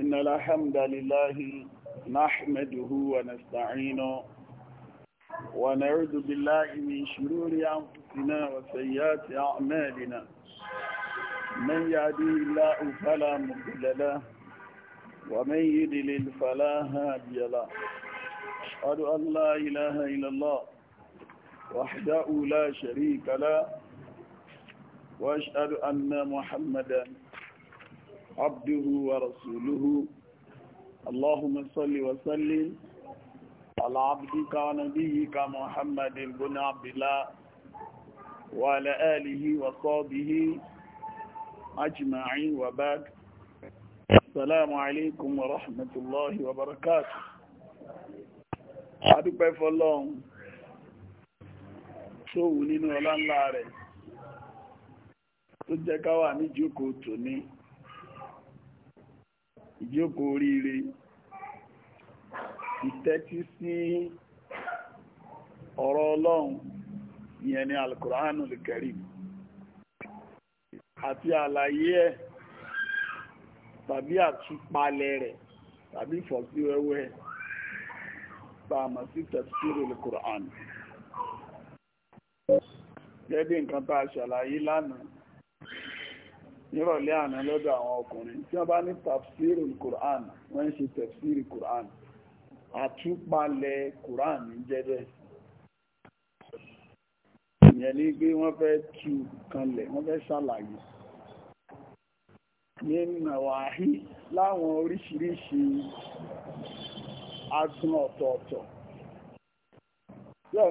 إن الحمد لله نحمده ونستعينه ونعوذ بالله من شرور أنفسنا وسيئات أعمالنا من يهدي الله فلا مضل له ومن يضلل فلا هادي له أشهد أن لا إله إلا الله وحده لا شريك له وأشهد أن محمدا عبده ورسوله اللهم صل وسلم على عبدك ونبيك محمد بن عبد الله وعلى آله وصحبه أجمعين وبعد السلام عليكم ورحمة الله وبركاته أدوبي فالله شو نينو لان لاري تجيكا واني جوكو توني ìjókòó oríire ìtẹ́tí sí ọ̀rọ̀ ọlọ́run ìyẹn ni alukùránù lìkẹ̀rìm àti àlàyé ẹ̀ tàbí àtúpalẹ̀ rẹ̀ tàbí ìfọ̀síwẹ́wẹ́ tààmà sí tẹ̀síìrì alukùránù gẹ́gẹ́ nǹkan tá a ṣàlàyé lánàá nírọ̀lẹ́ àná lọ́dọ̀ àwọn ọkùnrin tí wọ́n bá ní tafsir quran wọ́n ń ṣe tafsir quran àtúpalẹ̀ quran jẹ́bẹ̀ ìyẹn ní gbé wọ́n fẹ́ tú kanlẹ̀ wọ́n fẹ́ ṣàlàyé ní wàhí láwọn oríṣiríṣi agbọn ọ̀tọ̀ọ̀tọ̀ yọ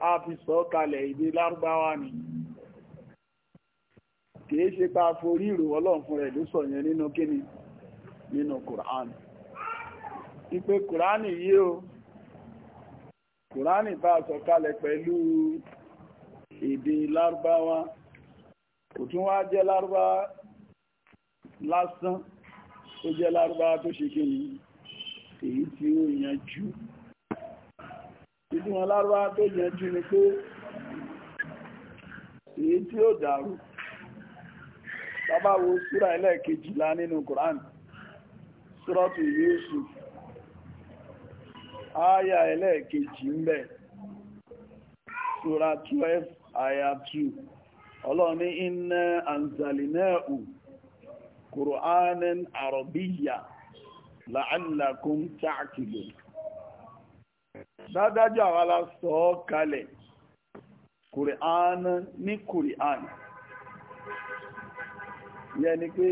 a fi sọ kalẹ̀ èdè lárúbáwá ni kìí ṣe pa forí ìrò ọlọ́run fún rẹ̀ ló sọ yẹn nínú kíni nínú kùránì ìpè kùránì yìí o kùránì bá sọ kalẹ̀ pẹ̀lú èdè lárúbáwá kò tún wá jẹ́ lárúbáwá lásán ó jẹ́ lárúbáwá tó ṣe kíni èyí tí ó yanjú ìlú wọn lárúbá tó yanjú ni pé èyí tí ó dàrú bàbá súra ẹlẹ́ẹ̀kejìlá nínú Quran súrọ́tù Yusuf ááyà ẹlẹ́ẹ̀kejì ń bẹ súra 12 àyà 2 ọlọ́run ní inna koranin Qur'anan la'allakum ta'qilun dájájú àwa la sọ ọ́ kalẹ̀ kùrìán ní kùrìán yẹn ni pé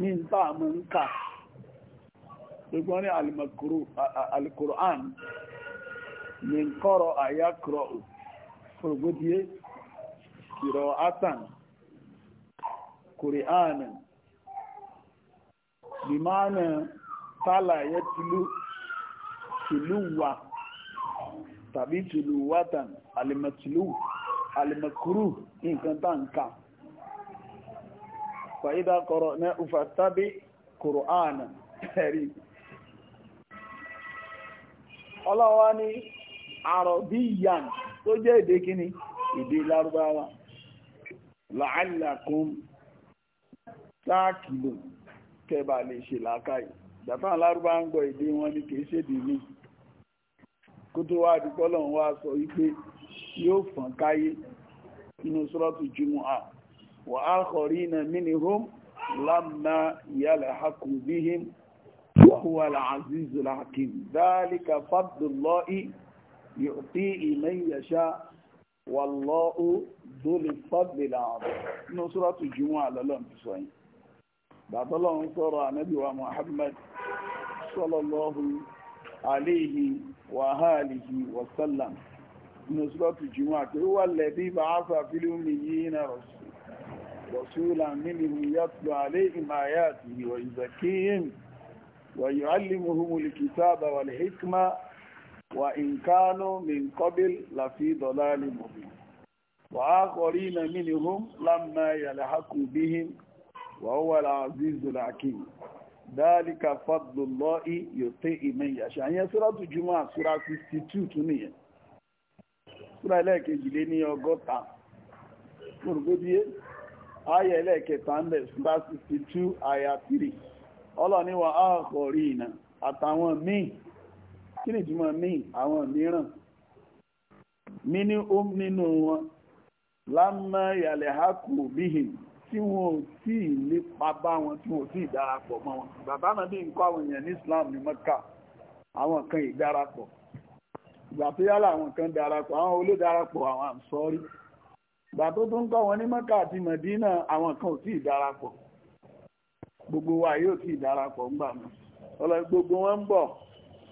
ní nta mọ̀ ń kà gbogbo ní alìkùrìán ní kọ́rọ̀ àyàkùrọ̀ ògbódìé kìrọ̀ átàn kùrìán bìmánà tálà yẹ tìlú wà tàbí tùlù wátàn alìmọ̀tìlù alìmọ̀kúrù nǹkan tá ń ka fàídà kọ̀rọ̀ ní ufa tàbí kùrùánà ẹ̀rí ọlọ́wà ní àrọ̀bíyàn tó jẹ́ èdè kíní èdè lárúbáwá la'allakum táàkìlò kẹbà lè ṣe làákàyè jàpá lárúbá ń gbọ́ èdè wọn ní kìí ṣèdè míì kó tó wá àdúgbò lọ́run wá sọ wípé yóò fọ́n káyé nínú sọ́rọ́tù jùmọ̀ à wà á kọ̀rí iná minhum lámà ìyàlẹ̀ hakùn bíhìm wa huwa al-azizul hakim dhalika fadlullahi yu'tihi man yasha wàhálìhì wàsálàm inú sọ́tù jùmọ́ àti ó wà lẹ́bí bá áfà fílùmí yìí na rọ̀súlà nínú yàtọ̀ alẹ́ ìmáyà àti ìwà ìzàkíyìn ويعلمهم الكتاب والحكمة وإن كانوا من قبل لفي ضلال مبين وآخرين منهم لما dáálíkà fadlullahi yuti man yasha àyẹn sọ́rọ́tù jùmọ́ àsúra 62 tún nìyẹn sọ́rọ́ ẹlẹ́ẹ̀kejì lé ní ọgọ́ta mọ̀rùgbódíé ayẹ ẹlẹ́ẹ̀kẹta ń bẹ̀ sọ́rọ́ 62 àyà 3 ọlọ́niwà ìnà àtàwọn míì kí ni míì àwọn mìíràn mí ní ó nínú wọn lámà bíhìn tí wọn ò tí ì lépa bá wọn tí wọn ò tí ì darapọ̀ mọ́ wọn bàbá náà bí nǹkan àwọn èèyàn ní Islam ní Mẹ́kà àwọn kan ì darapọ̀ ìgbà tó yálà àwọn kan darapọ̀ àwọn olódarapọ̀ àwọn àǹsọ́rí ìgbà tó tún kọ́ wọn ní Mẹ́kà àti Mẹ̀dínà àwọn kan ò tí ì darapọ̀ gbogbo wa yóò tí ì darapọ̀ ńgbà mọ́ ọlọ́run gbogbo wọn ń bọ̀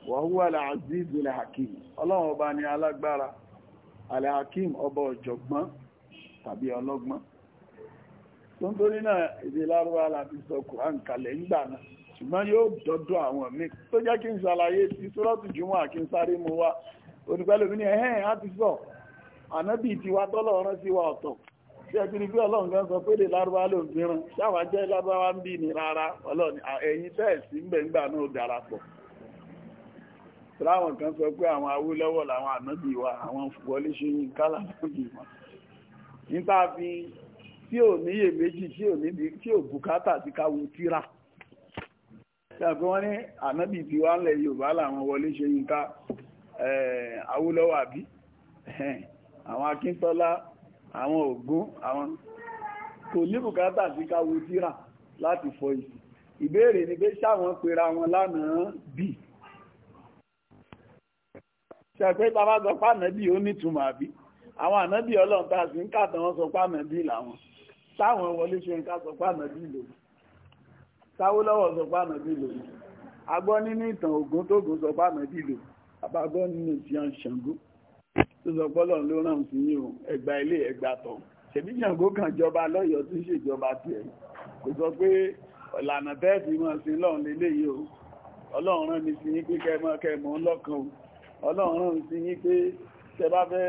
wọ́n wà láàzízul hakim ọlọ́run ọba Tontoni náà èdè láti sọ Kùránì kalẹ̀ ńgbà na ṣùgbọ́n yóò dọ́dọ̀ àwọn míì tó jẹ́ kí n ṣàlàyé ti sọ́rọ́tù jùmọ̀ àkí sáré mu sọ ànábì tọ́lọ̀ sí wa ọ̀tọ̀ ẹbí ni sọ pé èdè ló ń fìràn ṣáwa jẹ́ lárúbáwá ń bì ní rárá ọlọ́run ẹ̀yin ń bẹ̀ sọ tí ò ní iyèméjì tí ò níbi tí ò bùkátà ti káwù tíra ṣàpé wọ́n ní ànábì tí wá ń lẹ̀ Yorùbá làwọn wọlé ṣe yínká Awólọ́wọ̀ àbí àwọn Akíntọ́lá àwọn Ògún àwọn kò ní bùkátà ti káwù tíra láti fọ ìsìn ìbéèrè ni pé ṣáwọn pera wọn lánàá bì ṣàpé tàbá sọ pàànà bí ó nítumọ̀ àbí àwọn ànábì ọlọ́run tá a sì ń kàtà wọn sọ pàànà làwọn táwọn wọlé ṣe nǹkan sọ pé ànàbí lòdì táwọ́lọ́wọ́ sọ pé ànàbí lòdì agbọ́ nínú ìtàn Ògún tógun sọ pé ànàbí lòdì àbágbọ́ nínú ìtàn Ṣàngó tó sọ pé Ọlọ́run ló ràn sí yìí o ẹgbà ilé ẹgbà tọ̀ ṣèbí Ṣàngó kan jọba lọ́yọ̀ọ́ tí ń ṣèjọba tiẹ̀ kò sọ pé ìlànà bẹ́ẹ̀ fi mọ̀ sí lọ́run lélẹ́yìí o Ọlọ́run rán mi sí yín pé kẹmọ kẹmọ ọlọ́kan o Ọlọ́run rán mi sí yín pé tẹ bá fẹ́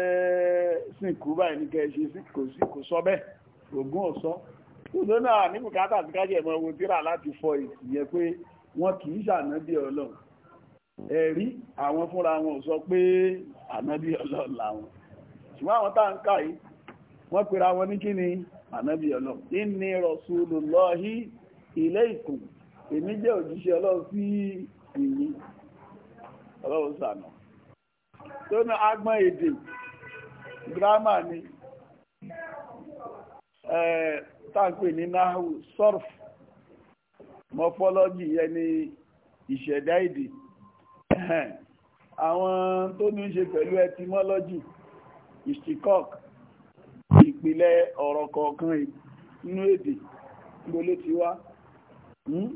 sìnkú báyìí ní kẹ ṣe kò sọ bẹ́ẹ̀ ògùn ọ̀sọ́ òdó náà ní bùkátà ti kájẹ̀ mọ́ owó tíra láti fọ ìyẹn pé wọ́n kì í ṣànábì ọlọ́run ẹ̀rí àwọn fúnra wọn sọ pé ànábì ọlọ́run làwọn ṣùgbọ́n àwọn tá à ń kà yìí wọ́n pera wọn ní kí ni ànábì ọlọ́run inni rasulullahi ilaykum èmi jẹ́ òjíṣẹ́ ọlọ́run sí ìyí ọlọ́run sànà tó ní agbọ́n èdè gírámà ni táǹpẹ̀ ní náhù surf mọ́fọ́lọ́jì yẹn ni ìṣẹ̀dá èdè àwọn tó ní ṣe pẹ̀lú etimọ́lọ́jì ìṣtíkọ́k ìpìlẹ̀ ọ̀rọ̀ kọ̀ọ̀kan inú èdè gbólé ti wá hmm?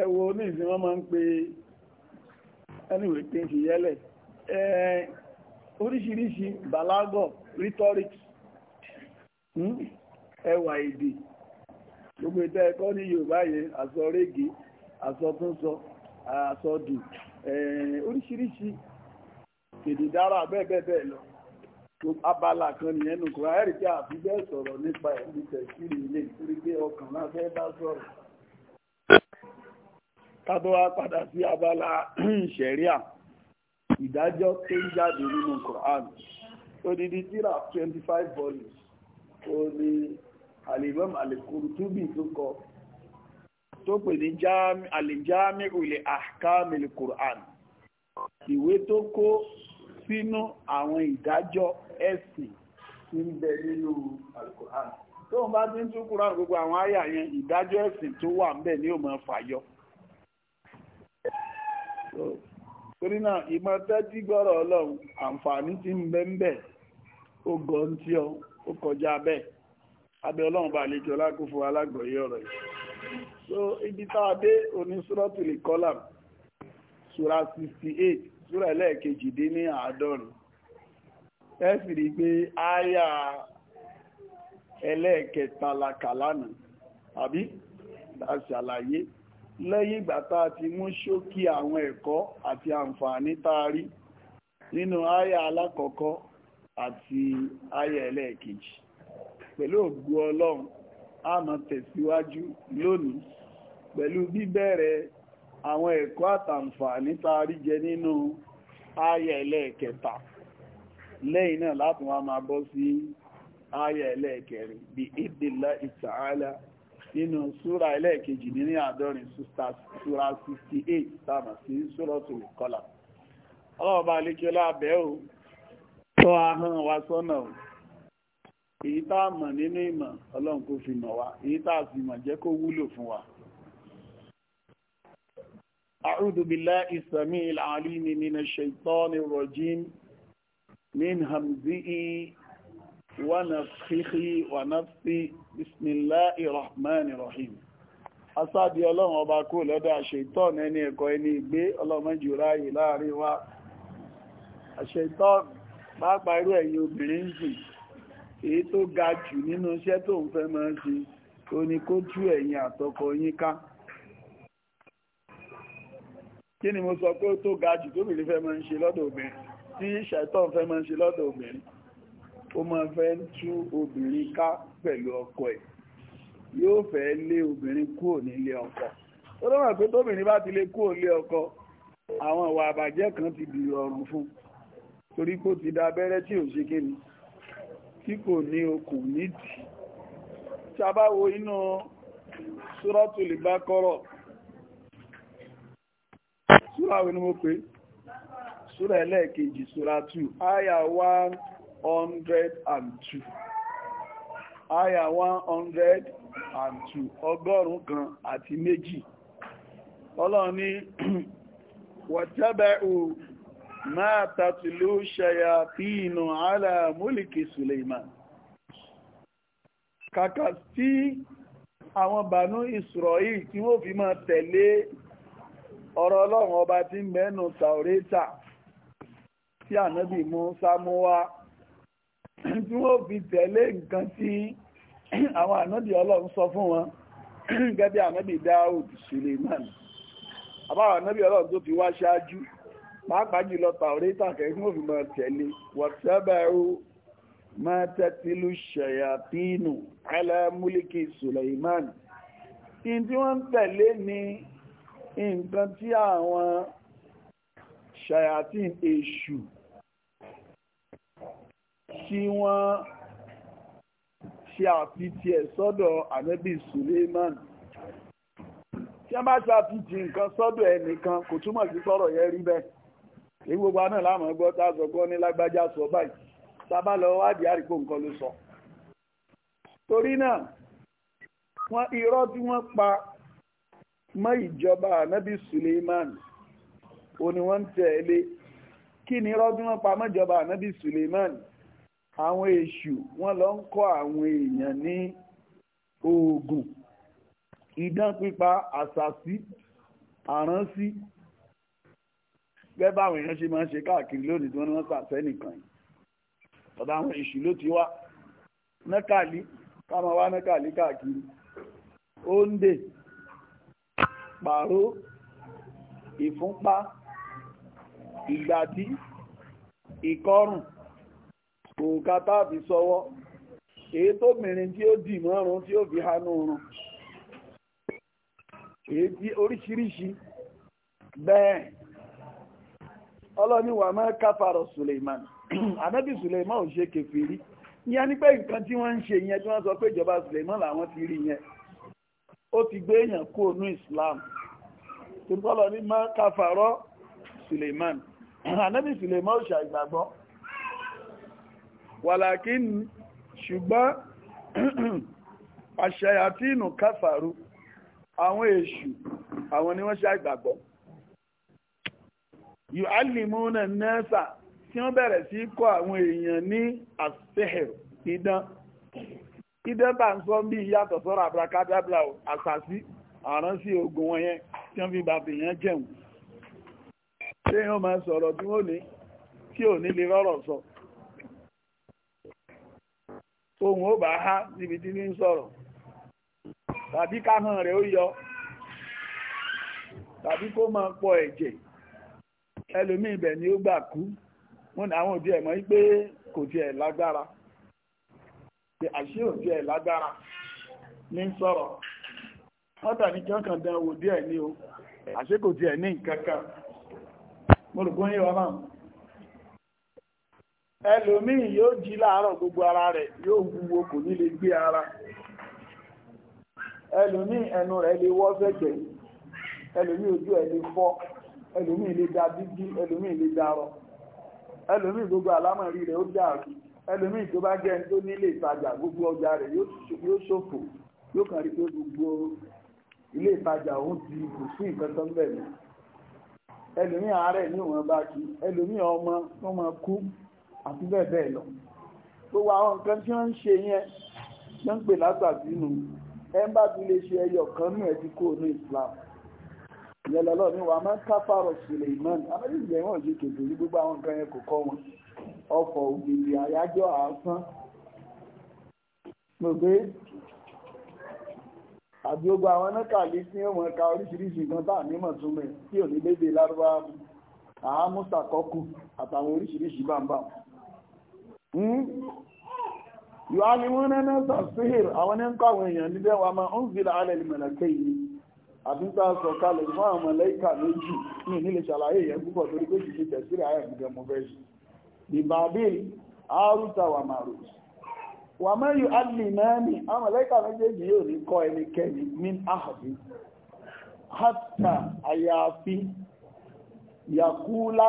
ẹ̀wọ̀ oníṣẹ́ wọ́n máa ń pe ẹniwé tí ń fi yẹ́lẹ̀ oríṣiríṣi balago rhetoric hmm, ẹwà èdè gbogbo ìtẹ́ ẹ̀kọ́ ní Yorùbá yẹn àsọrégé àsọtúnsọ àsọdù oríṣiríṣi èdè dára bẹ́ẹ̀bẹ́ẹ̀ lọ abala kan nìyẹn nù kúrò tí a bẹ́ẹ̀ sọ̀rọ̀ nípa ẹ̀mí tẹ̀sílì ilé pé ọkàn fẹ́ bá sọ̀rọ̀ ká tó wá abala ìdájọ́ tó ń jáde nínú Quran odidi tírà 25 volumes ó ní alimam al-Qurtubi tó kọ tó pè ní al-Jami'u li ahkamil Quran ìwé tó kó sínú àwọn ìdájọ́ ẹ̀sìn tí ń bẹ nínú al-Quran tó ń bá ti ń tún Quran gbogbo àwọn àyà yẹn ìdájọ́ ẹ̀sìn tó wà ń bẹ ní ó máa fàyọ torí náà ìmọ̀ tẹ́tí gbọ́rọ̀ ọlọ́run àǹfààní ti ń bẹ ń bẹ̀ ó gọ ń tí ọ ó kọjá bẹ́ẹ̀ abẹ́ ọlọ́run bá lè jọ lákò alágbọ̀yé ọ̀rọ̀ yìí so ibi tá a dé oní sùrọ́tìlì kọ́là sura sixty eight sura ẹlẹ́ẹ̀kejì dín ní àádọ́rin ẹ sì rí i pé áyà ẹlẹ́ẹ̀kẹta la kà lánàá àbí la ṣàlàyé lẹ́yìn ìgbà tá a ti mú ṣókí àwọn ẹ̀kọ́ àti àǹfààní tá a rí nínú àyà alákọ̀ọ́kọ́ àti àyà ẹlẹ́ẹ̀kejì pẹ̀lú ògùn ọlọ́run a máa tẹ̀síwájú lónìí pẹ̀lú bíbẹ̀rẹ̀ àwọn ẹ̀kọ́ àtàǹfààní tá a rí jẹ nínú àyà ẹlẹ́ẹ̀kẹta lẹ́yìn náà láti wá máa bọ́ sí àyà ẹlẹ́ẹ̀kẹrin bí ìdílá ìtàhálà nínú súra ẹlẹ́ẹ̀kejì ní ní àádọ́rin súra 68 tàbí sí súra tó kọlà ọlọ́ọ̀bá alékiọlá abẹ́ ò tọ́ ahọ́n wa sọ́nà ò èyí tá a mọ̀ nínú ìmọ̀ ọlọ́run kò fi mọ̀ wá èyí tá a sì mọ̀ jẹ́ kó wúlò fún wa أعوذ بالله السميع العليم من الشيطان الرجيم من همزه ìwánàfíhí ونفسي بسم الله الرحمن الرحيم ọlọ́run ọba kú lọ́dọ̀ àṣẹ̀tọ́n ẹni ẹ̀kọ́ ẹni ìgbé ọlọ́mọjù ráyè láàrin wa àṣẹ̀tọ́n pàápàá irú ẹ̀yin obìnrin ń sìn èyí tó ga jù nínú iṣẹ́ tó ń fẹ́ máa ń ṣe ó ní kó tú ẹ̀yin àtọkọ yín ká kí ni mo sọ pé ó ga jù tóbìnrin fẹ́ máa ń ṣe lọ́dọ̀ obìnrin tí ṣẹ̀tọ́n fẹ́ máa ń ṣe lọ́dọ̀ ó máa fẹ́ tú obìnrin ká pẹ̀lú ọkọ ẹ̀ yóò fẹ́ lé obìnrin kúrò nílé ọkọ ó lọ́wọ́ pé tóbìnrin bá ti lé kúrò nílé ọkọ àwọn ìwà àbàjẹ́ kan ti di ọrùn fún torí kó ti da abẹ́rẹ́ tí ò ṣe kéni tí kò ní okùn nídìí tí a bá wo inú Suratul Baqara súra wo ni mo pè súra ẹlẹ́ẹ̀kejì súra 2 àyà 1 102 aya 102 ọgọ́rùn kan àti méjì ọlọ́run ní wọ̀tẹ́bẹ̀rù máa tàtìlú ṣẹ̀yà tí ìnà àlà múlìkì Suleiman kàkà tí àwọn bànú Israel tí wọ́n fi máa tẹ̀lé ọ̀rọ̀ ọlọ́run ọba tí mẹ́nu Taureta tí ànábì mú wá tí wọ́n fi tẹ̀lé nǹkan tí àwọn ànábì ọlọ́run sọ fún wọn gẹ́gẹ́ ànábì Dáúd Suleiman àbáwọn ànábì ọlọ́run tó ti wá ṣáájú pàápàá jùlọ tàórítà kẹ́kí wọ́n fi mọ̀ tẹ̀lé wọ̀tẹ́bẹ̀rù mẹ́tẹ́tìlú ṣẹ̀yàtínù ẹlẹ́múlìkì Suleiman in tí wọ́n tẹ̀lé ni nǹkan tí àwọn ṣẹ̀yàtín èṣù tí wọ́n ṣe àfitì ẹ̀ sọ́dọ̀ ànábì Suleiman tí wọ́n bá ṣe àfitì nǹkan sọ́dọ̀ ẹnìkan kò túmọ̀ sí sọ̀rọ̀ yẹn rí bẹ́ẹ̀ èyí gbogbo aná láàmú gbọ́ tá a sọ gbọ́ ní lágbájá sọ báyìí sábà lọ wádìí àríkò nǹkan ló sọ torí náà wọ́n irọ́ tí wọ́n pa mọ́ ìjọba ànábì Suleiman ó ní wọ́n ń tẹ̀lé kí ni irọ́ tí wọ́n pa mọ́ ìjọba ànábì Suleiman àwọn èṣù wọ́n lọ ń kọ́ àwọn èèyàn ní oògùn idán pípa àṣàsí àránsí gẹ́gẹ́ báwọn èèyàn ṣe máa ń ṣe káàkiri lónìí tí wọ́n ní wọ́n sàṣẹ́ nìkan ọ̀dọ̀ àwọn èṣù ló ti wá nákàlí ká wá nákàlí káàkiri òǹdè pàró ìfúnpá ìgbàdí ìkọrùn nǹkan fi sọwọ́ èyí tó mìíràn tí ó dì mọ́rùn tí ó fi hanú rùn èyí tí oríṣiríṣi bẹ́ẹ̀ ọlọ́ni wà máa káfàrọ̀ Suleiman anábì Suleiman ò ṣe kèfèrí ìyẹn ni pé nǹkan tí wọ́n ń ṣe yẹn tí wọ́n sọ pé ìjọba Suleiman Islam máa káfàrọ̀ Suleiman anábì Suleiman wàlàkín ṣùgbọ́n àṣàyàtínù káfàrú àwọn èṣù àwọn ni wọ́n ṣe àgbàgbọ́ yóò alìmúnà nẹ́ẹ̀sà tí wọ́n bẹ̀rẹ̀ sí kọ́ àwọn èèyàn ní àṣẹ́hẹ̀rù idán idán bá ń sọ bí yàtọ̀ sọ́rọ̀ àbúrakádàbla àṣàṣí àránsí ogun wọn yẹn tí wọ́n fi bàbá èèyàn jẹun tí wọ́n máa sọ̀rọ̀ tí wọ́n ní tí ò ní lè rọ́rọ̀ sọ. ohun ọba ha há níbi tí ní ka sọ̀rọ̀ tàbí káhàn rẹ̀ ó yọ tàbí kó máa pọ ẹ̀jẹ̀ ẹlòmí ibẹ̀ ni ó gbà kú wọn na àwọn òbí ẹ̀ mọ̀ pé kò tiẹ̀ lágbára àṣé ò tiẹ̀ lágbára ní sọ̀rọ̀ o àṣé kò tiẹ̀ ní nǹkan kan mo rò pé ẹlòmíì yóò jí láàárọ̀ gbogbo ara rẹ̀ yóò wúwo kò ní lè gbé ara ẹlòmíì ẹnu rẹ̀ lè wọ́ sẹ́gbẹ̀ ẹlòmíì ojú ẹ̀ lè fọ́ ẹlòmíì lè da dídí ẹlòmíì lè darọ ẹlòmíì gbogbo àlámọ̀rí rẹ̀ ó dàrú ẹlòmíì tó bá jẹ́ ẹni tó nílé ìtajà gbogbo ọjà rẹ̀ yóò ṣòfò yóò kàn rí pé gbogbo ilé ìtajà òun ti kò sí nǹkan tó ń bẹ̀ mí ẹlòmíì àárẹ̀ ní ìwọ̀n kí ẹlòmíì ọmọ tó máa kú àti bẹ́ẹ̀ bẹ́ẹ̀ lọ gbogbo àwọn nǹkan tí wọ́n ń ṣe yẹn ló ń pè látàbí nù ẹ ń bá ti lè ṣe ẹyọ kan nù ẹ ti kó ní Islam ìyẹn lọ́lọ́ ní wàá máa ń káfàrọ̀ sílẹ̀ ìmọ̀n àbẹ́lẹ̀ ìgbà ẹ̀wọ̀n ṣe kèfè ní gbogbo àwọn nǹkan yẹn kò kọ́ wọn ọkọ̀ ògbìngbì àyájọ́ àásán gbogbo àbí ogun àwọn nákàlí tí ó mọ̀ ká oríṣiríṣi nǹkan tá nímọ̀ tún mẹ́ tí ò ní lédè lárúbáwá àámúsàkọ́kù àtàwọn oríṣiríṣi bàbá wọn yóò ní wọ́n ní náà àwọn ní ń àwọn èèyàn níbẹ̀ wà máa ń alẹ́ yìí a sọ kalẹ̀ fún àwọn mọ̀lẹ́kà méjì ní ìnílẹ̀ ṣàlàyé yẹn púpọ̀ torí pé kìí tẹ̀ síra ayé àbúgẹ́ mo fẹ́ ṣe bibabil wa maru wà máa yóò alì náà ní àwọn méjèèjì yóò ní kọ́ ẹnikẹ́ni min yakula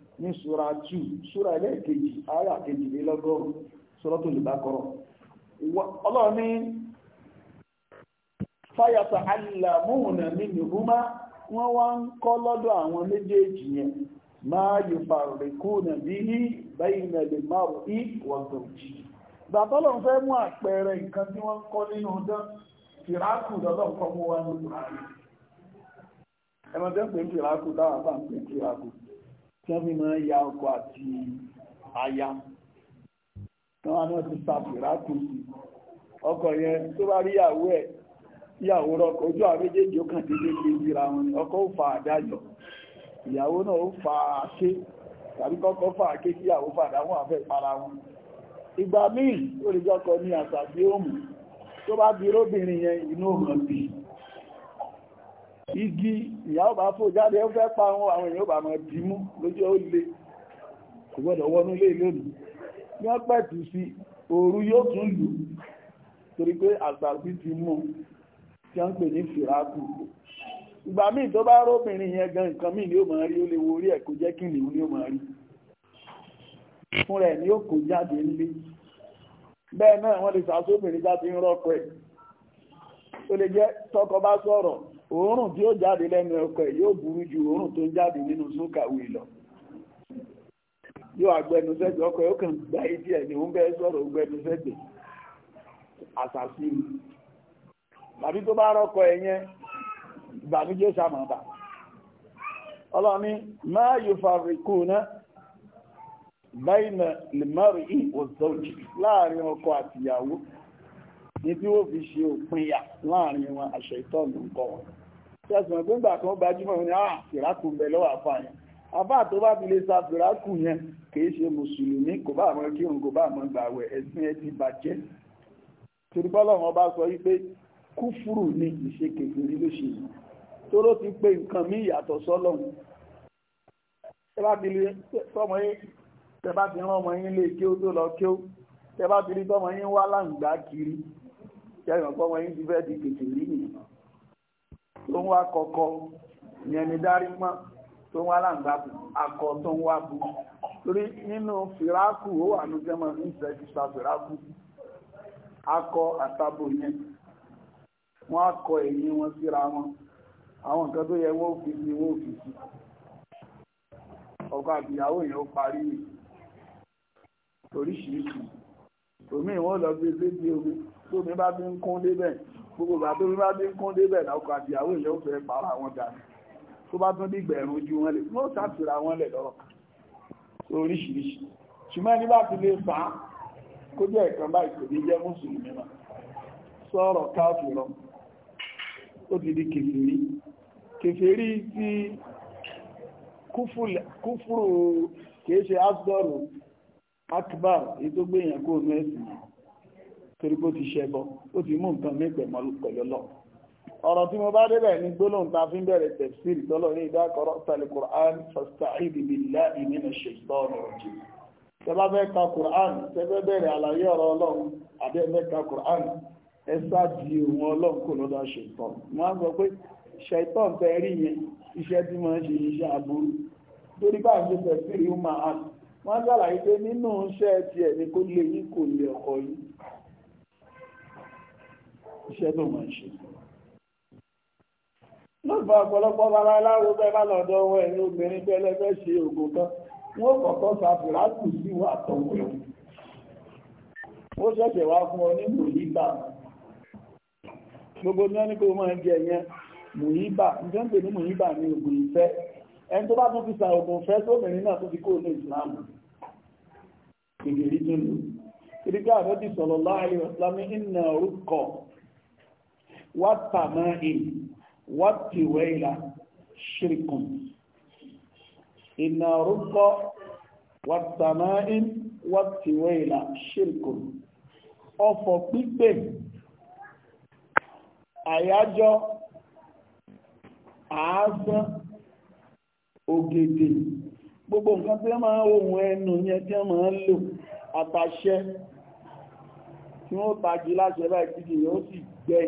ní sura 2 sura ẹlẹ́ẹ̀kejì àyà kejìlélọ́gọ́rùn Suratul Baqara ọlọ́run ní fáyàtà alàmúhùnà nínú húmá wọ́n wá ń kọ́ lọ́dọ̀ àwọn méjèèjì yẹn máa yìí fàrẹ̀kúnà bí i bẹ́yìn ẹ̀lẹ̀ márùn ún wọ̀gbọ̀jì fẹ́ mú àpẹẹrẹ nǹkan tí wọ́n kọ́ nínú dán lọ́dọ̀ kọ́ mú wa pé dáwà bá ń pè tán fi máa ya ọkọ àti aya tán wá náà ti sàfìrà tó sí ọkọ yẹn tó bá rí ìyàwó ẹ̀ ìyàwó rọkọ ojú àwọn méjèèjì ó kàn déédéé kí ìdíra wọn ni ọkọ ó fa àdájọ ìyàwó náà ó fa àké tàbí kọ́kọ́ fa àké kí ìyàwó padà wọn àfẹ́ para wọn ìgbà míì ó lè jọkọ ní àtàbí òmù tó bá bí róbìnrin yẹn inú òhàn bíi igi ìyá ọba fò jáde ó fẹ́ pa àwọn àwọn èèyàn ọba mọ̀ dìímú lójú ó le kò gbọ́dọ̀ wọnú lé lónìí ní wọ́n pẹ̀tù sí òru yóò tún lù torí pé àgbàgbí ti mú tí wọ́n ń pè ní fìràkù ìgbà míì tó bá róbìnrin yẹn gan nǹkan míì ni ó máa rí ó lè wo orí ẹ̀ kó jẹ́ kí nìyí ni ó máa rí fúnra ẹ̀ ni ó kó jáde nílé bẹ́ẹ̀ náà wọ́n lè sàsóbìnrin jáde ń rọ́kọ ẹ̀ ó lè jẹ́ tọkọ bá sọ̀rọ̀ òórùn tí ó jáde lẹ́nu ọkọ̀ yóò burú ju òórùn tó ń jáde nínú súnkàwé lọ yóò agbẹnusẹ́gbẹ̀ ọkọ̀ yóò kàn gba etí ẹ̀ ní òun bẹ́ẹ̀ sọ̀rọ̀ gbẹnusẹ́gbẹ̀ àsàsíni tàbí tó bá rọ́kọ̀ ẹ̀yẹn ìbànújẹ́ sàmọ̀bà ọlọ́ni máa yóò fàríkù náà báyìnà lèmọ́rì ìwòsànjì láàrin ọkọ àtìyàwó ní tí fi ṣe láàrin wọn àṣẹ ìtọ́nù ń kọ́ wọn tẹ̀sán pé ńgbà kan gbajúmọ̀ ní àà ah, fìrákù ń bẹ lọ́wọ́ àfa yẹn àfa tó bá fi lè sa fìrákù yẹn kì í ṣe mùsùlùmí kò bá àmọ́ kírun kò bá àmọ́ gbàwẹ̀ ẹ̀sìn ẹ ti bàjẹ́ torí bọ́lá wọn bá sọ wípé kúfùrù ni ìṣe kékeré ló ṣe yìí tóró ti pé nǹkan mí ìyàtọ̀ sọ́lọ́hun tẹ bá ti lè tọmọ yín tẹ bá ti rán ọmọ yín lé kí ó tó lọ kí ó tẹ bá ti rí tọmọ yín wá láǹgbá kiri tẹ ìrànpọ̀ ọmọ yín ti fẹ́ di kékeré nìyẹn tó ń wá kọ̀kọ̀ yẹn ni dárí mọ́ tó ń wá láǹgbàbù akọ tó ń wá bu torí nínú fìrákù ó wà ní jẹ́mọ̀ ní ìṣẹ́júṣà fìrákù akọ àtàbò yẹn wọ́n akọ ẹ̀yìn wọn síra wọn àwọn nǹkan tó yẹ wọ́n fi sí wọ́n fi sí ọkọ àbìyàwó yẹn ó parí oríṣiríṣi omi ìwọ́n lọ gbé lébi omi tó bá fi ń kún débẹ̀ gbogbo ìgbà tó bá dé kún débẹ̀ láwùkọ àti ìyàwó ìyàwó fẹ́ para wọn dànù tó bá tún dìgbà ẹ̀rùn ojú wọn lè wọ́n sàtìrà wọn lẹ̀ lọ́rọ̀ tó oríṣiríṣi ṣùgbọ́n nígbà tí lè fà á kó jẹ́ ìkan báyìí kò ní jẹ́ mùsùlùmí náà sọ̀rọ̀ káàfìrọ̀ ó ti di kèfèrí kèfèrí tí kúfùrù kìí torí kó ti ṣẹbọ ó ti mú nǹkan mí pẹ̀lú lọ ọ̀rọ̀ tí mo bá débẹ̀ ní gbólóhùn ta fi ń bẹ̀rẹ̀ tafsir tọ́lọ̀ ní idha qara'ta al-Qur'an fasta'id billahi minash shaitani rajim tẹ́bá fẹ́ ka Qur'an tẹ́bẹ́ bẹ̀rẹ̀ àlàyé ọ̀rọ̀ ọlọ́run àbí ẹ̀fẹ́ ka Qur'an ẹ sá di òun ọlọ́run kò lọ́dọ̀ ṣaitan mo á sọ pé ṣaitan tẹ́ rí yẹn iṣẹ́ tí mo ń ṣe iṣẹ́ aburú torí bá ń ṣe tafsir human heart wọ́n sàlàyé pé nínú iṣẹ́ tiẹ̀ ni kó lè yí kò lè ọkọ̀ yìí iṣẹ́ tó mọ̀ ṣe lọ́pọ̀ ọ̀pọ̀lọpọ̀ babaláwo bẹ́ẹ̀ bá lọ́dọ̀ ọwọ́ ẹ̀yìn obìnrin tẹ́lẹ̀ fẹ́ ṣe ògùn kan wọ́n kọ̀kọ́ sàfùrà kù sí wà tọ̀wọ̀ ẹ̀wọ̀n ó ṣẹ̀ṣẹ̀ wá fún ọ ní mùyíbà gbogbo ní ọ́nà kó máa jẹ yẹn mùyíbà ìjọ́ ń pè ní mùyíbà ní ògùn ìfẹ́ ẹni tó bá tún fi sàn ògùn ìfẹ́ sóbìnrin náà tó fi kó ní ìsìlámù gbègbè rí tún lò kìdíkà àbẹ́bí sọ̀rọ̀ láàrin ọ̀sán ìnà orúkọ والتمائم والتويلة شرك إن رق والتمائم والتويلة شرك ọ̀fọ̀ pípè àyájọ́ àásán ògèdè gbogbo nǹkan tí wọ́n máa ohun ẹnu yẹn tí wọ́n máa lò àtàṣẹ tí wọ́n tàjí láṣẹ báyìí títí yóò sì gbẹ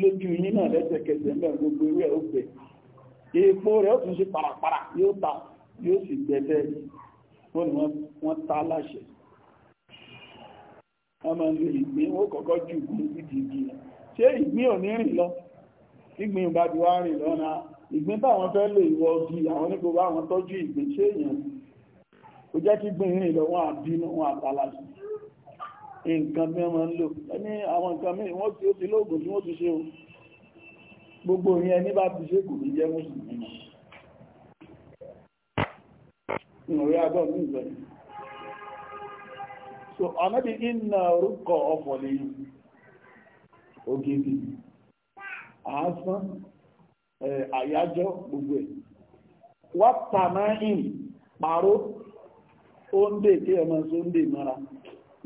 lójú yín náà lẹ́sẹ̀kẹsẹ̀ mẹ́rin gbogbo ewé ó gbẹ èèpo rẹ̀ ó tún ṣe parapara yóò ta yóò sì gbẹ bẹ́ẹ̀ wọ́n ni wọ́n ta láṣẹ wọ́n máa ń lo ìgbín ó kọ́kọ́ ju ìgbín títí ìgbì ṣé ìgbín ò ní rìn lọ ìgbín bá ti wá rìn lọ́nà ìgbín táwọn fẹ́ lò ìwọ ọdí àwọn onígbò bá wọn tọ́jú ìgbín ṣé èèyàn kò jẹ́ kí gbìn rìn lọ wọn àbínú wọn àtàlàṣẹ nǹkan bí wọ́n ń lò ní àwọn nǹkan mìíràn wọ́n tí ó ti lóògùn tí wọ́n ti ṣe gbogbo ìyẹn ní bá ti ṣe kò ní jẹ́ mùsùlùmí ìrìn so àyájọ́ gbogbo ẹ̀ wọ́n tàmáyìn pàró ó ń dè tí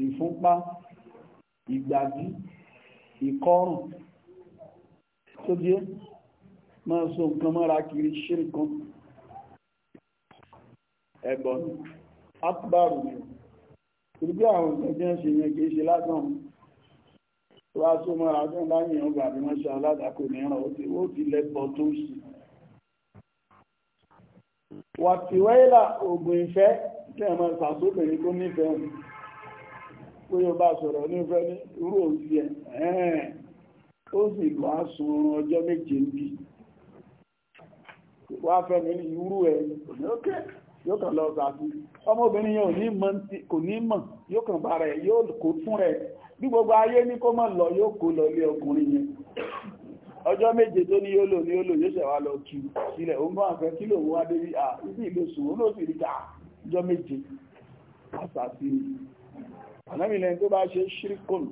ìfúnpá ìgbàgbí ìkọrùn tó díẹ̀ máa so nǹkan mọ́ra kiri ṣírìkan ẹ̀bọ̀n akbáru ni ìrúgbé àwọn ìgbẹ̀jẹ́ ṣe yẹn kìí ṣe látàn wá só mọ́ra tó ń bá yìnyàn gbà bí wọ́n ṣe aládàkò mìíràn ó ti lẹ́pọ̀ tó sì wàtíwẹ́lá ògùn ìfẹ́ kí ẹ̀mọ́ ìsàsóbìnrin tó nífẹ̀ẹ́ bóyá bá sọ̀rọ̀ ní fẹ́ ní irú òsì ẹ̀ ẹ̀ẹ́n ó sì lọ àsùn oorun ọjọ́ méje ń bì wá fẹ́ mi ní irú ẹ̀ òkè yóò kàn lọ sàtú ọmọbìnrin yẹn ò ní mọ̀ kò ní mọ̀ yóò kàn bá rẹ̀ yóò kó fún rẹ̀ bí gbogbo ayé ní kó mọ̀ lọ yóò kó lọ ilé ọkùnrin yẹn ọjọ́ méje tó ní yóò lò ní yóò lò yóò ṣẹ̀wá lọ kí sílẹ̀ ó bá àfẹ́ kí lòun wá dé ibi ìlú sùn ó lò sí ìdíjà ọjọ́ méje àṣà sí ni ànábìlẹ̀ tó bá ṣe ṣírkùn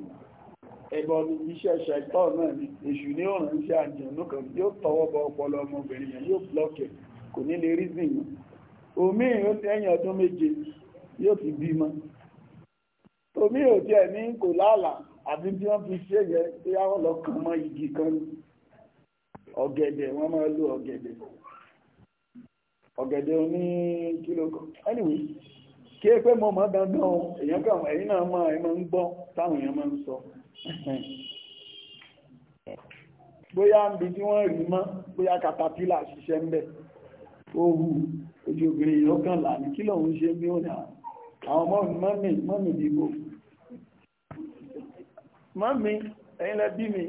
ẹgbọ́n iṣẹ́ ṣẹ̀tọ́ náà ni èṣù ní ọ̀ràn iṣẹ́ àjẹ̀nú kan yóò tọwọ́ bọ ọpọlọ ọmọbìnrin yẹn yóò blọ́kẹ̀ kò ní lè rí zìn yàn omi ò ti ẹ̀yìn ọdún méje yóò ti bímọ omi ò ti ẹ̀mí kò láàlà àbí bí wọ́n fi ṣe yẹ pé àwọn lọ kàn mọ́ igi kan ní ọ̀gẹ̀dẹ̀ wọ́n máa lo ọ̀gẹ̀dẹ̀ ọ̀gẹ̀dẹ̀ oní kílógún anyway kí é pé mọ́ mọ́ dandan èyàn kàn ẹ̀yìn náà máa ẹ̀mọ́ ń gbọ́ táwọn èèyàn máa ń sọ bóyá ń bi tí wọ́n rí mọ́ bóyá katapila ṣiṣẹ́ ń bẹ̀ ohu ojú obìnrin ìyọ́kànlá ní kí lòun ṣe bí ó ní àwọn ọmọ mọ́mì mọ́mì dìbò mọ́mì ẹ̀yìn lẹ́bí mi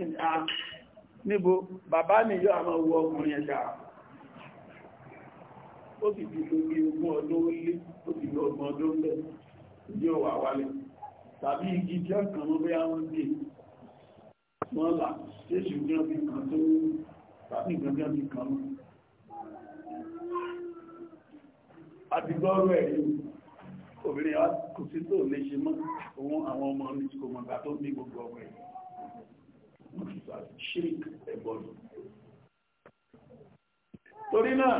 níbo bàbá mi yóò àwọn owó ọkùnrin ẹ̀ṣà ó sì fi tó bí ogún ọdún ó lé ó sì fi ọgbọ̀n ọdún lẹ̀ ní ọwà wálẹ̀ tàbí igi jẹ́ kan ló bẹ́ àwọn dè wọ́n là ṣéṣù jẹ́ bí kan tó tàbí nǹkan jẹ́ bí kan lọ àti gbọ́rọ̀ ẹ̀ obìnrin wa kò sí tó lè ṣe mọ́ òun àwọn ọmọ ní kò mọ̀gbà tó ní gbogbo ọmọ ẹ̀ torí náà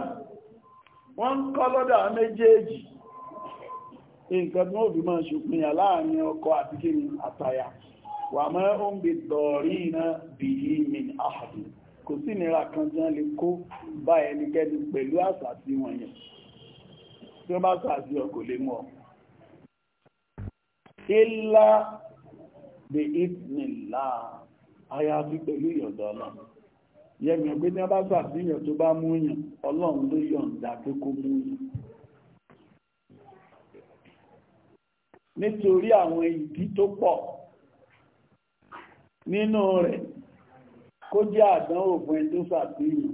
wọ́n ń kọ́ lọ́dọ̀ àwọn méjèèjì nǹkan tí wọ́n fi máa ṣòpinya láàrin ọkọ àti kí ni àtàyà wà mọ́ ń bi dọ̀rí iná bìí mi àhàdù kò sí ìnira kan tí wọ́n lè kó bá ẹnikẹ́ni pẹ̀lú àṣà tí wọ́n yàn tí wọ́n bá sàásí ọ kò lè mú ọ. ilá bi ìtìlá àyàfi pẹ̀lú ìyọ̀dọ̀ ọlọ́run yẹmi pé ní ọba ṣàfihàn tó bá mú yàn ọlọ́run ló yọ̀ǹda pé kó mú yàn nítorí àwọn ìdí tó pọ̀ nínú rẹ̀ kó jẹ́ àdánwò fún ẹni tó ṣàfihàn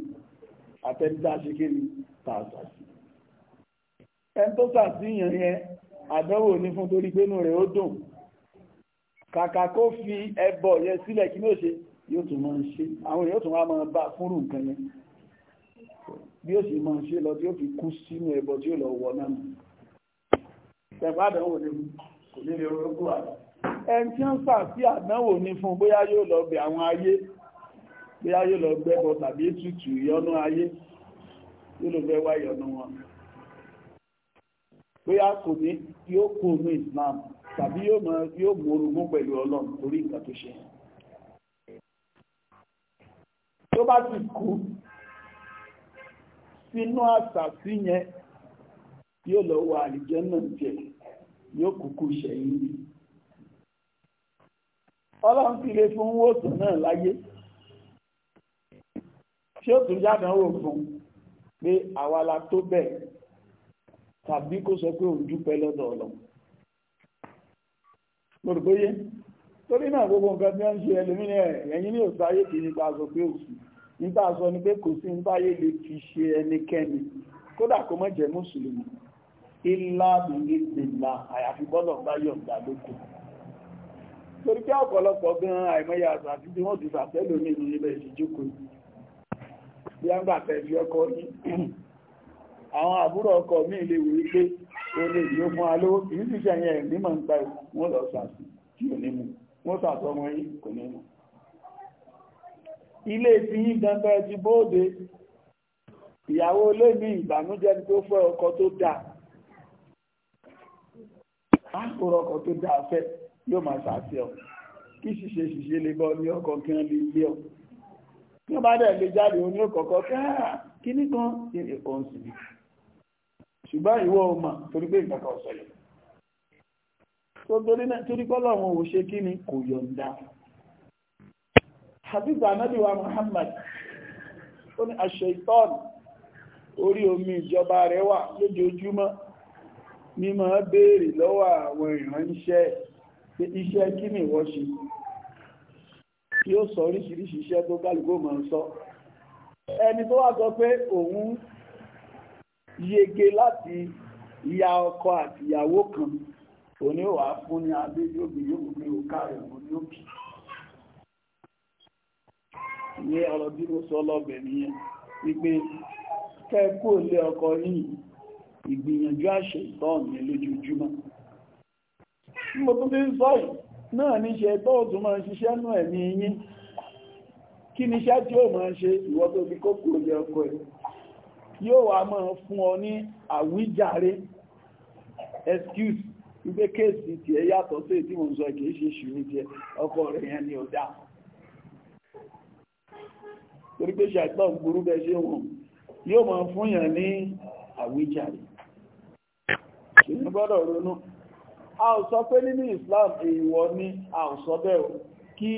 àtẹ́dá kí ni tààtà sí ẹni tó ṣàfihàn yẹn àdánwò ní fún torí pé inú rẹ̀ ó dùn kàkà kó fi ẹbọ yẹn sílẹ̀ kí ní ó ṣe yóò tún máa ń ṣe àwọn èèyàn tún wá máa bá fúnrù nǹkan yẹn bí ó sì máa ń ṣe lọ tí ó fi kú sínú ẹbọ tí ó lọ wọ náà tẹ̀bá àdánwò ni kò ní lè rọ́gbọ́ àdá ẹn tí ń sà sí àdánwò ni fún bóyá yóò lọ bẹ àwọn kò ní yóò kó inú Islam tàbí yóò mọ yóò pẹ̀lú Ọlọ́run torí nǹkan tó ṣe yẹn tó bá ti kú sínú àsàsí yẹn yóò lọ wọ àlìjẹ́ náà jẹ yóò kúkú ṣẹ̀yìn ni ọlọ́run ti lè fún wòsàn náà láyé tí ó tún jádánwò fún pé àwa la tó bẹ́ẹ̀ tàbí kó sọ pé òun dúpẹ́ lọ́dọ̀ ọlọ́run lórúkóyé torí náà gbogbo nǹkan tí wọ́n ń ṣe ẹlòmínì ẹ̀yìn ní òsáyé kì í nípa sọ pé òsì nípa sọ ni pé kò sí nípáyé lè fi ṣe ẹnikẹ́ni kódà kó mọ́ jẹ́ mùsùlùmí ilá mi ní ìlà àyàfi bọ́lọ̀ bá yọ̀ǹda lóko torí pé ọ̀pọ̀lọpọ̀ gan àìmọye àṣà tí wọ́n ti fàṣẹ́ lómi ní ilẹ̀ ìṣíjókòó bí a ń gbà tẹ̀lé ọkọ yìí àwọn àbúrò ọkọ mi lè wò wípé o lè yóò fún alówó kì í sì ṣẹ̀yìn ń pa ìwọ̀n lọ tí ò ní mú wọ́n sàtọmọ yìí kò ní mọ̀ ilé ti yí gangan ti bóòdé ìyàwó ilé mi ìbànújẹ́ ni tó fẹ́ ọkọ tó dáa àkórọ ọkọ tó dáa fẹ́ yóò máa sàṣẹ ọ kí ṣiṣẹ́ ṣiṣẹ́ lè bọ́ ní ọkọ kí wọ́n lè lé ọ tí wọ́n bá dẹ̀ lè jáde ó ní ọkọ̀ọ̀kọ̀ káà kí ní ah, kan ṣe èkó ń sì ṣùgbọ́n ìwọ ọmọ torí pé ìgbàkan ọ̀sọ̀lẹ̀ tó torí náà torí pọ́lọ̀ wọn ò ṣe kí ni kò yọ̀ǹda hadith anabi wa muhammad ó ní aṣeitan orí omi ìjọba rẹ̀ wà lójoojúmọ́ mímọ́ béèrè lọ́wọ́ àwọn ìránṣẹ́ pé iṣẹ́ kí ni wọ́n ṣe kí ó sọ oríṣiríṣi iṣẹ́ tó kálukó máa ń sọ ẹni tó wà sọ pé òun yege láti ìyá ọkọ àtìyàwó kan òní ò wá fún ní abé tí ó bí yóò gbé òkà rẹ̀ mú ní òkè ní ọ̀rọ̀ bí mo sọ lọ́bẹ̀ nìyẹn wípé kẹ́ẹ̀kú ilé ọkọ yìí ìgbìyànjú àṣẹ ìtọ́ọ̀nì lójoojúmọ́ bí mo tún fi ń sọ yìí náà ní ṣe tó ò tún máa ṣiṣẹ́ nú ẹ̀mí yín kí ni iṣẹ́ tí ó máa ṣe ìwọ tó fi kókò ilé ọkọ yìí yóò wá máa fún ọ ní àwíjàre excuse wípé kéèsì tí ẹ yàtọ̀ sí èyí tí mo ń sọ kìí ṣe ṣù ní tiẹ̀ ọkọ rẹ̀ yẹn ni ọ̀dà torí pé ṣàìtọ́ burú bẹ́ẹ̀ ṣe wọ̀n yóò máa fún yàn ní àwíjàre ṣùgbọ́n gbọ́dọ̀ ronú a ò sọ pé nínú Islam èèwọ̀ ni a ò sọ bẹ́ẹ̀ kí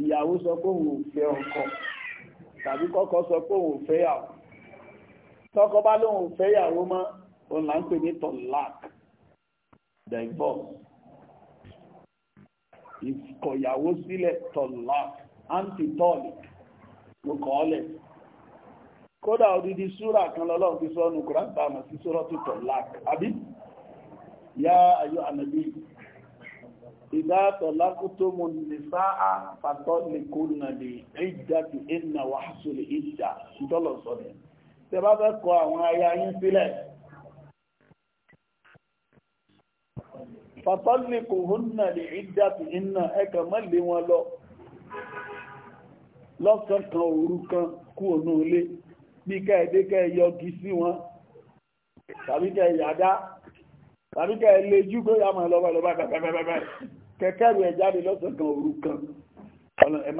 ìyàwó sọ pé òun ò fẹ́ ọkọ tàbí kọ́kọ́ sọ pé òun ò fẹ́ yàwó tọ́kọ bá lóun ò fẹ́ yàwó mọ́ òun là ń pè ní tọ̀láàkì divorce ìkọ̀yàwó sílẹ̀ tọ̀lá antitọ́ọ̀lì mo kọ́ ọ lẹ̀ kódà odidi súrà kan lọ́lọ́run ti sọ́nu kùrántà àmà sí sọ́rọ́ tó tọ̀lá àbí yá ayọ́ ànàbí ìdá tọ̀lá kú tó mo nìsá àpàtọ́ lè kó nà lè ìjà ti ìnà wàásù lè ìjà ìdọ́lọ̀sọ̀rẹ̀ tẹ bá fẹ́ kọ àwọn aya yín sílẹ̀ fàtọ́lìkò húnnà lè ìdàtì iná ẹkà mọ́lé wọn lọ lọ́sọ̀kan òru kan kú ònú ilé bí kẹ́ẹ̀dẹ́ kẹ́ẹ̀yọgi sí wọn tàbí kẹ́ẹ̀yàdá tàbí kẹ́ẹ̀lẹ́jú kó yà máa lọ́wọ́ lọ́wọ́ bàbàbàbà kẹ́kẹ́rù ẹ̀ jáde lọ́sọ̀kan òru kan ọ̀nà ẹ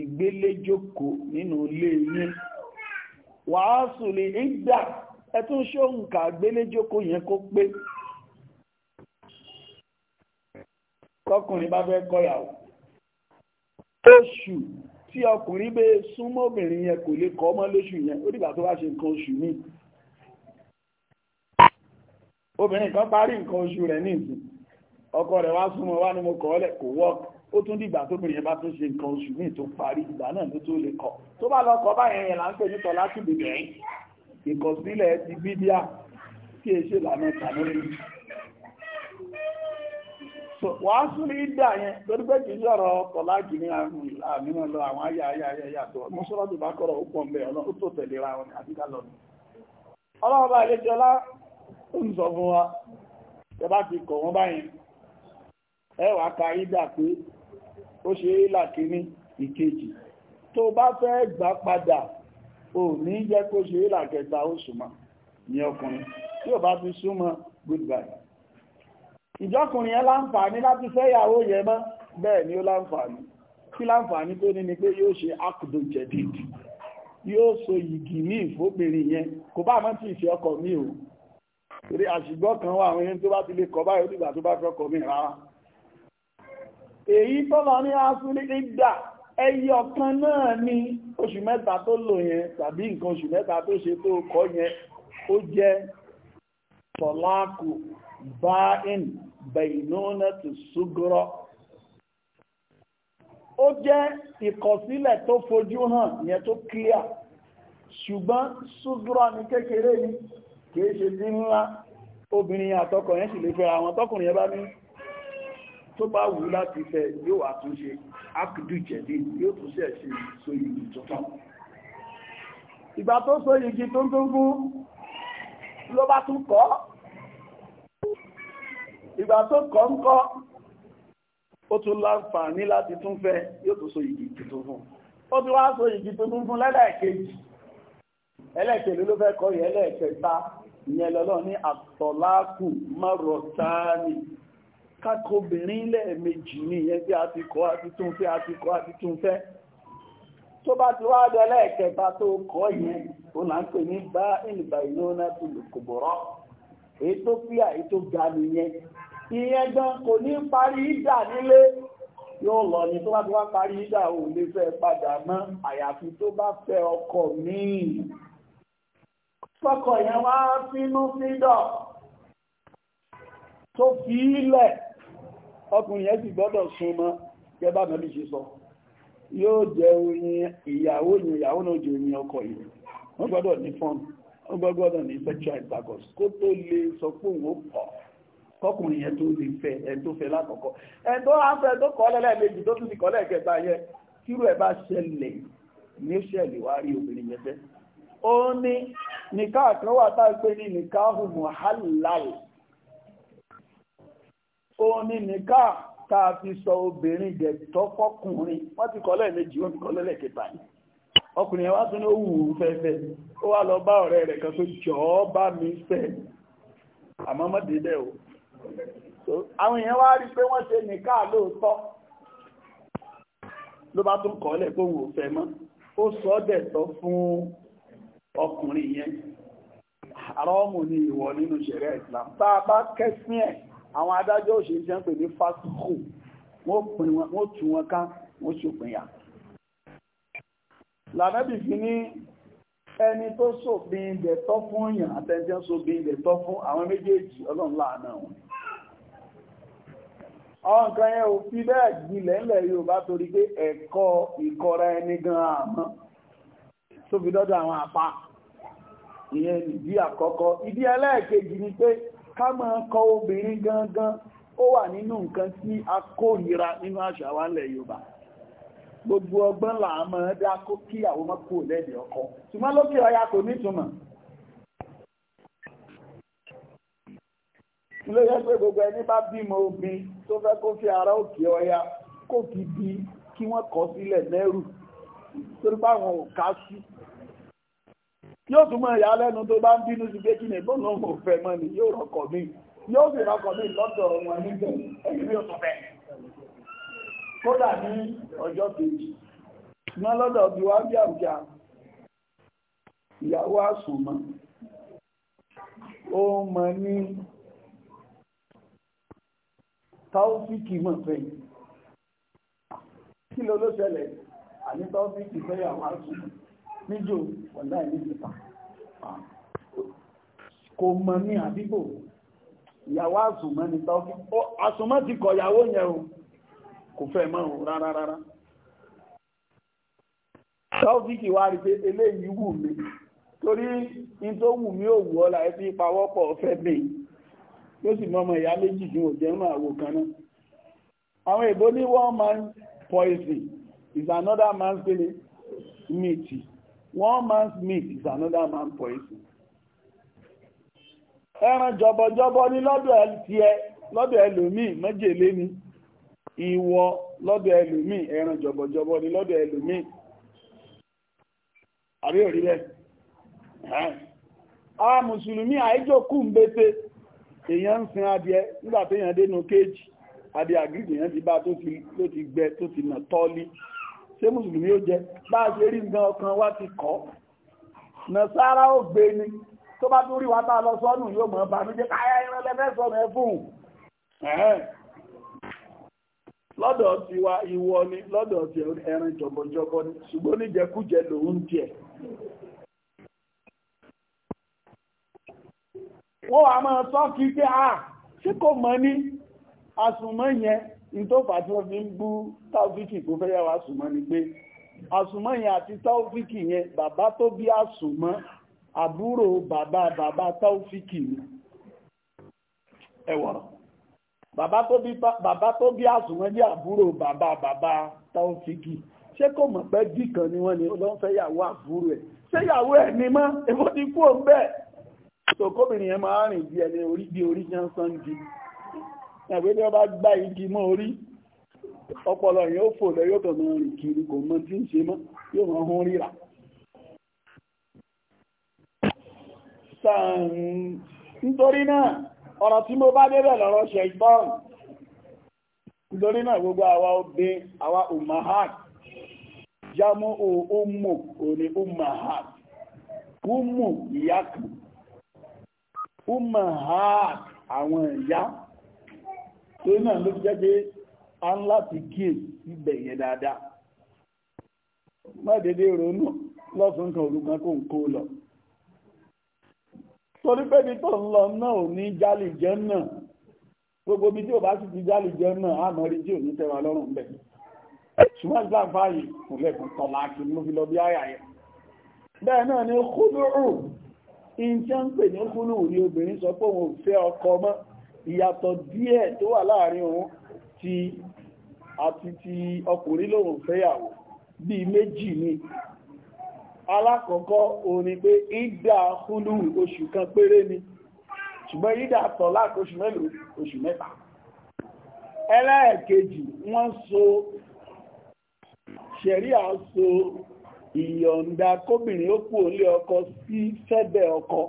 ìgbéléjókòó nínú ilé yín wàásù lè ìgbà ẹtún ṣóǹkà gbéléjókòó yẹn kó pé tọkùnrin bá fẹ́ kọ́yàwó oṣù tí ọkùnrin bẹ́ẹ̀ súnmọ́ obìnrin yẹn kò lè kọ́ ọmọ lóṣù yẹn ó dìgbà tó bá ṣe nǹkan oṣù míì obìnrin kan parí nǹkan oṣù rẹ̀ ní ìsìn ọkọ rẹ̀ wá súnmọ́ wá ní mo kọ́ kò wọ́ọ̀kì ó tún dìgbà tó bèrè bá tún ṣe nǹkan oṣù míì tó parí ìgbà náà ló tó lè kọ tó bá lọ báyẹn yẹn là ń pè ní tọ́lá tìbí bẹ̀rẹ̀ ìkọsílẹ̀ ti bídíà kí è ṣe lànà tàbí wàá yẹn lórí pé lọ àwọn ayé ayé ayé ní ó ṣe é làkíní ìkejì tó bá fẹ́ gbà padà ò ní jẹ́ kó ṣe é làkẹta ó súnmọ́ ní ọkùnrin tí ò bá fi súnmọ́ goodbye ìjọkùnrin yẹn láǹfààní láti fẹ́ ìyàwó yẹn mọ́ bẹ́ẹ̀ ni ó láǹfààní kí láǹfààní tó ní ni pé yóò ṣe akudo jẹ̀dìd yóò so yìgì ní ìfóbìnrin yẹn kò bá mọ́ tí ìṣe ọkọ mi ò torí àṣìgbọ́ kan wà àwọn yẹn tó bá ti lè kọ báyìí ó dìgbà tó bá fẹ́ ọkọ mi rárá èyí tọ́lọ ní asúlé ìdá ẹyẹ ọ̀kan náà ni oṣù mẹ́ta tó lò yẹn tàbí nǹkan oṣù mẹ́ta tó ṣe tó kọ́ yẹn ó jẹ́ tọ́láàkù báìn bẹ̀ìnúnà tó ṣúgọ́rọ́ ó jẹ́ ìkọ̀sílẹ̀ tó fojú hàn yẹn tó clear ṣùgbọ́n ṣúgọ́rọ́ ni kékeré ni kìí ṣe bí ńlá obìnrin àtọkọ̀ yẹn sì lè fẹ́ra wọn tọkùnrin yẹn bá ní tó bá wù láti fẹ́ yóò àtúnṣe akudu jẹ̀dí yóò tún ṣe ṣe so igi tuntun ìgbà tó so igi tuntun fún ló bá tún kọ́ ìgbà tó kọ́ ń kọ́ ó tún láǹfààní láti tún fẹ́ yóò tún so igi tuntun fún ó tún wá so igi tuntun fún lẹ́lẹ́kejì ẹlẹ́kẹ̀lú ló fẹ́ kọ́ yẹ ẹlẹ́kẹta ìyẹn lọ́lọ́ ní kákó obìnrin lẹ́ẹ̀mejì ní ìyẹn tí a ti kọ́ àti tún fẹ́ àti kọ́ àti tún fẹ́ tó bá ti wá dẹ lẹ́ẹ̀kẹta tó kọ́ yẹn ó là ń pè ní bá ìlúbà ìlú náà tó lè kò bọ̀rọ̀ èyí tó fíà èyí tó ga ìyẹn gan kò ní parí ìdà nílé yóò lọ ní tó bá ti wá parí ìdà ò lè fẹ́ padà mọ́ àyàfi tó bá fẹ́ ọkọ míì fọkọ yẹn wá sínú fídọ̀ tó fi í ọkùnrin yẹn sì gbọ́dọ̀ súnmọ́ gẹ́bà mẹ́bí ṣe sọ yóò jẹ oyin ìyàwó yìí ìyàwó náà oyin ọkọ yìí wọ́n gbọ́dọ̀ ní fọ́n wọ́n gbọ́dọ̀ ní sexual intercourse kó tó lè sọ pé òun ó kọkùnrin yẹn tó lè fẹ ẹ tó fẹ lákọ̀ọ́kọ́ tó tó kọ́ tó tún ti kọ́ lẹ́ẹ̀kẹta yẹn kírú bá ṣẹlẹ̀ ní ó ṣẹlẹ̀ wá rí òní nìka tá a fi sọ obìnrin dẹ̀ tọ́kọ́kùnrin wọ́n ti kọ́lẹ̀ méjì wọ́n ti kọ́lẹ̀ lẹ́kẹta ni ọkùnrin yẹn wá tún ní òwú fẹ́fẹ́ ó wá lọ bá ọ̀rẹ́ rẹ̀ kan tó jọ̀ọ́ bá mi fẹ́ àmọ́ mọ́dé bẹ́ẹ̀ o àwọn èèyàn wá rí pé wọ́n ṣe nìka lóòótọ́ ló bá tún kọ́lẹ̀ pé òun ò fẹ́ mọ́ ó sọ ọ́ dẹ̀ fún ọkùnrin yẹn àrọ́mù ni ìwọ nínú ṣẹ̀rẹ́ Islam tá a bá kẹ́sìn ẹ̀ àwọn adájọ́ òṣèlú jẹ́ ń pè ní fásitì wọ́n tú wọn ká wọ́n ṣòpinya lànàbì fi ní ẹni tó ṣòpin ilẹ̀ tọ́ fún èèyàn àtẹ́jẹ́ ṣòpin ilẹ̀ tọ́ fún àwọn méjèèjì ọlọ́run láàánà wọn àwọn nǹkan yẹn ò fi bẹ́ẹ̀ gbilẹ̀ ńlẹ̀ Yorùbá torí pé ẹ̀kọ́ ìkọra ẹni gan àmọ́ tó fi dọ́dọ̀ àwọn àpá ìyẹn ìdí àkọ́kọ́ ìdí ẹlẹ́ẹ̀kejì ni pé ká máa kọ obìnrin gangan ó wà nínú nǹkan tí a kórìíra nínú àṣà wa nílẹ̀ Yorùbá gbogbo ọgbọ́n là á máa dá kó kí àwọn ọmọ kò lẹ́dẹ̀ ọkọ ṣùgbọ́n lókè ọya kò nítumọ̀ ló yẹ pé gbogbo ẹni bá bímọ obìn tó fẹ́ kó fi ara òkè ọya kó kì bí kí wọ́n kọ́ sílẹ̀ lẹ́rù torí báwọn ò ká sí yóò tún mọ̀ ìyá lẹ́nu tó bá ń bínú sí pé kí ìbọn náà mò ni yóò rọkọ mi yóò sì rọkọ̀ mí lọ́dọ̀ wọn níbẹ̀ èyí ni ó kódà ní bí wàá bí ìyàwó ó mọ ní kí ló ló àní yàwó níjò wọ̀lá ìlú ìpa kò mọ̀ ní àdíbò ìyàwó àsùnmọ́ ní tọ́kí àsùnmọ́ ti kọ̀ ìyàwó yẹn o kò fẹ́ mọ́ o rárá rárá tọ́fíkì wá rí pé eléyìí wù mí torí in tó wù mí ò wù ọ́ láì fi pawọ́pọ̀ ọ̀fẹ́ bẹ́ẹ̀ yóò sì mọ́ ìyá méjì tí ò jẹ́ mọ́ àwò kan náà àwọn èbó ní one man poison is another man's meat One man's meat is another man's poison. Ẹran jọbọjọbọ ní lọ́dọ̀ lọ́dọ̀ ẹlòmíì ni. Ìwọ lọ́dọ̀ ẹlòmíì, ẹran jọbọjọbọ ní lọ́dọ̀ ẹlòmíì. Àrí òrí rẹ̀. A Mùsùlùmí ń bété, èèyàn ń sin adìẹ nígbà kéèjì, adìẹ ti bá tó ti gbẹ tó ti nà ṣé mùsùlùmí ó jẹ bá a ṣe rí nǹkan ọkàn wa ti kọ́ nàṣàrà ó gbé ni tó bá tún rí wa tá lọ sọ́nù yóò mọ̀ bá mi jẹ́ káyà ìran lẹ́fẹ́ sọ̀rọ̀ fún un lọ́dọ̀ ti wa ìwọ ni lọ́dọ̀ ti ẹran jọ̀bọ̀jọ̀bọ̀ ni ṣùgbọ́n níjẹkújẹ lòun tiẹ̀ wọ́n wà máa sọ kí pé à ṣé kò mọ̀ ní àsùnmọ́ yẹn ìtòfà tí wọ́n fi ń bú táòfíkì kó fẹ́ yàwó àsùnmọ́ ni pé àsùnmọ́ yẹn àti táòfíkì yẹn bàbá tó bí àsùnmọ́ àbúrò bàbá bàbá táòfíkì ni ẹwọ̀rọ̀ bàbá tó bí àsùnmọ́ jẹ́ àbúrò bàbá bàbá táòfíkì ṣé kò mọ̀ pé bí kan ni wọ́n ni ọlọ́run fẹ́ yàwó àbúrò ẹ̀ ṣé yàwó ẹ̀ ni mọ́ èwo ti kú òun bẹ́ẹ̀ tòkóbìnrin yẹn máa rìn bí ẹni orí bí orí jẹ́ sọ́ńdì ẹ̀wé tí wọ́n bá gbá igi mọ́ orí ọpọlọ yẹn ó fò lọ yóò kàn máa rìn kiri kò mọ tí ń ṣe mọ́ yóò máa hún rírà. nítorí náà ọ̀rọ̀ tí mo bá débẹ̀ lọ́rọ̀ ṣe gbọ́n nítorí náà gbogbo àwa obìn àwa umahat jámọ́ ọmọ òní umahat umu ìyá kan umahat àwọn ìyá torí náà ló fi jẹ́ pé a ń láti kíè síbẹ̀ yẹn dáadáa má dédé ronú lọ́sùn kan olùgbọ́n kò ń kó lọ torí pé ní tó ń lọ náà ò ní jálì jẹ́ náà gbogbo ibi tí ò bá sì ti jálì jẹ́ náà á mọ rí tí ò ní tẹ́wa lọ́rùn bẹ́ẹ̀ ṣùgbọ́n ìgbà fàáyì kò lẹ́kùn tọ̀lá kí ló fi lọ bí àyà yẹ bẹ́ẹ̀ náà ni kúlùrù ìjẹ́ ń pè ní kúlùrù ni obìnrin sọ pé òun ò fẹ́ ọkọ mọ́ ìyàtọ̀ díẹ̀ tó wà láàrin òun ti àti ti ọkùnrin fẹ́yàwó bíi méjì ni alákọ̀ọ́kọ́ orin pé ìdá oṣù kan péré ni ṣùgbọ́n ìdá oṣù mélòó oṣù mẹ́ta ẹlẹ́ẹ̀kejì wọ́n so so ìyọ̀ǹda kóbìnrin ó kú òlé ọkọ sí fẹ́bẹ̀ ọkọ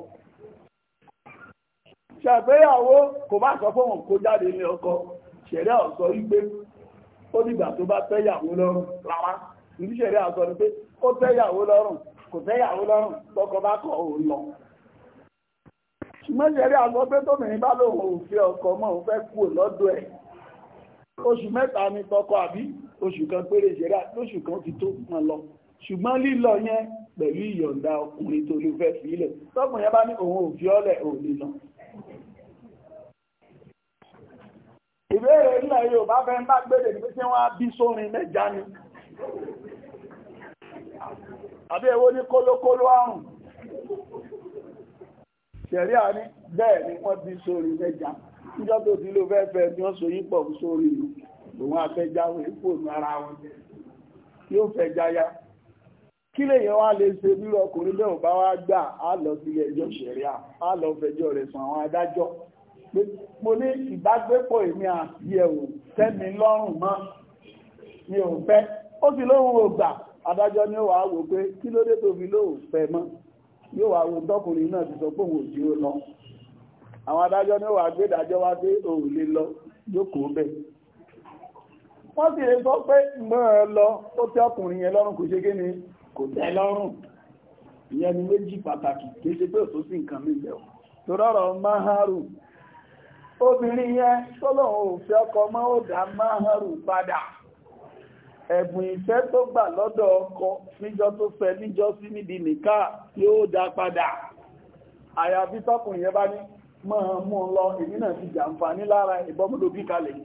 ṣàgbéyàwó kò bá sọ fóhùn kó jáde ilé ọkọ ṣẹ̀rẹ́ ọ̀sọ́ wípé ó dìgbà tó bá tẹ́yàwó lọ́rùn rárá ní ṣẹ̀rẹ́ ọ̀sọ́ ni pé ó tẹ́yàwó lọ́rùn kò tẹ́yàwó lọ́rùn tọkọ bá kọ̀ òun lọ ṣùgbọ́n ṣẹ̀rẹ́ ọ̀sọ́ pé tómìnrin bá lòun ò fẹ́ ọkọ mọ́ òun fẹ́ kú lọ́dọ̀ ẹ̀ oṣù mẹ́ta ni tọkọ àbí oṣù kan péré ṣẹ̀rẹ́ lóṣù kan ti tó mọ́ lọ ṣùgbọ́n lílọ yẹn pẹ̀lú ìyọ̀ǹda ọkùnrin tó lè fẹ́ sílẹ̀ tọkùnrin yẹn bá ní òun ò fi ọ́lẹ̀ òun lè ìbéèrè ilẹ̀ Yorùbá fẹ́ ń bá gbèrè ní pé tí wọ́n á bí sórin mẹ́ja ni àbí èwo ní kólókóló àrùn ṣẹ̀rí àní bẹ́ẹ̀ ni wọ́n bí sórin mẹ́ja níjọ́ tó ti ló fẹ́ fẹ́ ni wọ́n so yípọ̀ sórin òun afẹ́jáwé fóònù ara wọn yóò fẹ́ jáyá kí lèyàn wá lè ṣe bí ọkùnrin bẹ́ẹ̀ ò bá wá gbà á lọ sílé ẹjọ́ ṣẹ̀rí à á lọ fẹjọ́ rẹ̀ sùn àwọn adájọ́ pé mo ní ìbágbépọ̀ èmi àti ẹ̀ ò tẹ́mi lọ́rùn mọ́ mi ò fẹ́ ó sì lóhun ò gbà adájọ́ ni ó wàá wò pé kí ló dé tó fi lóò fẹ́ mọ́ yóò wàá wo tọkùnrin náà ti sọ pé òun ò dí ó lọ àwọn adájọ́ ni ó wàá gbé ìdájọ́ wá pé òun lè lọ jókòó bẹ́ẹ̀ wọ́n sì lè sọ pé mọ́ ẹ lọ ó tẹ́ ọkùnrin yẹn lọ́rùn kò ṣe kí ni kò tẹ́ lọ́rùn ìyẹn ni méjì pàtàkì kì í ṣe pé òtún sí nǹkan mi bẹ̀rù tó máa ń hárùn obìnrin yẹn tọ́lọ́hún ò fẹ́ ọkọ mọ́ ó dá máhàrù padà ẹ̀bùn ìfẹ́ tó gbà lọ́dọ̀ ọkọ níjọ́ tó fẹ́ níjọ́ sí níbi nìká yóò dá padà àyàfi tọkùnrin yẹn bá ní máa mú un lọ èmi náà ti jàǹfààní lára ìbọ́múlò bí kalẹ̀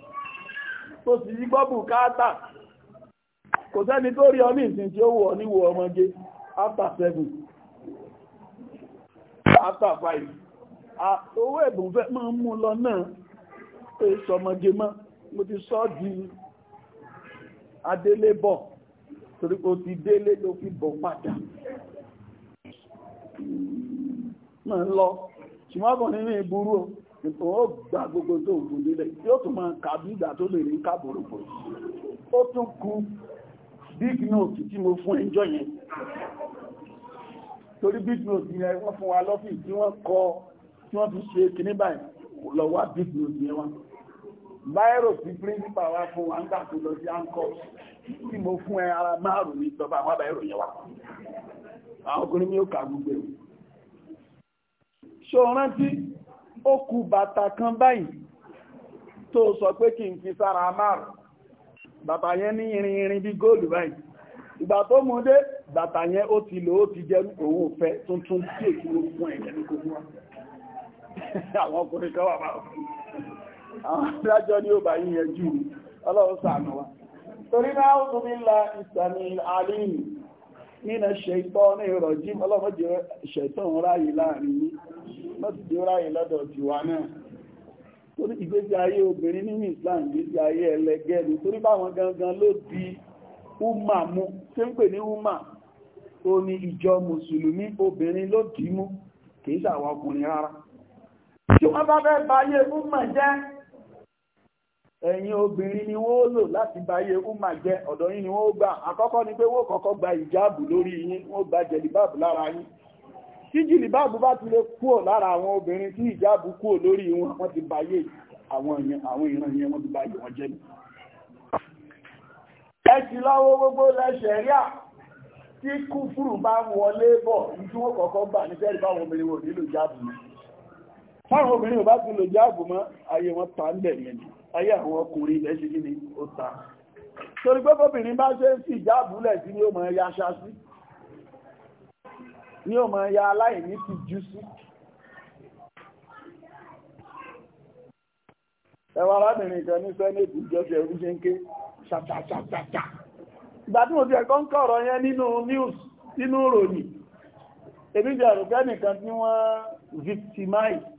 tó sì yí gbọ́bù káàtà kò sẹ́ni tó rí ọ ìsìn tí ó wù ọ níwò ọmọge after seven after five owó ẹ̀bùn fẹ́ máa ń mú lọ náà pé sọmọge mọ́ mo ti sọ di adélébọ̀ torí pé o ti délé ló fi bọ̀ padà mọ̀ ń lọ ṣùgbọ́n ọkùnrin ní ìburú nǹkan ó gba gbogbo tó ògùn nílẹ̀ yóò tún máa kà bí ìgbà tó lè rí kábòròpò ó tún ku big note tí mo fún ẹjọ́ yẹn torí big note yẹn wọ́n fún wa lọ́fíì tí wọ́n kọ tí wọ́n fi ṣe kìíní báyìí lọ wá bíbí òdì ẹwà báyìí sí príncipà wá fún wa ń gbà tó lọ sí àǹkọ́ tí mo fún ẹ ara márùn ní ìjọba àwọn àbáyìí ròyìn àwọn ọkùnrin mi ò kà gbogbo ẹ̀rù ṣó rántí ó kù bàtà kan báyìí tó sọ pé kí n fi sára márùn bàtà yẹn ní irin irin bí góòlù báyìí ìgbà tó mú dé bàtà yẹn ó ti lò ó ti jẹ́ òun ò tuntun tí èkó fún ẹ̀yẹ́ ní kò wa àwọn ọkùnrin kan wà máa àwọn adájọ́ ní ó bá yí ẹjú ọlọ́run ṣàánú wa torí náà ó tún nílá ìsàmì àlìyìn nínú ṣẹ̀tọ́ ní ìrọ̀jí ọlọ́run jẹ́ ṣẹ̀tọ́ ráyè láàrin yí lọ́sì jẹ́ ráyè lọ́dọ̀ tiwa náà torí ìgbésí ayé obìnrin nínú Islam ìgbésí ayé ẹlẹgẹ́ ni torí báwọn gangan ló di umma mú tí ń pè ní umma ó ní ìjọ mùsùlùmí obìnrin ló dì mú kìí ṣàwọn ọkùnrin rárá tí wọ́n bá fẹ́ báyé umma jẹ́ ẹ̀yin obìnrin ni wọ́n lò láti báyé umma jẹ́ ọ̀dọ̀ yín ni wọ́n gbà àkọ́kọ́ ni pé wọ́n kọ́kọ́ gba ìjáàbù lórí yín wọ́n gba jẹ̀lìbáàbù lára yín tí jìlìbáàbù bá ti lè kúò lára àwọn obìnrin tí ìjáàbù kúò lórí wọn wọ́n ti báyé àwọn ìran yẹn wọ́n ti báyé wọn jẹ́ ẹ ti lọ́wọ́ gbogbo lẹ́sẹ̀ rí à tí kúfùrù bá wọlé bọ̀ ní tí wọ́n kọ́kọ́ gbà ní tẹ́rì báwọn obìnrin wò nílò ìjáàbù yìí táwọn obìnrin ò bá ti lò jáàbù mọ́ ayé wọn ta ń bẹ̀ yẹn ayé àwọn ọkùnrin ilẹ̀ ṣe kíni ó ta torí pé obìnrin bá ṣe ń fi ìjáàbù lẹ̀ sí ni ó máa ya aṣá sí ni ó máa ya aláìní ti jú sí ẹwà arábìnrin kan ní sẹ́nẹ̀tì ìjọsẹ̀ ẹ̀rúṣẹ́ńké ṣàtàṣàtàṣà ìgbà tí mo ti ẹ̀kọ́ ń kọ̀rọ̀ yẹn nínú news nínú ròyìn èmi jẹ́ àrùkẹ́ nìkan tí wọ́n victimize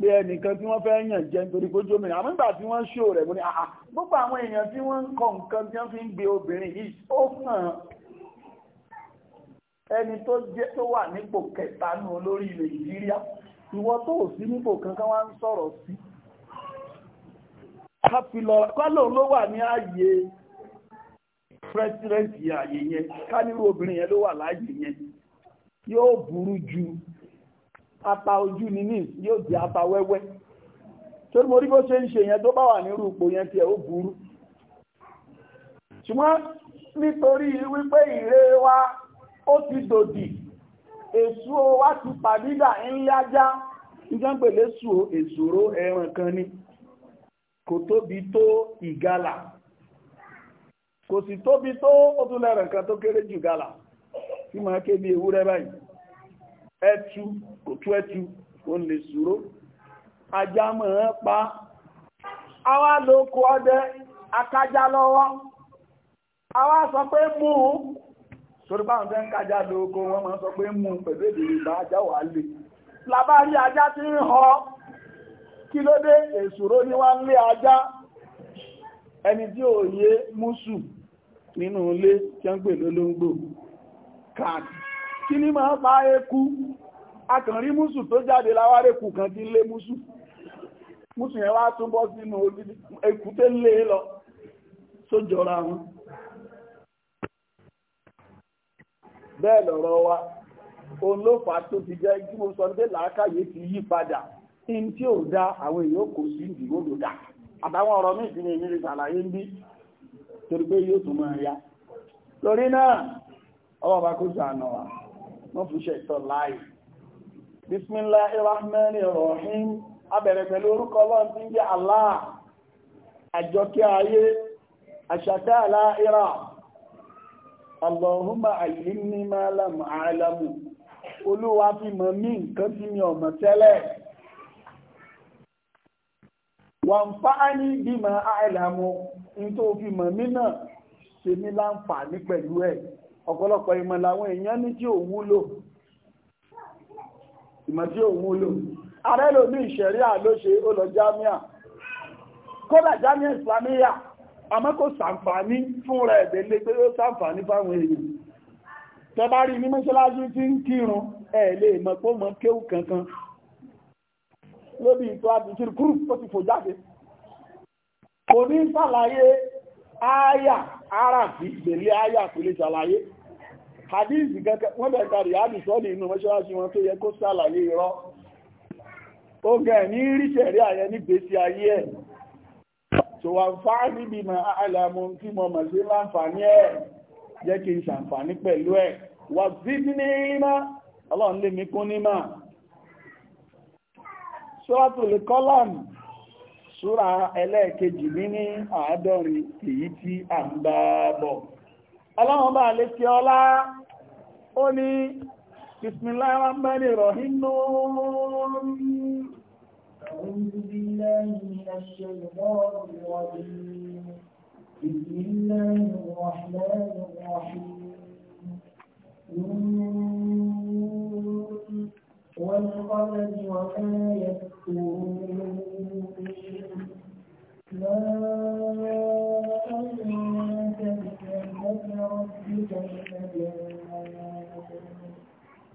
pé ẹnìkan tí wọ́n fẹ́ yàn jẹ́ nítorí kó jó mìíràn àmúgbà tí wọ́n ṣó rẹ̀ mú ní àà gbogbo àwọn èèyàn tí wọ́n ń kọ nǹkan tí wọ́n fi ń gbé obìnrin yìí ó hàn ẹni tó jẹ́ tó wà nípò kẹta nù olórí ilẹ̀ Nàìjíríà ìwọ tó ò sí nípò kankan wá ń sọ̀rọ̀ sí kọ́lọ̀ ló wà ní ààyè pírẹsidẹ́ǹtì ààyè yẹn ká nírú obìnrin yẹn ló wà láàyè yẹn yóò burú ju ata ojú ni ní yóò di apá wẹ́wẹ́ torí mo rí bó ṣe ń ṣe yẹn tó bá wà nírú ipò yẹn tiẹ̀ ó burú ṣùgbọ́n nítorí wípé ìrè wa ó ti dòdì èso wa ti pàdídà ńlẹ́ ajá ìjọ́ngbèlé sùn èsòro ẹran kan ni kò tóbi tó ìgalà kò sì tóbi tó ó tún kan tó kéré jù galà tí máa ké bí ewúrẹ́ báyìí ẹtu kò tú ẹ̀tù kò lè ṣúró ajá mọ̀ ẹ́ pa àwa ló kó ọdẹ akájá lọ́wọ́ àwa sọ pé mú un torí báwọn fẹ́ ń kájá lóko wọ́n máa sọ pé mú un pẹ̀lú èdè ìgbà ajá wà lè labá ajá tí ń họ kí ló dé èsòro ni wá ń lé ajá ẹni tí ò yé múṣù nínú ilé tí wọ́n ń pè lólóńgbò kí ni máa pa eku akànrí músù tó jáde láwárí kù kan ti lé músù músù yẹn wá túnbọ́ sínú èkúté lé e lọ tó jọra wọn bẹ́ẹ̀ lọ̀rọ̀ wa òun ló fà tó ti jẹ́ kí mo sọ pé làákàyè ti yí padà in tí ò dá àwọn èèyàn kò sí ìdìbò ló dá àtàwọn ọ̀rọ̀ míì sí ni lè ṣàlàyé ń bí torí pé yóò tún máa ya torí náà ọwọ́ bá kó àná wa wọ́n fi ṣe ìtọ́ láàyè bismillahi rahman rahim abẹ̀rẹ̀ pẹ̀lú orúkọ ọlọ́run tí ń jẹ́ allah ayé àṣàkẹ́ aláìra allahumma allimni ma lam a'lamu olúwa fi mọ̀ mi tẹ́lẹ̀ wàǹfààní bímọ ọ̀pọ̀lọpọ̀ ìmọ̀ làwọn tí ò wúlò ìmọ̀ tí ó wúlò ààrẹ ló ní ìṣẹ̀rí àlóṣe ó lọ jámíà kódà jámíà ìsìlámíyà àmọ́ kò sàǹfààní fún rẹ̀ ẹ̀dẹ̀lé pé ó sàǹfààní fáwọn èèyàn tẹ́bá rí ní mọ́ṣáláṣí tí ń kírun ẹ̀ lè mọ̀ pé mọ̀ kéwù kankan lóbi ìtọ́ àbùsírù kúrú tó ti fò jáde kò ní sàlàyé ááyà ara fi gbèlé ááyà kò lè sàlàyé hadith kankan wọ́n bẹ̀ẹ̀ kàrí àdìsọ́ ní inú mọ́ṣáláṣí wọn tó yẹ kó sàlàyé irọ́ ó gẹ̀ ní ríṣẹ̀rí àyẹ ní gbèsè ayé ẹ̀ tó wà ń fà níbi mo mọ̀ sí láǹfààní ẹ̀ jẹ́ kí n ṣàǹfààní pẹ̀lú ẹ̀ wà sí ní iná ọlọ́run lè mí kún nímà súra ẹlẹ́ẹ̀kejì ní ní àádọ́rin èyí tí à ń bá ó ní bismillahir rahmanir rahim أعوذ بالله من الشيطان الرجيم بسم الله الرحمن الرحيم والقمر وما يكتبون ما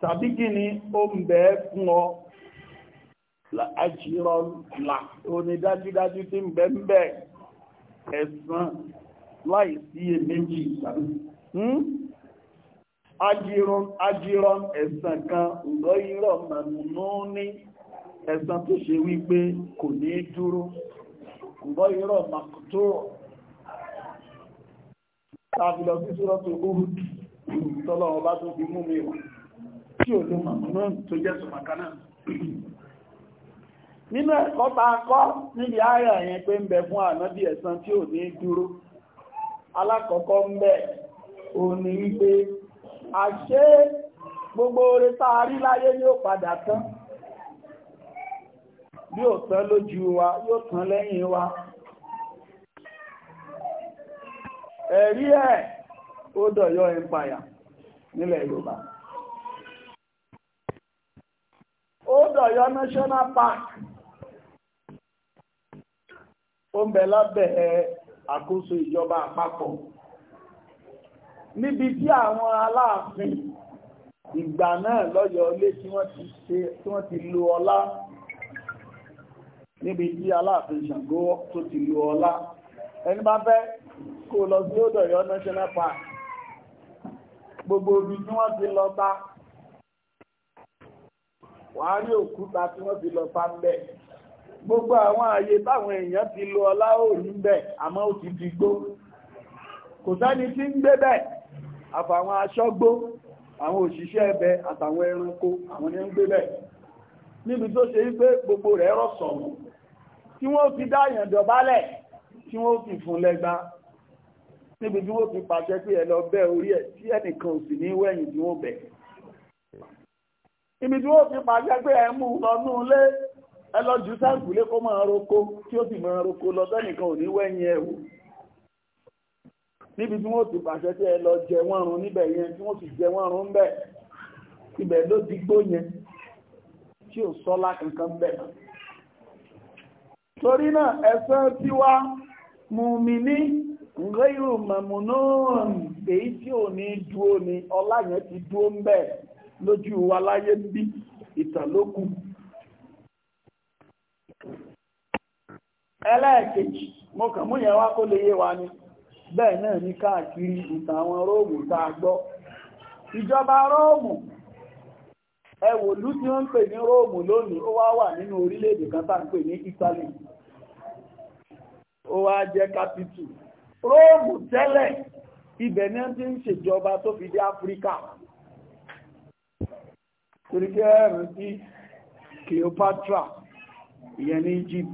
tàbí kí ni ó ń bẹ fún ọ àṣírọ là òní dájúdájú tí ń bẹ ń bẹ ẹ̀san láì sí èméjì ajírun hmm? ajírun ẹ̀san kan ǹgọ́ irọ́ mẹ́nu ní ẹ̀san tó ṣe wípé kò ní dúró ǹgọ́ irọ́ màkútó tàbí sí sọ́rọ́ tó kúrú tọ́lọ́wọ́ bá tó fi mú mi wà tí ò lè mọ̀mọ́ tó jẹ́ sọ̀mọ̀kaná nínú ẹ̀kọ́ ta kọ́ níbi pé ń bẹ fún ànábì ẹ̀sán tí ò ní dúró alákọ̀ọ́kọ́ ń ò ní wípé àṣẹ gbogbo oore tá a rí láyé yóò padà tán bí ò tán lójú wa yóò tán lẹ́yìn wa ẹ̀rí ẹ̀ ó dọ̀yọ́ empire nílẹ̀ Yorùbá ó dọ̀yọ́ national park ó ń bẹ lábẹ́ àkóso ìjọba àpapọ̀ níbi tí àwọn aláàfin ìgbà náà lọ́yọ̀ọ́ lé tí wọ́n ti lo ọlá níbi tí aláàfin Ṣàngó tó ti lo ọlá ẹni bá fẹ́ kó lọ sí ó dọ̀yọ́ national park gbogbo ibi tí wọ́n ti lọ bá wọ́n á rí òkúta tí wọ́n fi lọ fa ń bẹ̀. gbogbo àwọn ààyè táwọn èèyàn ti lo ọlá òní bẹ̀ àmọ́ ó ti di gbó kò sẹ́ni tí ń gbé bẹ̀ àfàwọn aṣọ́gbó àwọn òṣìṣẹ́ ẹbẹ àtàwọn ẹranko àwọn ni ń gbé bẹ̀ níbi tó ṣe wípé gbogbo rẹ̀ rọ̀ sọ̀rọ̀ tí wọ́n fi dáyàn dọ̀bálẹ̀ tí wọ́n fi fún lẹ́gbá níbi tí wọ́n fi pàṣẹ pé ẹ lọ bẹ́ orí ẹ̀ tí ẹnìkan ò sì ní wẹ̀yìn tí wọ́n bẹ̀ ibi tí wọ́n fi pàṣẹ pé ẹ mú lọ́nú ilé ẹ lọ jù sáǹkùlé kó máa roko tí ó sì máa roko lọ sẹ́nìkan ò ní wẹ̀yìn ẹ̀ wò níbi tí wọ́n ti pàṣẹ pé ẹ lọ jẹ wọ́n run níbẹ̀ yẹn tí wọ́n sì jẹ wọ́n run bẹ́ẹ̀ ibẹ̀ ló ti gbó yẹn tí ò sọ́lá kankan bẹ́ẹ̀ torí náà ẹ̀san tí wá mùmíní ǹgẹ́ ìrù mọ̀mùnú èyí tí ò ní dúó ni ọlá yẹn ti dúó ń bẹ́ẹ̀ lójú wa láyé ń bí ìtàn ló kù. ẹlẹ́ẹ̀kejì mo kàn mú yẹn wá kó lè yé wa ni bẹ́ẹ̀ náà ní káàkiri ìtàn àwọn róòmù tá a gbọ́ ìjọba róòmù ẹwòlú tí ó ń pè ní róòmù lónìí ó wá wà nínú orílẹ̀-èdè kan tá ń pè ní Italy ó wá jẹ́ kápítù róòmù tẹ́lẹ̀ ibẹ̀ ni wọ́n ti ń ṣèjọba tó fi dé Áfíríkà torí pé ẹ̀rùn sí Cleopatra ìyẹn ní Egypt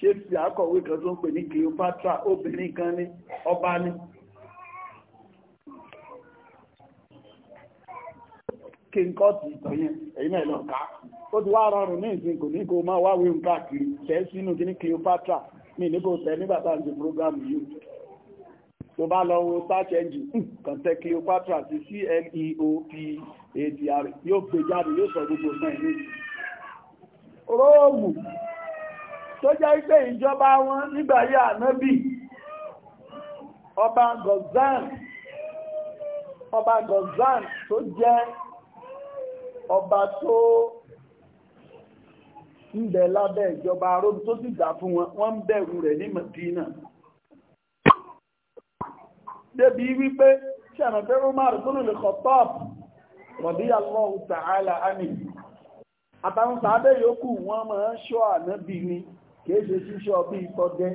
ṣé kan tó ń pè ní Cleopatra obìnrin kan ní ọba ní kíńkọ́tì ìtọ̀yẹn èyí náà lọ ká ó ti wá rọrùn ní ìsìn kò ní kó máa wáwé ń káàkiri tẹ́ sínú kí ní Cleopatra program yìí tó bá lọ wo search engine kàn Cleopatra èdè àrẹ yóò gbé jáde yóò sọ gbogbo náà ní róòmù tó jẹ́ pé ìjọba wọn nígbàyé ànábì ọba gozan ọba gozan tó jẹ́ ọba tó ń bẹ lábẹ́ ìjọba róòmù tó sì dá fún wọn wọ́n ń bẹ̀rù rẹ̀ ní Mẹ́dínà débi wípé ṣẹ̀nà pé Umar tó lè kọ̀ tọ́ọ̀pù rọ̀bí Allahu ta'ala àmì àtàwọn sàábẹ́ yòókù wọ́n máa ń ṣọ́ ànábì ni kìí ṣe ṣíṣọ́ bí ìtọ́jẹ́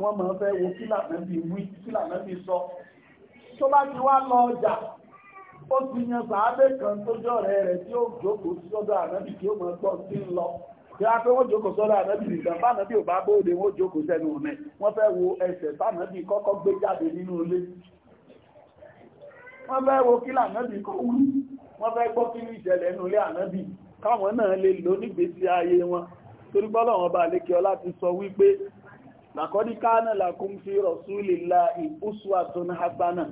wọ́n máa fẹ́ wo kí lànábì wí kí lànábì sọ tó bá ti wá lọ ọjà ó ti yan sàábẹ́ kan tó jọ rẹ̀ rẹ̀ tí ó jókòó sọ́dọ̀ ànábì tí ó máa gbọ́ sí ń lọ kí á pé wọ́n jókòó sọ́dọ̀ ànábì nìkan bánábì ò bá bóde wọ́n jókòó sẹ́nu ọ̀nà wọ́n fẹ́ wo ẹsẹ̀ bánábì kọ́kọ́ gbé jáde nínú ilé wọ́n fẹ́ wo kí lànàbì kó wọ́n fẹ́ gbọ́ kí ní ìṣẹ̀lẹ̀ ẹnu ilé káwọn náà lè lò nígbèsí ayé wọn torí gbọ́lọ̀ wọn bá lékè ọlá ti sọ wípé làkọ́dí làkún fi hasana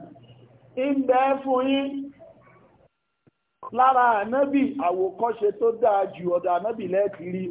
ń bẹ́ fún yín lára ànábì àwòkọ́ṣe tó dáa jù ọ̀dọ̀ lẹ́ẹ̀kiri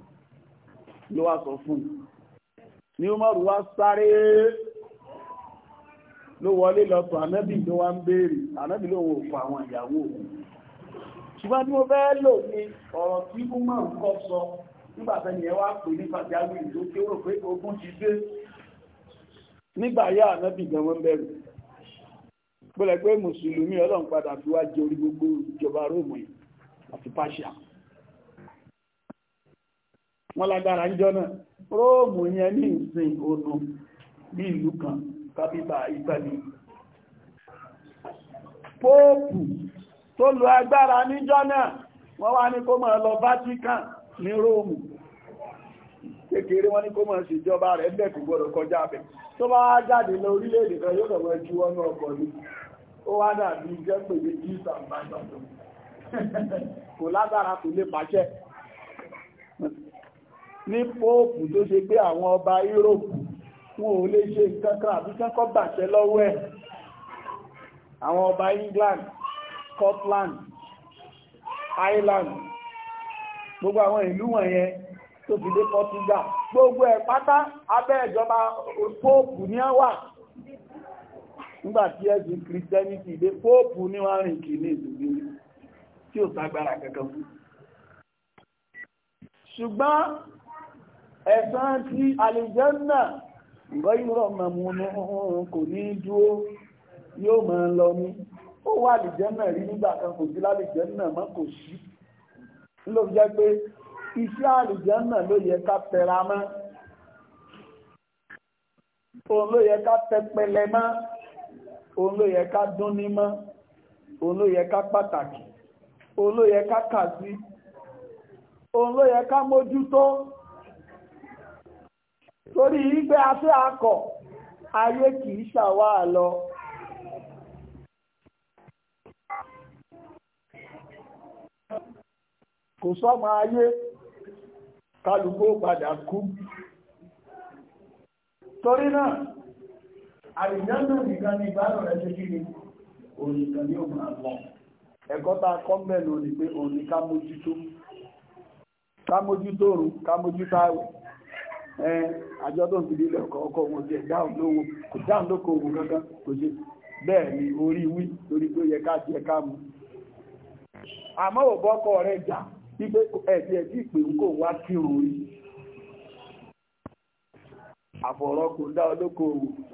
ló wá sọ fún ní Umaru wá sáré ló wọlé lọ́tọ̀ ànábì ló wá ń béèrè ànábì ló wò fún àwọn ìyàwó ṣùgbọ́n tí mo fẹ́ lò ní ọ̀rọ̀ tí Umaru kọ́ sọ nígbàtẹ́ ni ẹ wá pè ní pàjáwìrì tó kéwò pé ogun ti dé nígbà yá ànábì gan wọ́n bẹ̀rù pẹ̀lẹ́ pé mùsùlùmí ọlọ́run padà wọ́n lágbára ń jọ́nà róòmù yẹn ní ìsìn odò ní ìlú kan kápítà Italy póòpù tó lo agbára ní jọ́nà wọ́n wá ní kó lọ Vatican ní róòmù kékeré wọ́n ní kó máa ṣèjọba rẹ̀ bẹ́ẹ̀ gbọ́dọ̀ kọjá tó bá jáde lọ orílẹ̀-èdè kan yóò kọ̀wọ́ ọkọ̀ ó wá dàbí jẹ́ ní póòpù tó ṣe pé àwọn ọba Europe wọn ò lè ṣe nǹkan kan àbí kankan bàṣẹ lọ́wọ́ ẹ̀ àwọn ọba England Scotland Ireland gbogbo àwọn ìlú wọ̀nyẹn tó fi dé Portugal gbogbo ẹ̀ pátá abẹ́ ìjọba póòpù ní àwà nígbàtí ẹ̀sìn Christianity dé póòpù ní wọ́n rìn kì ní ìlú tí ò sagbára kankan fún ṣùgbọ́n ẹ̀san ti àlìjẹ́nà gọ́yìnrọ̀ mọ̀múnú kò ní dúó yóò mọ̀ lọ ní ó wà àlìjẹ́nà rí nígbà kan kò sí lálìjẹ́nà mọ́ kò sí ló jẹ́ pé iṣẹ́ àlìjẹ́nà ló yẹ ká tẹra mọ́ òun ló yẹ ká tẹpẹlẹ mọ́ òun ló yẹ ká dún ní mọ́ òun ló yẹ ká pàtàkì òun ló yẹ ká kà sí òun ló yẹ ká mójútó torí wípé afẹ́ akọ ayé kìí ṣàwá lọ kò sọ́mọ ayé kálukó padà kú torí náà nìkan ní ìbáàrùn rẹ̀ ṣe kí ni ní òun àgbọ̀n ẹ̀kọ́ ta kọ́mẹ̀lú ni pé ká mójútó ká mójútó àjọ tó ń fi lílẹ̀ ọkọ̀ wọn jẹ dáhùn lówó kò dáhùn lóko ogun kankan kò bẹ́ẹ̀ ni orí wí yẹ ká jẹ ká mu àmọ́ ò bọ́kọ̀ rẹ̀ jà wípé ẹ̀bí ẹ̀bí ìpè ń kò wá kírun rí àfọ̀rọ̀ kò dá olóko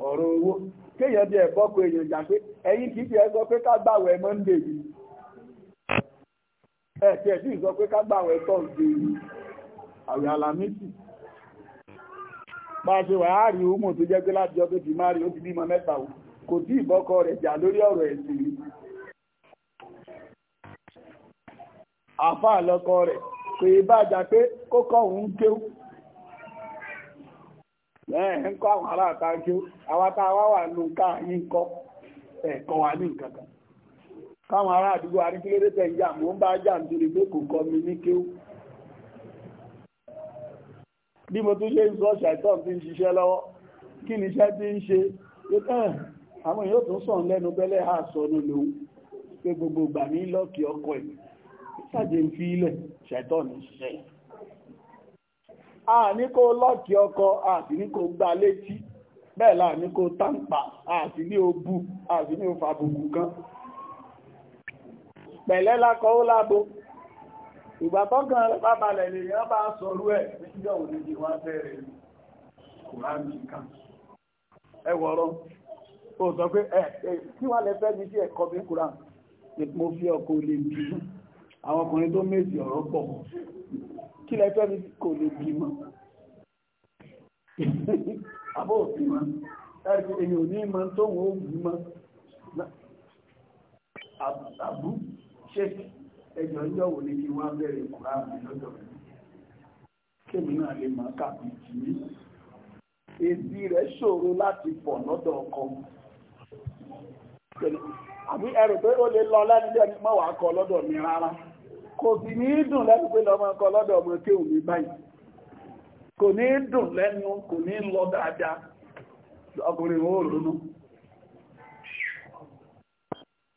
ọ̀rọ̀ owó kéèyàn bí èèyàn jà pé ẹ̀yìn kìí fi ẹ̀sọ pé ká gbàwẹ̀ Monday yìí pàṣẹ wàhálì ọmọ tó jẹ́ pé láti ọdún ti máa rí ó kò tí ìbọ́kọ rẹ̀ jà lórí ọ̀rọ̀ ẹ̀sìn rí afọ lọ́kọ rẹ̀ kò yí pé òun kọ́ àwọn tá a wá wà nù ká kọ́ ẹ̀kọ́ wa ní nǹkan kan káwọn bá jà pé kò kọ́ bí mo tún ṣe ń sọ ṣàìtàn tí ń ṣiṣẹ́ lọ́wọ́ kí ni iṣẹ́ tí ń ṣe àwọn èèyàn tó sàn lẹ́nu bẹ́lẹ̀ ha sọnù lòun pé gbogbo ìgbà ní lọ́ọ̀kì ọkọ̀ ẹ̀ ṣàjẹ́ ń fi ilẹ̀ ṣàìtàn ní ṣiṣẹ́ a ní kó lọ́ọ̀kì ọkọ̀ a sì ní kó gbá létí bẹ́ẹ̀ láà kó tàǹpà a ní o bu a sì ní o fàbùkù kan pẹ̀lẹ́ lákọ̀ọ́ lábo ìgbà tọ́kàn rẹ̀ bá balẹ̀ lè yán bá sọ̀rọ̀ ẹ̀ nígbà òdìdí wá bẹ̀rẹ̀ kùránì kan ẹwọ̀rọ̀ ó sọ pé ẹ̀ kí wà lẹ fẹ́ mi sí ẹ̀kọ́ bí kùrán mo fi ọkọ̀ lè bí àwọn ọkùnrin tó méjì ọ̀rọ̀ pọ̀ kí lẹ fẹ́ mi kò lè bí mọ́ àbọ̀ òfin mọ́ ẹ̀rì èyàn ní mọ́ tóun ó bí mọ́ àbú ṣéèkì ẹjọ ń yọ̀wò ní kí wọ́n bẹ̀rẹ̀ kúrá mi rẹ̀ kémi náà lè máa kàbí jì í rẹ̀ ṣòro láti pọ̀ lọ́dọ̀ ọkọ àbí ẹrù pé ó lè lọ lẹ́nu mọ́ wàá kọ lọ́dọ̀ mi rárá kò sì ní í dùn lẹ́nu pé lọ́mọ kọ lọ́dọ̀ ọmọ kéwù mi báyìí kò ní í dùn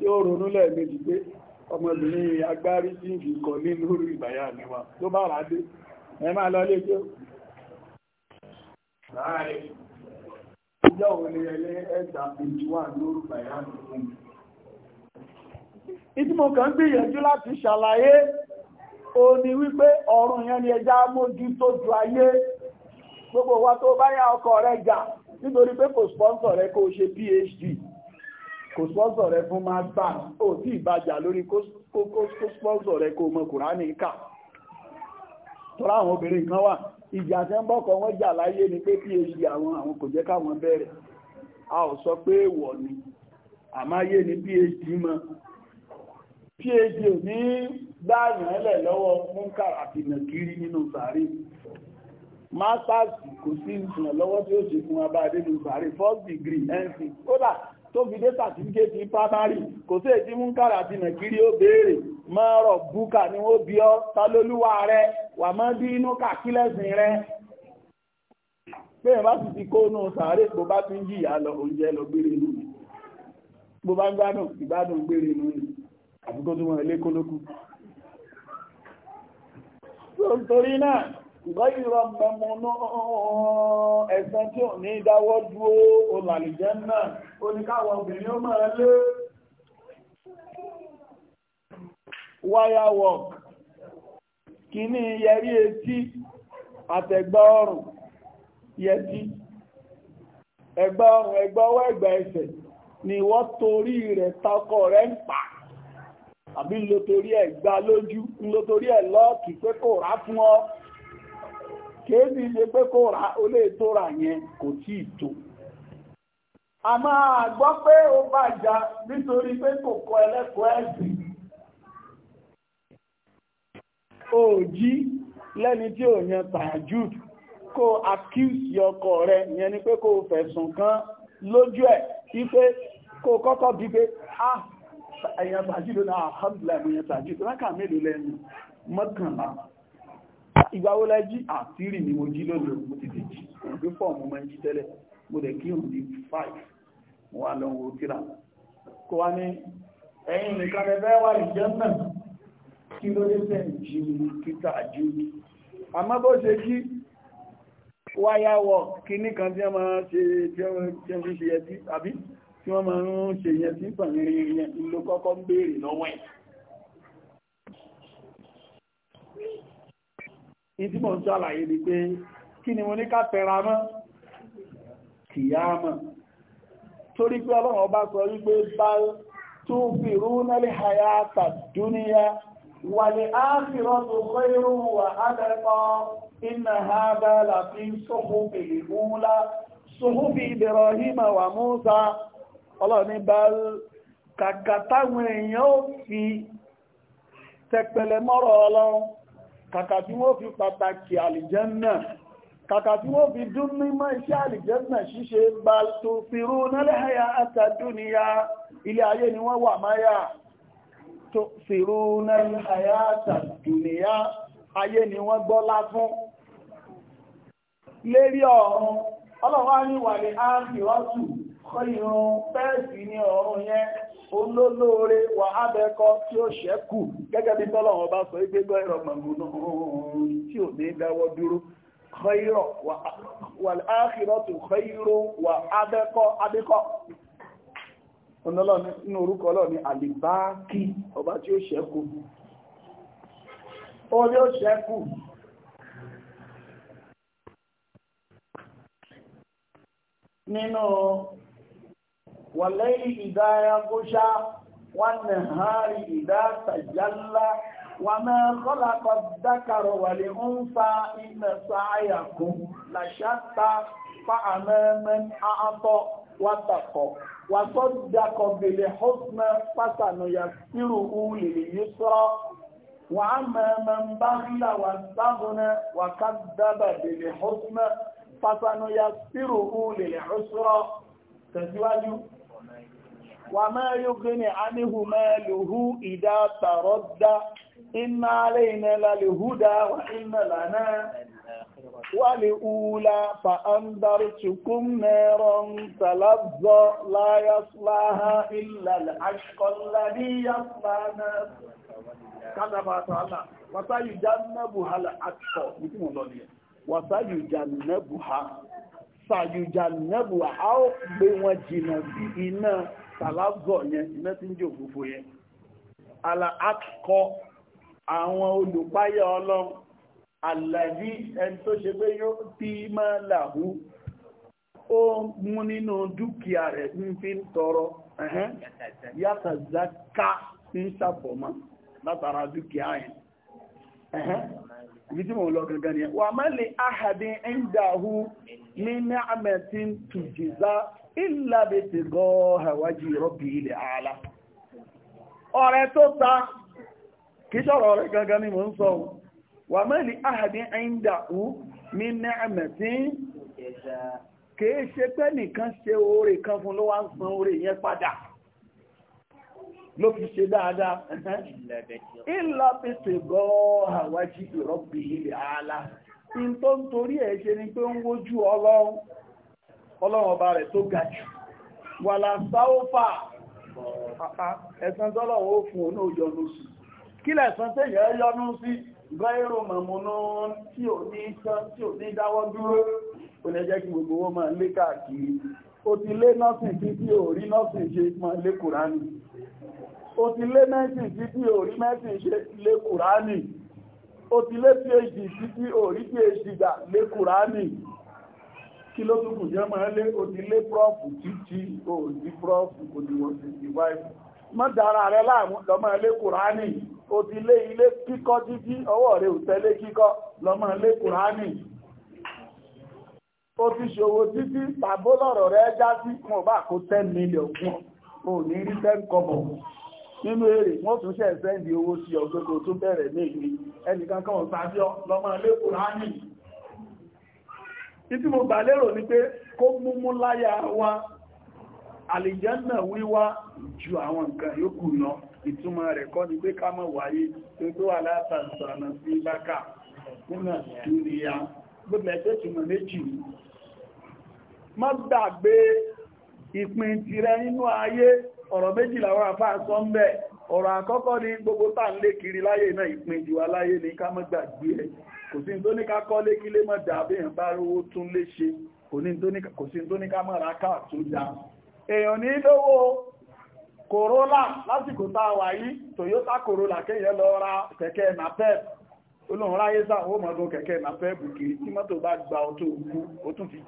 tí ó ronú lẹ́ẹ̀mejì pé ọmọbìnrin agbárí tí ń kọ̀ ní lórí ìgbàyà níwá tó bá rà dé ẹ máa lọ lé tí ó láàrin mụ ka n gbìyànjú láti ṣàlàyé o ni wípé ọ̀run yẹn ni ẹja mójú tó ju ayé gbogbo wa tó ọkọ jà nítorí pé kò rẹ ṣe PhD kò sponsor rẹ fún máa bá ò tí ìbájà lórí kó sponsor rẹ kó mọ kùránì kà tọ́lá àwọn obìnrin kan wà ìjà tẹ́ ń bọ́kọ̀ wọ́n jà láyé ni pé phd àwọn àwọn kò jẹ́ káwọn bẹ̀rẹ̀ a ò sọ pé èèwọ̀ ni àmáyé ni phd mọ́ phd ò ní gbáàyàn ẹlẹ̀ lọ́wọ́ múnkà àti nàkiri nínú sàárè masters kò sí ìsìnà lọ́wọ́ tí ó ṣe fún abáadé nínú sàárè first degree nc kódà tó fi dé sàtífíkéètì primary kò sí tí mú kára àti nàìjírí ó béèrè máa búkà ni wọ́n bí ọ́ ta rẹ wà má bí inú kàkílẹ̀sìn rẹ bẹ́ẹ̀ bá sì ti kó nù sàárè bó bá ti ń jìyà lọ oúnjẹ lọ gbére Gọ́yìnrọ̀ mẹ́múnú ẹ̀sán tí ò ní dáwọ́ dúó olàlìjẹ́ náà, ó obìnrin ó máa lé wirework, kìíní yẹrí etí, àtẹ̀gbà ọrùn, yẹtí, ẹ̀gbà ọrùn, ẹ̀gbà ọwọ́ ẹ̀gbà ẹsẹ̀ ni wọ́n torí rẹ̀ takọ rẹ̀ ń pa àbí ń lo torí ẹ̀ gbá lójú ń ẹ̀ lọ́ọ̀kì pé kò rá fún ọ kéèdì ṣe pé kó ra ó lè tó ra yẹn kò tí ì tó a máa gbọ́ pé ó bàjá nítorí pé kò kọ́ ẹlẹ́kọ̀ọ́ ẹ̀sìn òjí lẹ́ni tí ò yan tajud kó accuse ọkọ rẹ yẹn ni pé kó fẹ̀sùn kàn lójú ẹ̀ wípé kó kọ́kọ́ bí pé ah ẹ̀yàn tajud náà ah, alhamdulillah ẹ̀yàn tajud rákà lẹ́nu mọ́kànlá ìgbà wo lẹ́jí àtírì ni mo jí lónìí mo ti ti jí ọdún pọ̀ mo máa ń jí tẹ́lẹ̀ mo dẹ̀ kí òun di five mo wà lọ wo kíra kó wá ní ẹ̀yìn nìkan ẹ fẹ́ wà ìjẹ́ náà kí ló dé tẹ̀ jí mi kíta jí mi àmọ́ bó ṣe jí wáyà wọ̀ kíní kan tí wọ́n máa ṣe tí wọ́n fi ṣe yẹn àbí tí wọ́n máa ń ṣe yẹn sí yẹn ló kọ́kọ́ ń béèrè lọ́wọ́ ẹ̀ ìtí mọ̀ ń ṣàlàyé ni pé kí ni mo ní ká tẹra mọ́ kìyàmọ̀ torí pé ọlọ́run ọba sọ wípé bá tó fi rúnẹ́lẹ̀ hayata dúníyà wà ní áàfìrọ́ tó kọ́ irú wà ádẹ́kọ́ iná hádá kàkà tí wọ́n fi pàtàkì àlìjẹ́nà kàkà tí wọ́n fi dún mímọ́ iṣẹ́ àlìjẹ́nà ṣíṣe bá tó fi rú nálẹ́hàyà àtàdúnìyà ilé ayé ni wọ́n wà máyà tó fi rú nálẹ́hàyà ayé ni wọ́n gbọ́lá fún lérí ọ̀run ọlọ́wọ́ olólóore wà ábẹ́kọ tí ó ṣẹ́kù gẹ́gẹ́ bí tọ́lọ́wọ́ bá sọ wípé gbọ́ ẹ̀rọ mọ̀gbọ́n tí ò ní dáwọ́ dúró khayro wà áàkìrọ̀tù khayro wà ábẹ́kọ ábẹ́kọ nínú orúkọ ọlọ́ni àlìbáàkì ọba tí ó ṣẹ́kù nínú والليل إذا يغشى والنهار إذا تجلى وما خلق الذكر والأنثى إن سعيكم لشتى فأما من أعطى واتقى وصدق بالحسنى فسنيسره لليسرى وأما من بخل واستغنى وكذب بالحسنى فسنيسره للعسرى تزواجه وما يغني عنه ماله إذا تردى إن علينا للهدى وإن لنا ولأولى فأنذرتكم نارا تلظى لا يصلاها إلا العشق الذي يصلى نارا كما تعالى وسيجنبها العشق وسيجنبها سيجنبها أو بوجنب sàlágọ̀ yẹn iná tí yẹn ala akọ àwọn olùpáyà ọlọ́run àlàyé ẹni tó ṣe pé yóò tí máa làhú ó mú nínú dúkìá rẹ̀ ń fi ń tọrọ yàtà zaka ń sàbọ̀mọ́ látara dúkìá yẹn ibi tí mo lọ gangan ni wà má lè áhàdín ń dàhú ní ní àmẹ́tí tùjìzá ìlà bètè gọ́ àwájì rọ́bì ilẹ̀ ala ọ̀rẹ́ tó ta kí sọ̀rọ̀ gangan ni mo ń sọ wà mẹ́lì ahàdín àìndà ú mi nẹ́ẹ̀mẹ̀tí kìí ṣe pé nìkan ṣe oore kan fún san padà fi ọlọ́run ọba rẹ̀ tó ga jù wà lásáófà ẹ̀sán tọ́lọ̀wọ́ fún òun òjò lóṣù kí lẹ̀sán tẹ́yẹ̀ yọnú sí gbẹ́rù mọ̀múnú tí ò ní sán tí ò ní dáwọ́ dúró kò ní jẹ́ kí gbogbo wọn máa lé káàkiri ó ti lé nọ́sìn sí tí ò rí nọ́sìn ṣe máa lé mẹ́sìn sí tí ò rí mẹ́sìn ṣe lé kùránì ó ti lé phd sí tí ò rí phd gbà lé kùránì kí ló tún kù jẹ́ máa lé onílé prọ́ọ̀fù títí òdí prọ́ọ̀fù kò ní wọ́n ti wáyé mọ́ dára rẹ láàmú lọ́mọ ilé kùránì òdí ilé ilé kíkọ́ títí ọwọ́ rẹ ò tẹ́lé kíkọ́ lọ́mọ ilé kùránì ó ti ṣòwò títí tàbó lọ́rọ̀ rẹ já sí wọn bá kó ten million fún ọ ò ní rí ten kọ́bọ̀ nínú èrè wọ́n tún ṣẹ̀ sẹ́ndì owó sí ọgbẹ́kọ̀ tó bẹ̀rẹ̀ ní ìlú ẹnìkan kan ò sáfíọ́ lọ́mọ ilé kùránì ìtí mo gbà lérò ní pé kó múmú láyà wa àlìjánà wíwá ju àwọn nǹkan yòókù lọ ìtumọ̀ rẹ̀ kọ́ ni pé ká mọ̀ wáyé tó tó wà látàṣàna sí bákà nínà dúnìyà gbogbo ẹgbẹ́ túnmọ̀ méjì má gbàgbé ìpín tirẹ̀ nínú ayé ọ̀rọ̀ méjì làwọn àfáà sọ ń bẹ̀ ọ̀rọ̀ àkọ́kọ́ ni gbogbo tá ń lé kiri láyé náà ìpín jù wá láyé ni ká mọ́ gbàgbé ẹ̀ kò sí tó ní ká kọ́lé tún lé ṣe kò sí tó ní ká mọ́ tó èèyàn ní lówó Corolla lásìkò wà yìí Toyota Corolla kéèyàn lọ ra kẹ̀kẹ́ napep olóhun ráyé sá ó mọ̀ napep kiri tí mọ́tò bá gba ọtọ́ òkú ó tún fi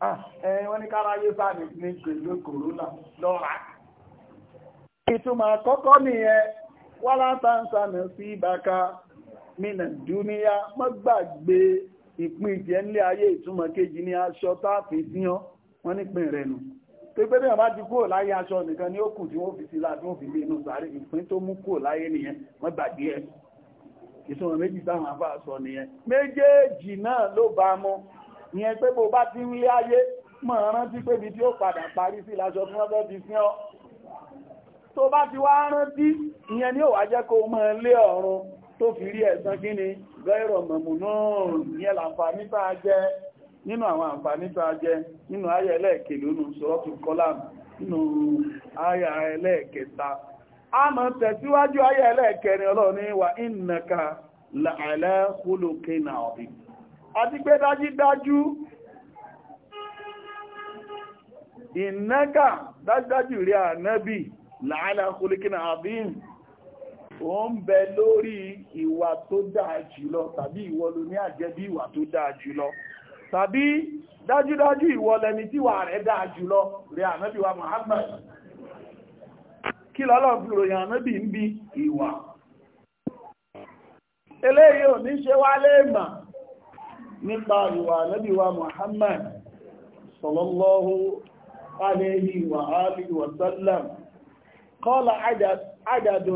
ah, ní wá látàǹsà náà sí ìbáka mínà dúníyà má gbàgbé ìpín ìjẹ́ nílé ayé ìtumọ̀ kejì ní aṣọ táàfì síyán wọ́n nípìn rẹ̀ nù tó gbé bẹ́ẹ̀ bá ti kúrò láyé aṣọ nìkan ní ó kù tí wọ́n fi sí láti wọ́n fi gbé inú sàárè ìpín tó mú kúrò láyé nìyẹn wọ́n gbàgbé ẹ̀ ìtumọ̀ méjì táwọn afá sọ nìyẹn méjèèjì náà ló bá mú ìyẹn pé bó bá ti ń lé ayé mọ̀ rántí pé ibi tí ó padà parí sí láṣọ tí wọ́n fẹ́ fi sí tó bá ti wá rántí ìyẹn ni ó wá jẹ́ kó mọ́ lé ọ̀run tó fi rí ẹ̀san kí ni gẹ́rọ mọ̀mù náà ìyẹn làǹfààní a nínú àwọn àǹfààní tá a jẹ nínú ayé ẹlẹ́ẹ̀kèlú nù sọ́ọ̀tù nínú ayé ẹlẹ́ẹ̀kẹta dájúdájú láàlá kólíkínà àbíyàn o ń bẹ lórí ìwà tó dáa jùlọ tàbí ìwọ ló ní àjẹbí ìwà tó dáa jùlọ tàbí dájúdájú ìwọ lẹni tíwà rẹ̀ dáa jùlọ rẹ̀ Muhammad kí lọ́lọ́ fi ròyìn ń bí ìwà eléyìí ò ní ṣe nípa ìwà Muhammad قال عدد عدد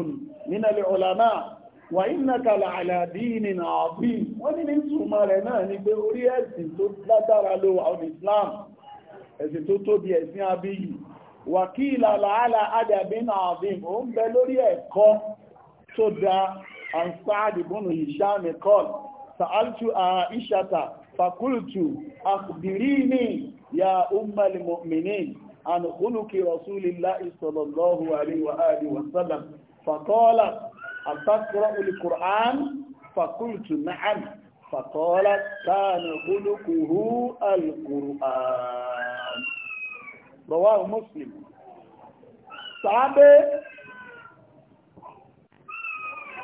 من العلماء وإنك لعلى دين عظيم ومن انتم لنا نبهوري ẹ̀sìn tó lágbára ló wà on Islam ẹ̀sìn tó tóbi ẹ̀sìn abíyì وقيل لعلى عدد عظيم ó ń bẹ lórí ẹ̀kọ́ tó dá سعد بن هشام قال سألت عائشة فقلت أخبريني يا أم المؤمنين عن خلق رسول الله صلى الله عليه وآله وسلم فقالت أتقرأ القرآن فقلت نعم فقالت كان خلقه القرآن رواه مسلم صحابي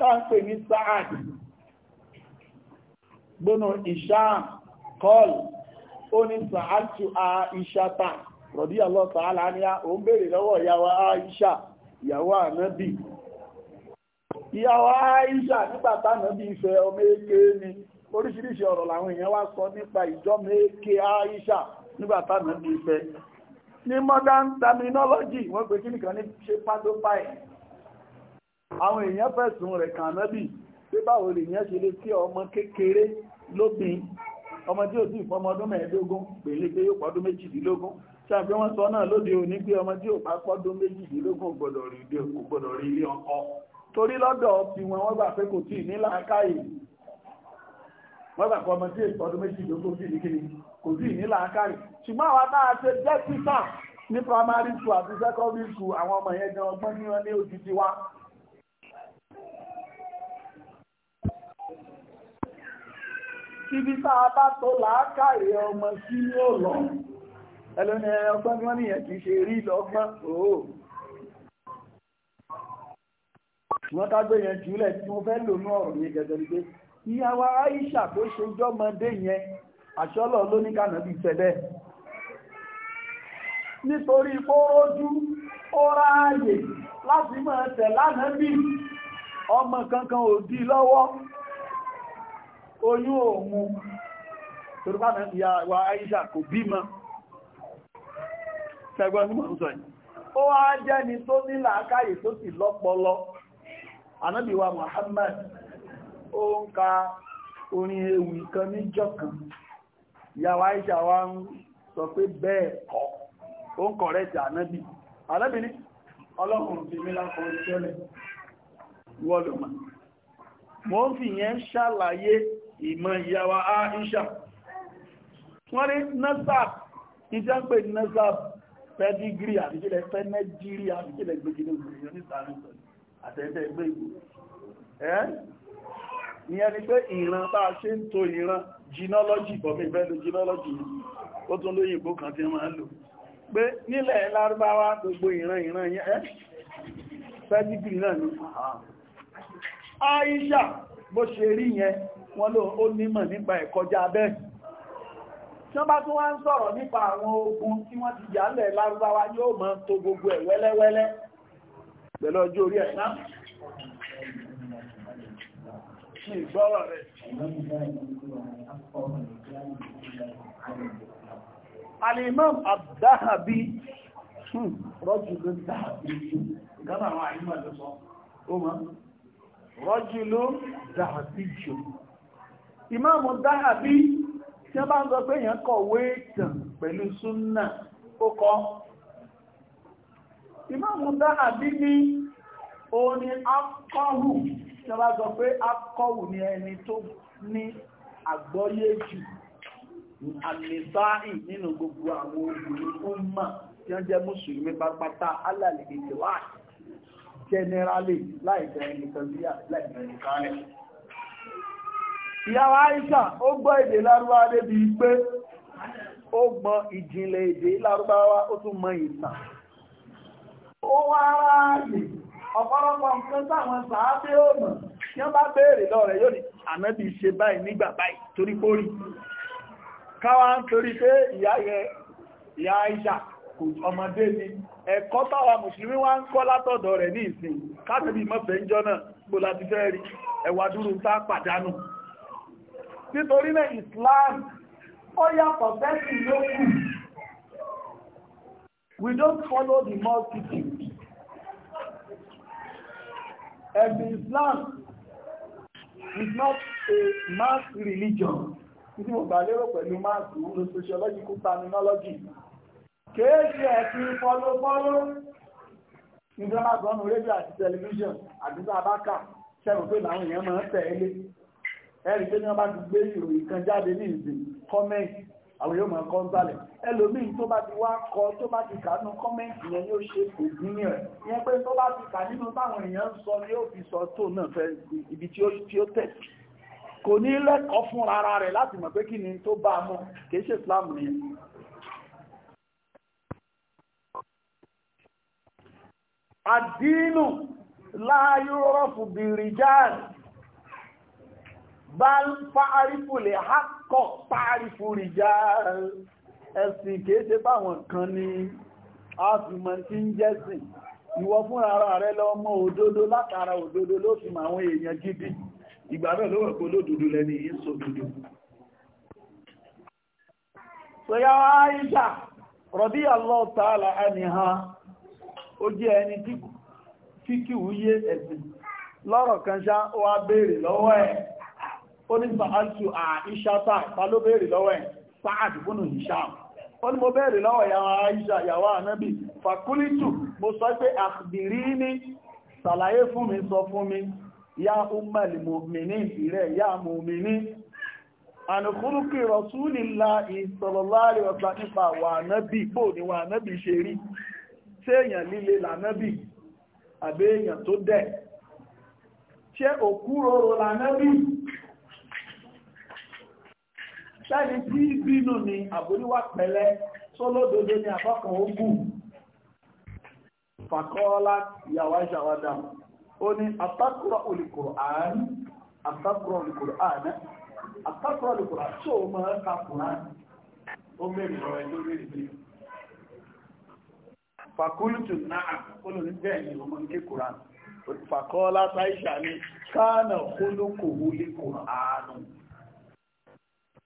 sáàpè ní sáàd gbónà ìṣáà kọl ó ní rọ̀dí àlọ́ta aláníà ó ń béèrè lọ́wọ́ ìyàwó Aisha ìyàwó ànábì ìyàwó Aisha nígbà tánàbí ìfẹ́ ọmọ eke ni oríṣiríṣi ọ̀rọ̀ làwọn èèyàn wá sọ nípa ìjọmọ eke Aisha nígbà tánàbí ìfẹ́ ní modern terminology wọ́n pè kíní kan ní ṣe pátópáì àwọn èèyàn fẹ̀sùn rẹ̀ kànábì pé báwo lè yẹn ṣe lè tí ọmọ kékeré lóbin ọmọ tí ò sí ìfọmọ yóò pọ̀ méjìdínlógún ṣàbí wọ́n sọ náà lóde òní pé ọmọ tí ò bá pọ́dún méjìdínlógún gbọ́dọ̀ rí ilé kò gbọ́dọ̀ rí ilé ọkọ torí lọ́dọ̀ ti wọn wọ́n gbà pé kò tí ì ní làákàyè wọ́n gbà pé ọmọ tí ọdún méjìdínlógún sí nìkiri kò tí ì ní làákàyè ṣùgbọ́n àwa náà ṣe jẹ́ títà ní primary school àti secondary school àwọn ọmọ yẹn gan ọgbọ́n ní wọn ní òtítí wa ibi tá a bá tó làákàyè ọmọ sí ní ẹlọ́ni ọgbọ́n tí wọ́n níyàn kìí ṣe rí lọ́gbọ́n oó wọ́n tágbé yẹn jùlẹ̀ tí mo fẹ́ lò ní ọ̀rọ̀ mi gẹ̀gẹ̀ ní pé ìyàwó Aisha tó ṣe jọ́mọdé yẹn àṣọ́lọ̀ ló ní kànà bí tẹ́lẹ̀ nítorí fórójú ó ráàyè láti máa tẹ̀ lánàá bí ọmọ kankan ò dí lọ́wọ́ oyún òun torípàá ìyàwó Aisha kò bímọ ṣẹgbọ́n tí mo ń sọ yìí ó wá jẹ́ni tó ní làákàyè tó Muhammad ó ń ka orin ewì kan níjọ́ kan ìyàwó Aisha wa ń sọ pé bẹ́ẹ̀ kọ́ ó ń kọ̀rẹ́tì ànábì ànábì ní ọlọ́kùnrin fi mí lákọ̀ọ́ ìṣẹ́lẹ̀ wọ́lùmọ̀ mo ń fi yẹn ṣàlàyé ìmọ̀ ìyàwó Aisha wọ́n ní nasab ìjẹ́ ń pè ní pẹ́dígírì àbíkílẹ̀ pẹ́ mẹ́dírí àbíkílẹ̀ gbogbo ìrìnà ní sàárùsọ̀ àtẹ́ẹ̀tẹ́ ẹgbẹ́ ìgbò ẹ́ ìyẹn ni pé ìran bá ṣe ń to ìran genealogy bọ̀mí ìbẹ́lú genealogy ó tún lóyìn ìbò kan tí wọ́n lò pé nílẹ̀ lárúbáwá gbogbo ìran ìran yẹn ẹ́ pẹ́dígírì náà ni Aisha bó ṣe rí yẹn wọ́n lò ó nímọ̀ nípa ẹ̀kọjá bẹ́ẹ̀ tí wọ́n bá tún wá ń sọ̀rọ̀ nípa àwọn ogun tí wọ́n ti jà lẹ̀ lárúbáwá yóò máa tó gbogbo ẹ̀ wẹ́lẹ́wẹ́lẹ́ pẹ̀lú ọjọ́ orí ẹ̀ náà sí ìgbọ́rọ̀ rẹ̀ alimam abdahabi hmm, rọ́jùlú dáhàbí gánà àwọn àìmọ̀ ló sọ ó mọ́ rọ́jùlú tí wọ́n bá ń sọ pé èèyàn kọ̀wé ìtàn pẹ̀lú súnà ó kọ́ ìmáàmù Zahabi ní òun ni akọ́hù tí wọ́n bá sọ pé akọ́hù ni ẹni tó ní àgbọ́yé jù àmìbáì nínú gbogbo àwọn obìnrin fún mà tí wọ́n jẹ́ mùsùlùmí pápátá alàlè ìtìwá generally láìbẹ̀rẹ̀ nìkan sí àìbẹ̀rẹ̀ nìkan rẹ̀ Iyawa Aisha ó gbọ́ èdè lárúbáwá débi pé ó gbọ́ ìjìnlẹ̀ èdè lárúbáwá ó tún mọ ìtàn ó wá ráàyè ọ̀pọ̀lọpọ̀ nǹkan táwọn sàábé òmù yán bá béèrè lọ rẹ̀ yóò ní ànábì ṣe báyìí nígbà báyìí torí pórí káwà ń torí pé Aisha kò ọmọdé ni ẹ̀kọ́ táwa mùsùlùmí wá ń kọ́ látọ̀dọ̀ rẹ̀ ní ìsìn káàkiri mọ́fẹ́ ń jọ ti fẹ́ rí dúró pàdánù nítorí náà Islam ó yàtọ̀ sẹ́sìn lókù we don't follow the multitude ẹ̀sìn Islam is not a mass religion tí mo gbà lérò pẹ̀lú mass rule sociological terminology kéèkì ẹ̀sìn fọlọ́fọlọ́ nígbà máa gbọ́nù rédíò àti tẹlifíṣàn àdúgbò abáka ṣẹ́rù pé làwọn èèyàn máa ń tẹ̀lé ẹ̀rí pé ní wọ́n bá ti gbé ìròyìn kan jáde ní ìsìn kọ́mẹ́ǹtì àwọn yóò máa kọ́ ń sálẹ̀ ẹlòmíì tó bá ti wá kọ tó bá ti kà nínú kọ́mẹ́ǹtì yẹn yóò ṣe kò ní rẹ̀ yẹn pé tó bá ti kà nínú táwọn èèyàn ń sọ yóò fi sọ tó náà fẹ́ ibi tí ó tẹ̀ kò ní lẹ́kọ̀ọ́ fún ara rẹ̀ láti mọ̀ pé kí ni tó bá a mọ̀ kì í ṣe Islam nìyẹn àdínù láyúrọ̀fù bìrìjáàlì bal fa'arifu le hákọ̀ fa'arifu rìjá ẹ̀sìn kìí ṣe báwọn kan ní áfìmọ̀ tí ń jẹ́sìn ìwọ fún ara rẹ lọ mọ̀ òdodo látara òdodo ló fi màwọn èèyàn gidi ìgbà náà ló wẹ̀kọ́ lódodo lẹ́ni yìí sódodo sọ́yáwá Aisha rọ̀bí Allah ta'ala anha ó jẹ́ ẹni tí kí wúyé ẹ̀sìn lọ́rọ̀ kan ṣá ó wá béèrè lọ́wọ́ ó ní sàájú àìṣàtà ta ló béèrè lọ́wọ́ ẹ̀ sáàdì bónú ìṣàm ó ní mo béèrè lọ́wọ́ ìyàwó àìṣà ìyàwó ànábì fàkúlítù mo sọ pé àbìrí ní sàlàyé fún mi sọ fún mi ya ummal mu'minin ìrẹ́ ya mu'minin ànìkúrúkì rọ̀súlìlá ṣẹ́ni tí bínú ni àbúríwá pẹ̀lẹ́ sólódodo ni àbọ́kàn ó fàkọ́ọ́lá ìyàwó àṣàwádà ó ní àtàkùrọ̀ olùkùrán àtàkùrọ̀ olùkùrán àtàkùrọ̀ olùkùrán tí mọ́ kàkùrán ó mẹ́rin rọ̀ ẹ̀ lórí ìdí fàkúlùtù náà olùdíjẹ́ ni ọmọ ní kùrán fàkọ́ọ́lá táìṣà ní káànà olùkùrán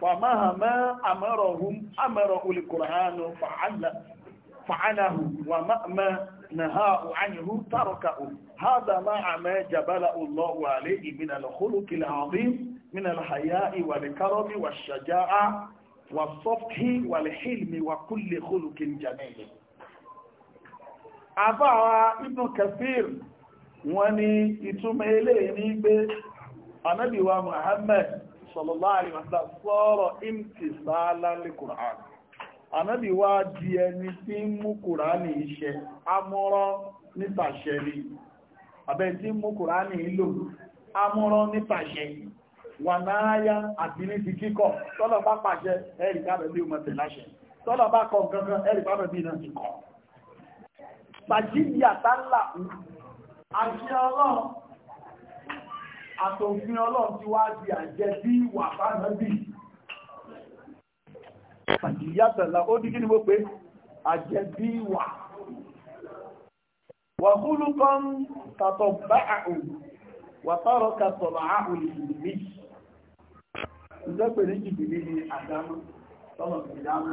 ومهما أمرهم أمر القرآن فعل فعله ومهما نهاه عنه تركه هذا ما عما جبل الله عليه من الخلق العظيم من الحياء والكرم والشجاعة والصفح والحلم وكل خلق جميل أبا ابن كثير وني يتم إليه نيبه النبي محمد sallallahu alaihi wasallam sọ̀rọ̀ imtisala li Qur'an di ẹni tí ń mú Kùránì iṣẹ́ amúrọ́ nítàṣẹ tí ń mú Kùránì ìlò wà àti ní ti àtòfin ọlọ́run ti wá di àjẹ́ bí ìwà fánàbí àjíyàtàlá ó dí kí ni wó pé àjẹ́ bí ìwà wàhúlùkọ́n tàtọ̀ bá àhùn wàtọ́rọ̀ kàtọ̀lọ̀ àhùn ìlú ìjọ́pẹ̀ ní jìbìlì ni àdámọ́ tọ́lọ̀ ìdámọ́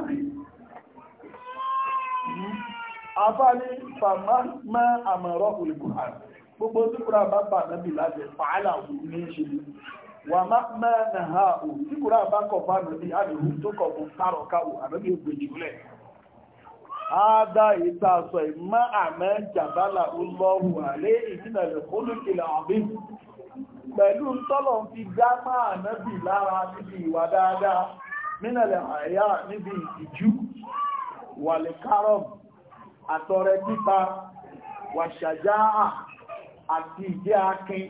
gbogbo tíkùrà bá bà náàbì láti fàálà ní ṣe wà máa nà ha ò tíkùrà bá kọ̀ bá nàbí àdìhù tó kọ̀ fún kárọ̀káwò àbẹ́bí ògbè jùlẹ̀ àádá ìta sọ ìmá àmẹ́ jàbálà olóhù àlẹ́ ìdínàlẹ̀ olùkìlà àti ìjẹ́ akin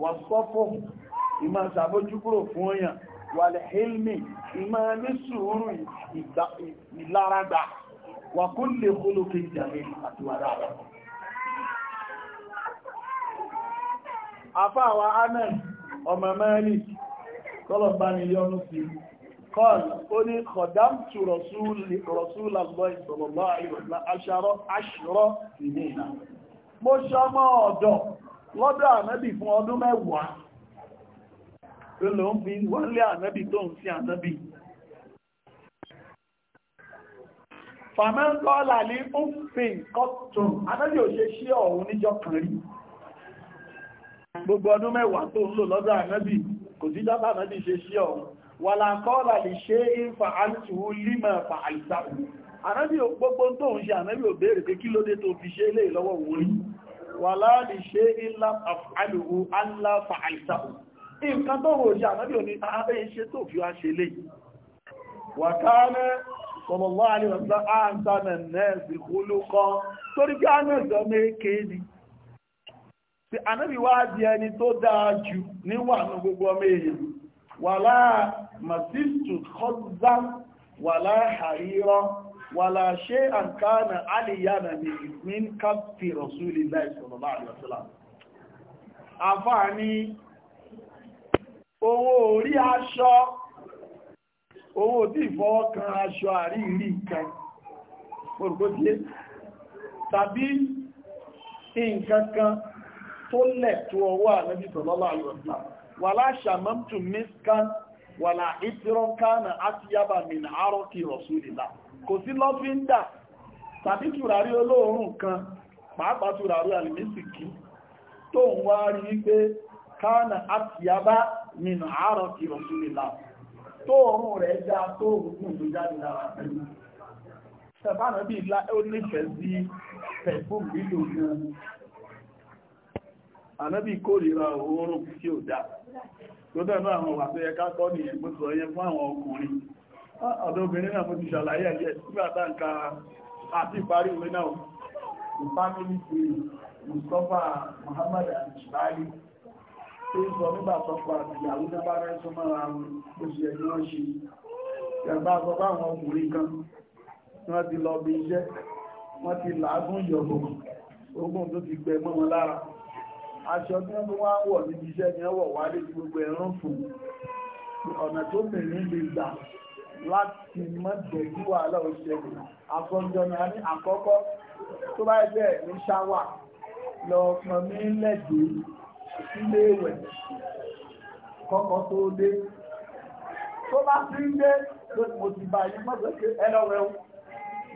wà sọ́fọ́ ìmọ̀ ìsàbójúkúrò fún èèyàn wà lè helmi ìmọ̀ ní sùúrù ìlàrágbà wà kó lè kóló kéjì àmì àti wà dáadáa afáwà amen ọmọ mẹ́rin kọlọ̀bá ni yọnu sí kọ́l ó ní kọ̀dámtù rọ̀súlàlọ́ ìsọ̀lọ̀lọ́ àìrọ̀lá mo ṣọmọ ọ̀dọ̀ lọ́dọ̀ ànábì fún ọdún mẹ́wàá tó ló ń fi wọ́n lé ànábì tó ń sí ànábì fàmẹ́ńkọ́ làlí ń fi kọ́tùn ànábì ò ṣe ṣí ọ̀hún níjọ́ kan rí gbogbo ọdún mẹ́wàá tó ń lò lọ́dọ̀ ànábì kò sí jábà ànábì ṣe ṣí ọ̀hún wàlàkọ́ làlí ṣe ń fa àìsùn límọ̀ fa àìsàkùn ànábì gbogbo tó ń ṣe ànábì ò béèrè pé kí ló dé tó fi ṣe ilé ìlọ́wọ́ wòrí wà láàrín ṣe ilá àfààlùwò aláfà àìsàkù nǹkan tó wò ṣe ànábì ò ní ààrẹ ṣe tó fi wá ṣe lè wà káàrẹ sọ̀rọ̀lọ́ àríwọ̀sán àǹtánà nẹ́ẹ̀sì kúlúkọ́ torí bí ànàzọ́ méèké kọ́zá wà láà wàlá ṣe àǹkáànà alìyànà ní min káfí rọ̀súlì láìsọ̀rọ̀lá àlùwàsílà àfáà ní owó orí aṣọ owó tí ìfọwọ́ kan aṣọ àríìrí kan orùgbótíé tàbí nǹkan kan tó lẹ̀ tó ọwọ́ àlẹ́bìsọ̀lọ́lá àlùwàsílà wàlá ṣàmọ́tù miskan wàlá ìtìrọ́kánà àti yábà kò sí lọ́fíńdà tàbí tùràrí olóòórùn kan pàápàá tùràrí alìmísìkí tó ń wá rí wípé káànà àtìyàbá nínú àárọ̀ kí rọ̀súlélà tó òórùn rẹ̀ já tó òórùn tó jáde lára pẹ̀lú sẹ̀fánà bí ilá ó nífẹ̀ẹ́ sí pẹ̀fún lílò gan ànábì kórìíra òórùn tí ò dá tó dẹ̀ àwọn wà tó yẹ ká kọ́ nìyẹn mú sọ fún àwọn ọkùnrin Ah, ọ̀dọ̀ obìnrin náà mo ti ṣàlàyé ẹ̀yẹ nígbàtà nǹkan àti ìparí ìwé náà ìfámílì ti Mustapha Muhammad Al-Jibari tó ń sọ nígbà tọ́pọ̀ àti ìyàwó tó bá rẹ̀ tó mọ́ra oṣù ẹ̀dí wọ́n ṣe ẹ̀bá sọ bá àwọn ọkùnrin kan wọ́n ti lọ bí iṣẹ́ wọ́n ti làágún yọ̀bọ̀ ogun tó ti gbẹ mọ́ wọn lára aṣọ tí wọ́n wá wọ̀ níbi iṣẹ́ ni wọ́n wọ̀ wálé gbogbo ẹ̀rún fún ọ̀nà láti mọ́ jẹ̀bí wàhálà òṣèlú àfọ́jọ́ ni a ní àkọ́kọ́ tó bá ẹgbẹ́ ní ṣáwà lọ pọn mí lẹ́gbẹ̀ẹ́ sílé ìwẹ̀ kọ́kọ́ tó dé tó bá ti ń dé mo ti bá yí mọ́sọ̀ pé ẹlọ́wẹ́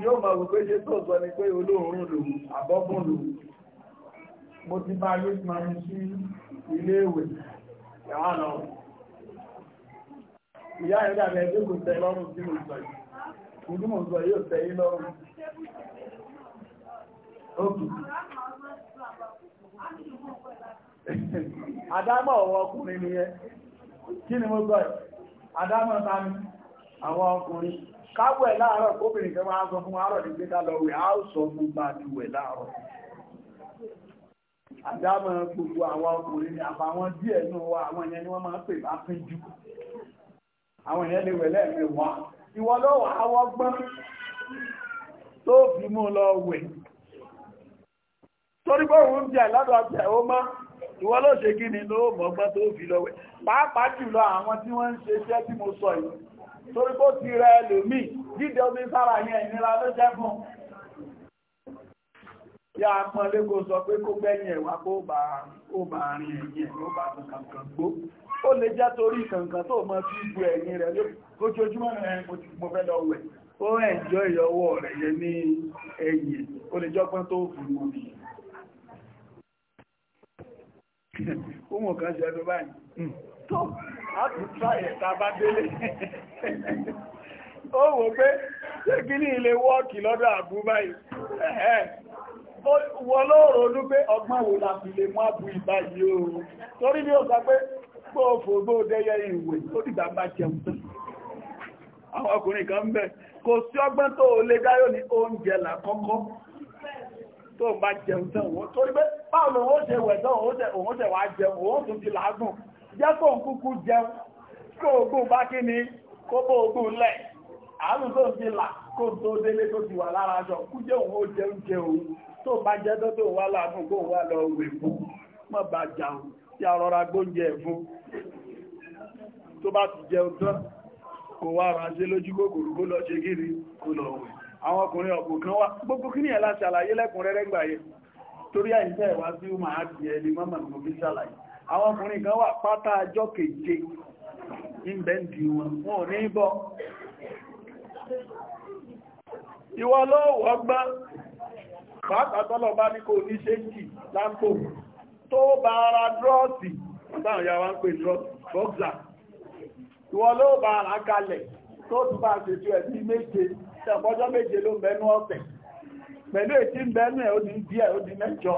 yóò mọ̀ wípé ṣe tó sọ ni pé olóòórùn lòun àbọ́bùn lòun mo ti bá yí mọ́ sí ilé ìwẹ̀ yàrá lọ́wọ́ ìyá ẹ̀dà rẹ̀ tí kò tẹ́ lọ́rùn tí mo sọ yìí ìdí mo sọ yóò tẹ́ yí lọ́rùn ókè àdámọ̀ ọwọ́ ọkùnrin ni ẹ kí ni mo sọ yìí àdámọ̀ ta ni àwọn ọkùnrin káwọ̀ ẹ̀ láàárọ̀ kóbìnrin kan máa sọ fún àárọ̀ ní pé ká lọ wẹ̀ á ó sọ fún bá ti wẹ̀ láàárọ̀ àdámọ̀ gbogbo àwọn ọkùnrin ni àbàwọn díẹ̀ nù wa àwọn yẹn ni wọ́n máa pè bá fín jù àwọn èèyàn lè wẹ̀ lẹ́ẹ̀mẹ́wà ìwọ ló wà awọ́gbọ́n tó fi mú lọ wẹ̀ torí pé òun jẹ lọ́dọ̀ ọ̀tẹ̀ ó mọ́ ìwọ ló ṣe kí ni ló mọ̀ọ́gbọ́n tó fi lọ wẹ̀ pàápàá jùlọ àwọn tí wọ́n ń ṣe iṣẹ́ tí mo sọ yìí torí pé ti rẹ ẹlòmíì jíde omi sára yẹn ìnira ló jẹ́ fún yá pọ́n lé kó sọ pé kó gbẹ́yìn ẹ̀wà kó bá ẹ̀yìn ẹ̀ ló bá tún gbó ó lè já torí kankan tó ma fi gbò ẹ̀yìn rẹ̀ lójoojúmọ́ rẹ̀ mo fẹ́ lọ wẹ̀ ó ẹ̀jọ́ ìyọwọ́ rẹ̀ yẹ ní ẹ̀yìn ó lè jọ́pọ́n tó fún mọ́ mi ọmọ kan jẹ́ ẹ̀dọ́ báyìí hmm. tó látún tráyẹ̀ tá o délé ó wò pé ṣé kí ní ilé wọ́ọ̀kì lọ́dọ̀ àbú báyìí wọ́n lóòrò pé ọgbọ́n la lè mú o torí gbóòfò gbóòdẹ́yẹ ìwé tó dìgbà bá jẹun tán àwọn ọkùnrin kan bẹ kò sí ọgbọ́n tó lè dáyò ní oúnjẹ làkọ́kọ́ tó bá jẹun tán wọ́n tó rí pé báwọn òun ṣe wẹ̀ tán òun ṣe wá jẹun òun tún ti làágùn jẹ́ kó ń kúkú jẹun kó ogún bá kí ni kó bó ogún lẹ̀ àánú tó ti là kó tó délé tó ti wà lára jọ kú jẹ́ òun ó jẹun jẹ tó bá jẹ́ tó tó wà láàgùn kó wà lọ wẹ̀ fún mọ́ bá jẹun tí a rọra gbóúnjẹ ẹ̀fún tó bá ti jẹ tán kò wá ránṣẹ́ lójú kòkòrò kó lọ ọkùnrin kan wá gbogbo kí ní ẹ̀ ṣàlàyé àlàyé gbà torí àìsẹ́ ìwá tí ó máa ẹni mọ́mọ̀ ní ṣàlàyé àwọn kan pátá keje wọn wọn ò ní bọ́ ìwọ pàápàá tó bá ara drọ́ọ̀tì táwọn ìyá wa ń pè drọ́ọ̀tì bọ́ksà ìwọ ló bá ara kalẹ̀ tó tún bá ṣètò ẹ̀sí méje ṣàpọ́jọ́ méje ló ń bẹnu pẹ̀lú ètí ń ẹ̀ ó di díẹ̀ ó di mẹ́jọ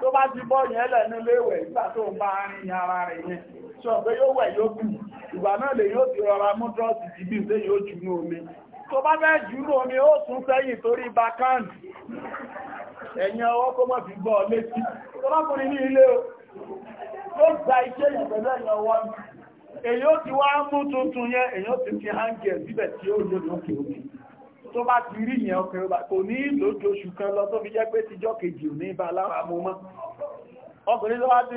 tó bá ti bọ́ yẹn lẹ́nu léwẹ̀ nígbà tó ń bá rìn ara rẹ̀ yẹn sọ pé yóò wẹ̀ yóò kù ìgbà náà lè yóò ti rọra mú drọ́ọ̀tì ti bí ṣe yóò jù ní omi tó bá jù ní omi ó sẹ́yìn torí backhand ẹ̀yìn ọwọ́ kó mọ́ fi gbọ́ létí ní ilé o tó gba iṣẹ́ yẹn ọwọ́ èyí ó ti wá mú tuntun yẹn èyí ó ti fi hangẹ̀ síbẹ̀ tí ó lè lókè tó bá ti rí yẹn ọkẹ̀ kan lọ tó fi jẹ́ pé kejì ò ní bá lára mú mọ́ ọkùnrin ti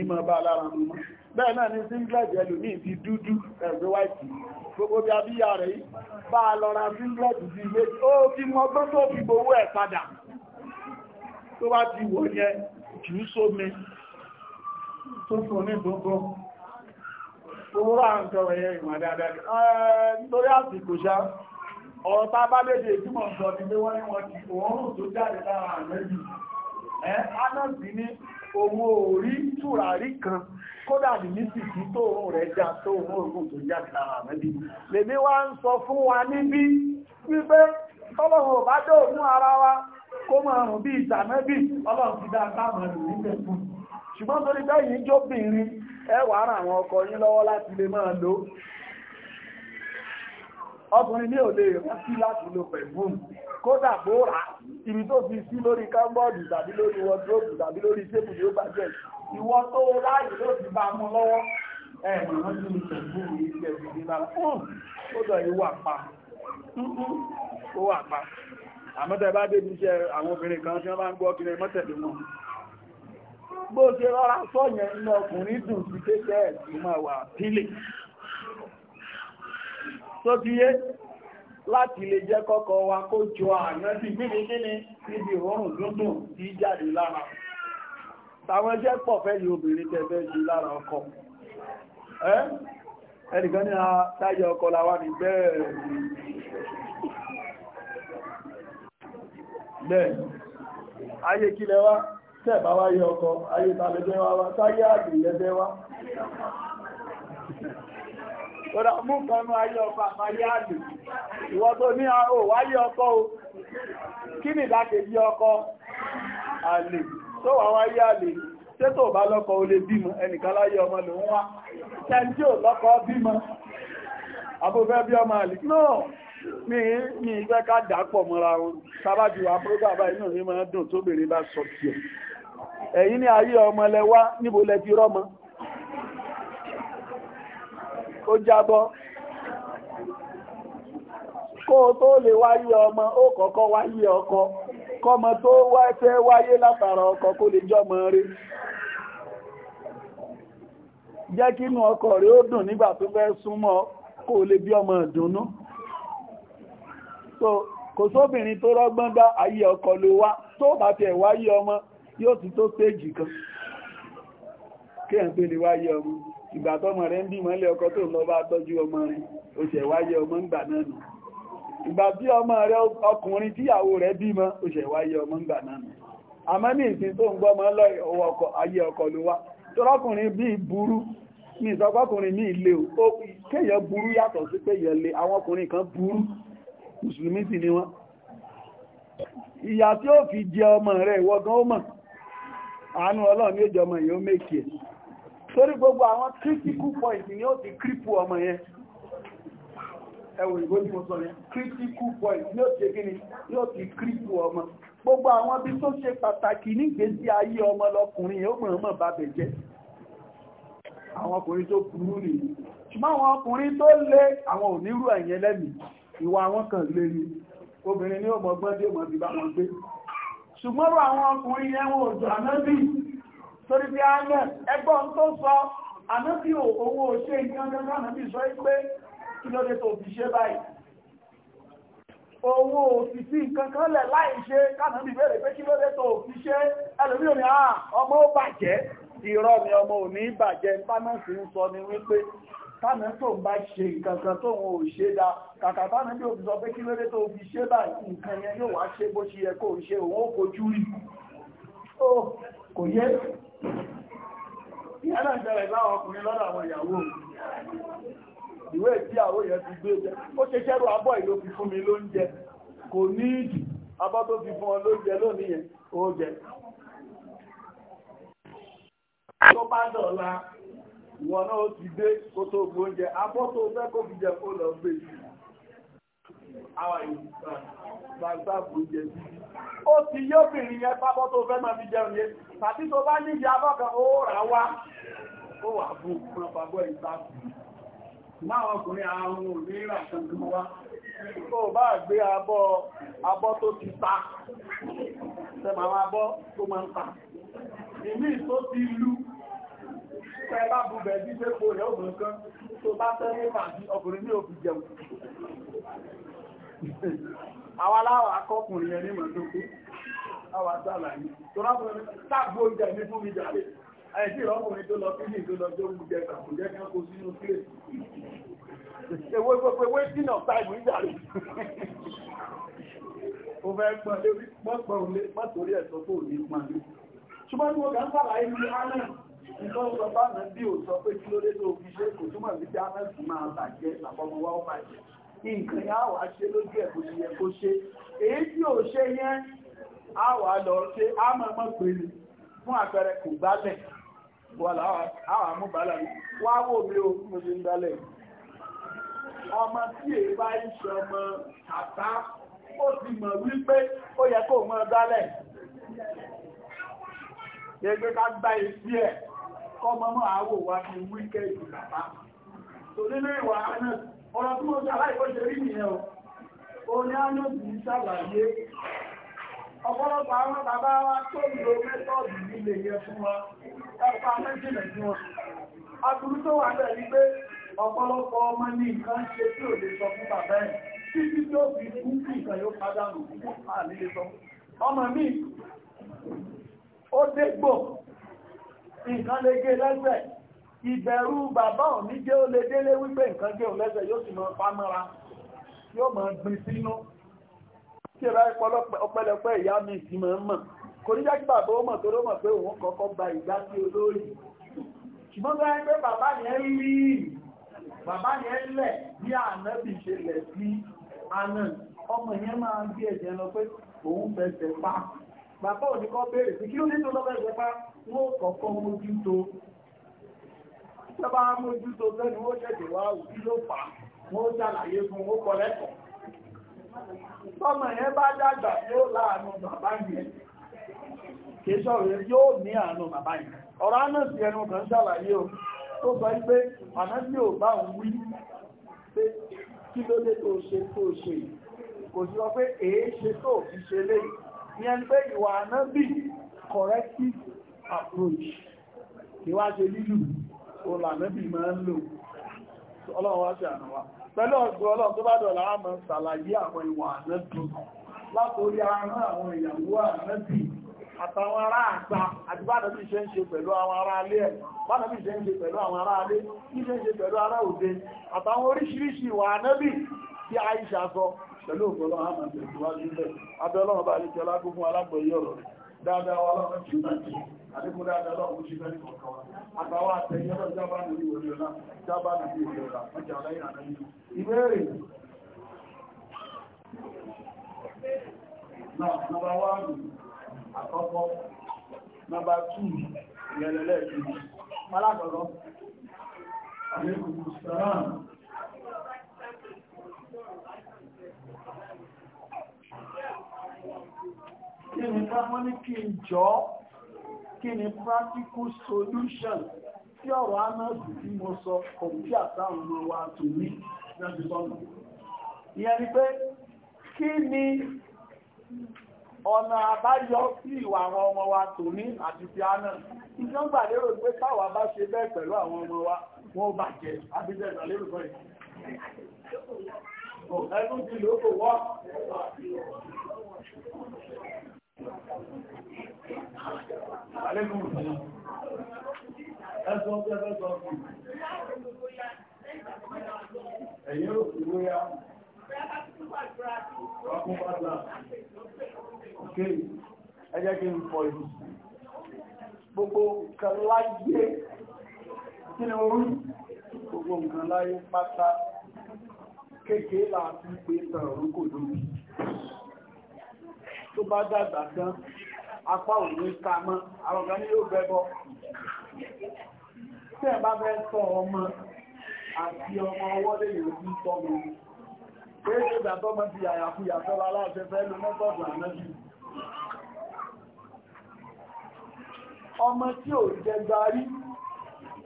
ń lo bẹ́ẹ̀ náà ni singlet ẹlòmíì ti dúdú ẹ̀gbẹ́ wáìtì gbogbo bí abíyá rẹ̀ yìí bá a lọ ra singlet ti ilé ó fi mọ ọgbọ́n tó fi gbowó ẹ̀ padà tó bá ti wọ̀ yẹn jù ú sómi tó fún ní gbogbo owó rà ń tọrọ ẹ̀yẹ ìmọ̀ dáadáa nítorí àsìkò ṣá ọ̀rọ̀ tá bá léde ìtumọ̀ sọ ní pé wọ́n ní wọ́n ti òórùn tó jáde lára àmẹ́jì ẹ́ ánàsì ní owó orí tùràrí kan kódà ní mísìkì tó òun rẹ̀ já tó òun tó jáde lára mẹ́bí lèmi wá ń sọ fún wa níbí wípé ọlọ́run ò bá ara wa kó bí ìtàmẹ́bí ọlọ́run ti dá fún ṣùgbọ́n torí bẹ́ẹ̀ yìí jóbìnrin ẹ wà ara àwọn ọkọ yín lọ́wọ́ láti lè máa lo ọkùnrin ní láti lo kódà ibi tó ìwọ tó ráàyè ló ti bá mú lọ́wọ́ ẹ màmá tí mo tẹ̀gbù mi ilẹ̀ ìdílé bá fún ó dọ̀ yìí wà pa ó wà pa àmọ́ tẹ bá débi iṣẹ́ àwọn obìnrin kan tí wọ́n bá ń gbọ́ kiri mọ́tẹ̀lé wọn bó ṣe rọra sọ yẹn inú ọkùnrin dùn sí kéṣẹ́ ẹ̀sùn máa wà pílè tó ti yé láti lè jẹ́ kọ́kọ́ wa kó jọ àyànjú gbígbígbí ní ibi òórùn dúndùn tí jáde lára tàwọn iṣẹ́ pọ̀ fẹ́ yìí obìnrin tẹ́fẹ́ jù lára ọkọ ẹnìkan ní àtàyẹ ọkọ láwá ní bẹ́ẹ̀ ayé kílẹ̀ wá tẹ́ẹ̀bá wá yẹ ọkọ ayé tàbẹ́jẹ́ wá wá wá Ọ̀dá mú o. Kí tó wà wá yá lè ṣé tó bá lọ́kọ̀ o lè bímọ ẹnìkan láyé ọmọ lòun wá tẹ́ntí ò lọ́kọ bímọ abúfẹ́ bí ọmọ àlè ní ní ìgbẹ́ ká dàpọ̀ mọ́ra wọn sábájú wa prógbàbá inú dùn tó bá sọ ọmọ o tó lè wáyé ọmọ ó wáyé ọkọ kọ́mọ tó wá fẹ́ wáyé látara ọkọ kó lè jọmọ rí jẹ́ kínú ọkọ rẹ̀ ó dùn nígbà tó fẹ́ súnmọ́ kó lè bí ọmọ ìdùnnú so kò sóbìnrin tó rọ́gbọ́n dá ayé ọkọ ló wá tó bá tiẹ̀ wáyé ọmọ yóò ti tó stéèjì kan kí ẹ̀ ń pè ní wáyé ọmọ ìgbà ìgbà bí ọmọ rẹ ọkùnrin tíyàwó rẹ bímọ ó ṣe wáyé ọmọ ń gbà náà àmọ́ ní ìsìn tó ń gbọ́mọ lọ ayé ọkọ̀ ló wá tọ́rọkùnrin bí burú ní ìsọpọ́kùnrin ní ilé o kéèyàn burú yàtọ̀ sí pé àwọn ọkùnrin kan burú ni wọ́n ìyà tí ó fi jẹ ọmọ ó mọ̀ àánú ẹwọ ìbò tí mo sọ yẹn critical point yóò ṣe kí ni yóò ti kíríkù ọmọ gbogbo àwọn bí tó ṣe pàtàkì nígbésí ayé ọmọ lọkùnrin yóò mọ̀ mọ̀ bá bẹ̀ jẹ́ àwọn ọkùnrin tó burú nìyí ṣùgbọ́n àwọn ọkùnrin tó lé àwọn onírú ẹ̀yẹn lẹ́mìí ìwà àwọn kan lé ni obìnrin ní ọmọ gbọ́n tí ó mọ̀ sí bá wọn gbé ṣùgbọ́n àwọn ọkùnrin yẹn wọn ò jọ ànábì torí bí a náà ẹgbọ́n tó sọ ànábì òun ò ṣe nǹkan gẹ́gẹ́ ànábì sọ pé kí ló dé tó fi ṣe báyìí owó òfìsí nkankan lẹ̀ láì ṣe kánà bí bẹ̀rẹ̀ pé ló dé tó fi ṣe ẹlòmí òní àà ah, ọmọ ó bàjẹ́ irọ́ ọmọ ò bàjẹ́ pánàsì ń sọ ni wípé kánà tó bá ṣe kankan tó wọn ò ṣe dá kàkà kánà bí òfin pé tó fi ṣe báyìí nǹkan ìwé tí àwọ̀ yẹn fi gbé jẹ ó ṣe ṣẹ́rù abọ́ ìlò fi fún mi lóúnjẹ kò ní ìdì abọ́ tó fi fún ọ lóúnjẹ lónìí yẹn ó jẹ tó bá dọ̀la ìwọ náà ó ti dé kó tó gbóúnjẹ abọ́ tó fẹ́ kó fi jẹ kó lọ gbé yìí àwọn ìgbàgbàgbòjẹ̀ ó ti yóò bìrì yẹn pápọ́ tó fẹ́ máa fi jẹun yẹ tàbí tó bá níbi abọ́kan ó rà wá ó wà fún ọ̀pàgbọ́ ìtàkùn láwọn ọkùnrin àwọn òmìnira kankan wá tó bá gbé abọ́ abọ́ tó ti ta tẹ́mà àwọn abọ́ tó máa ń ta ìmí tó ti lú tẹ́ bá búbẹ̀ bí pépò rẹ̀ ògùn kan tó bá tẹ́ ní pàdí ọkùnrin ní òfin jẹun àwọn aláwọ̀ akọkùnrin ẹni mọ̀ tó kú Ẹ̀sí ìrọ́kùnrin tó lọ kílì tó lọ tó mú jẹ kàkù jẹ́ kí ọkọ̀ sínú kílè. Ewé gbogbo ewé sínà táìmù ìjàrí. Ó fẹ́ gbọ́ lórí pọ́pọ̀ òlé pàtórí ẹ̀sọ́ tó ní pàdé. Ṣùgbọ́n ní ọgá ń bàbá inú Ánà, nǹkan sọ bá nà bí ò sọ pé kí ló dé tó fi ṣe kò túmọ̀ sí pé Ánà sì máa bàjẹ́ àpọ̀mọ̀ wá ó bàjẹ́. Nǹkan yá wàá ṣe lójú ẹ̀ kò yẹ kó ṣe. Èyí tí ò ṣe yẹn, á wàá lọ ṣe á máa mọ̀ pé fún àpẹẹrẹ kò gbálẹ̀ wà láwà mú bàálà wá wò mí o mo ṣe ń dálẹ̀ ọmọ tí èyí bá ń ṣe ọmọ tàtà ó ti mọ̀ wípé ó yẹ kó mọ́ dálẹ̀ gbẹgbẹ́ ká gbá etí ẹ̀ kọ́ mọ́ àwò wa ní wíkẹ́ẹ̀dì bàbá tò nínú ìwà ọ̀rọ̀ tí mo ṣe aláìkọ́ṣe rí nìyẹn o ní á ní òsì ọ̀pọ̀lọpọ̀ àwọn bàbá wa tó lo mẹ́tọ́ọ̀dù nílé yẹn fún wa ẹ̀pà méjìlẹ̀ fún wa tó wà pé ọ̀pọ̀lọpọ̀ ọmọ ní nǹkan ṣe tí ò lè sọ fún bàbá ẹ̀ títí tó fi kú yóò padà nù ọmọ mi ó nǹkan lè gé lẹ́sẹ̀ ìbẹ̀rù bàbá òní jẹ́ tí ẹ bá rí ọpẹ́lọpẹ́ ìyá mi sì máa ń mọ̀ kò ní jẹ́ kí bàbá ó mọ̀ tó ló mọ̀ pé òun kọ́kọ́ gba ìgbà sí olórí ṣùgbọ́n tó yẹ pé bàbá yẹn rí bàbá yẹn lẹ̀ bí ànábì ṣe lẹ̀ sí àná ọmọ yẹn máa ń gbé ẹ̀jẹ̀ lọ pé òun fẹsẹ̀ pa bàbá òní kọ́ béèrè sí kí ló nítorí lọ́fẹ́ ìjọba wọn ò kọ̀ọ̀kan mójútó ìjọba mójútó sẹ́ni wọ́n ṣẹ̀dẹ̀ wá òbí ló fà wọ́n ṣàlàyé fún wọn kọ́ lẹ́kọ̀ọ́ tọ́mọ yẹn dàgbà yóò láàánú bàbá yẹn kìí sọ̀rọ̀ yóò ní àánú bàbá yẹn ọ̀rọ̀ ánà sí ẹnu kan ṣàlàyé o tó sọ pé ànábì ò bá ń wí pé kí ló dé tó ṣe tó ṣe kò sí èé corrective approach ṣe lílù máa ń lò ọlọ́run wá pẹ̀lú ọ̀gbọ̀n ọlọ́run tó bá dọ̀lá àmọ́ ṣàlàyé àwọn ìwà ànẹ́bì látòrí àárín àwọn ìyàwó ànẹ́bì àtàwọn ará àgbà àti bádọ̀ bí ṣe ń ṣe pẹ̀lú àwọn ará alé ẹ̀ bádọ̀ bí ṣe ń ṣe pẹ̀lú àwọn ará alé bí ṣe ń ṣe pẹ̀lú ará òde àtàwọn oríṣiríṣi ìwà ànẹ́bì tí Àìṣà sọ pẹ̀lú ọ̀gbọ̀n àmọ́ tẹ̀síwájú bẹ́ẹ̀ abẹ́ ọlọ́run bá ní kí ọlá gbogbo alágbọ̀yé ọ̀rọ̀ rẹ̀ dáadáa wà lọ́rọ̀ àdékún dáadáa lọ́wọ́ ṣe fẹ́ ní kọ̀ọ̀kan wa àtàwọn àtẹ̀yìn ọlọ́run jábá nínú ìwòrán ọlá jábá nínú ìwòrán ọlá ọjà aláìrìn àdáyé ìbéèrè náà nọ́mbà wáàrù àkọ́kọ́ nọ́mbà tù ìrẹ̀lẹ̀lẹ̀ kejì alákọ̀ọ́kọ́ àdékún sàrán Kí ni ká mọ́ ní kí n jọ́ kí ni practical solution tí ọ̀rọ̀ anọ́sì tí mo sọ kọ̀mí àtàwọn ọmọ wa tò ní lọ́dúnbọ́nà ìyẹn ni pé kí ni ọ̀nà àbáyọ sí ìwà àwọn ọmọ wa tò ní àti ti anọ́ ìjọ gbà lérò pé táwa bá ṣe bẹ́ẹ̀ pẹ̀lú àwọn ọmọ wa wọ́n bàjẹ́ àbíjẹ́ ìgbà lérò Ẹ̀yìn ò sí lóyá. Ọkùn pàtàkì. Òkè, ẹjẹ́ kí n fọ ìlú. Gbogbo nǹkan láyé, kí ni orí? Gbogbo nǹkan láyé pátá. Kéèkéé láti pé tàn orúkò lóbi tó bá dàgbà tán apá ò ní ká mọ́ àwọn ọ̀gá ní yóò bẹ́bọ́ tí ẹ bá fẹ́ sọ ọmọ àti ọmọ ọwọ́ lè yóò bí sọ mi pé ìgbà tó mọ́ ti àyàkúyà tọ́lá aláṣẹ fẹ́ ló mọ́tọ̀dù ànájú ọmọ tí ò jẹ gbarí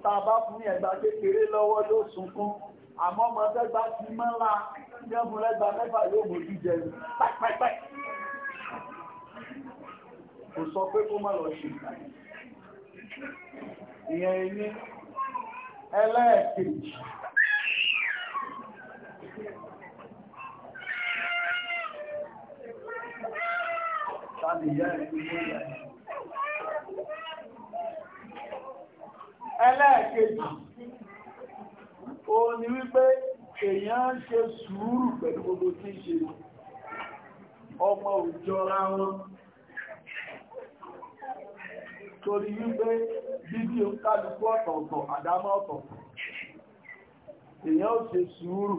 tàbá fún ní ẹgbà kékeré lọ́wọ́ ló sunkún àmọ́ ọmọ tẹ́gbà ti mọ́ra ní ọmọ lẹ́gbà mẹ́fà yóò mọ̀ jíjẹ pápápápá kò sọ pé kó má lọ ṣe ìyẹn ní ẹlẹ́ẹ̀kejì ẹlẹ́ẹ̀kejì ó ní wípé èèyàn ń ṣe sùúrù pẹ̀lú gbogbo tí ṣe ọmọ òjọra wọn torí wípé bíbí o kálukú ọ̀tọ̀ọ̀tọ̀ àdámọ́ ọ̀tọ̀ọ̀tọ̀ èyàn ò ṣe sùúrù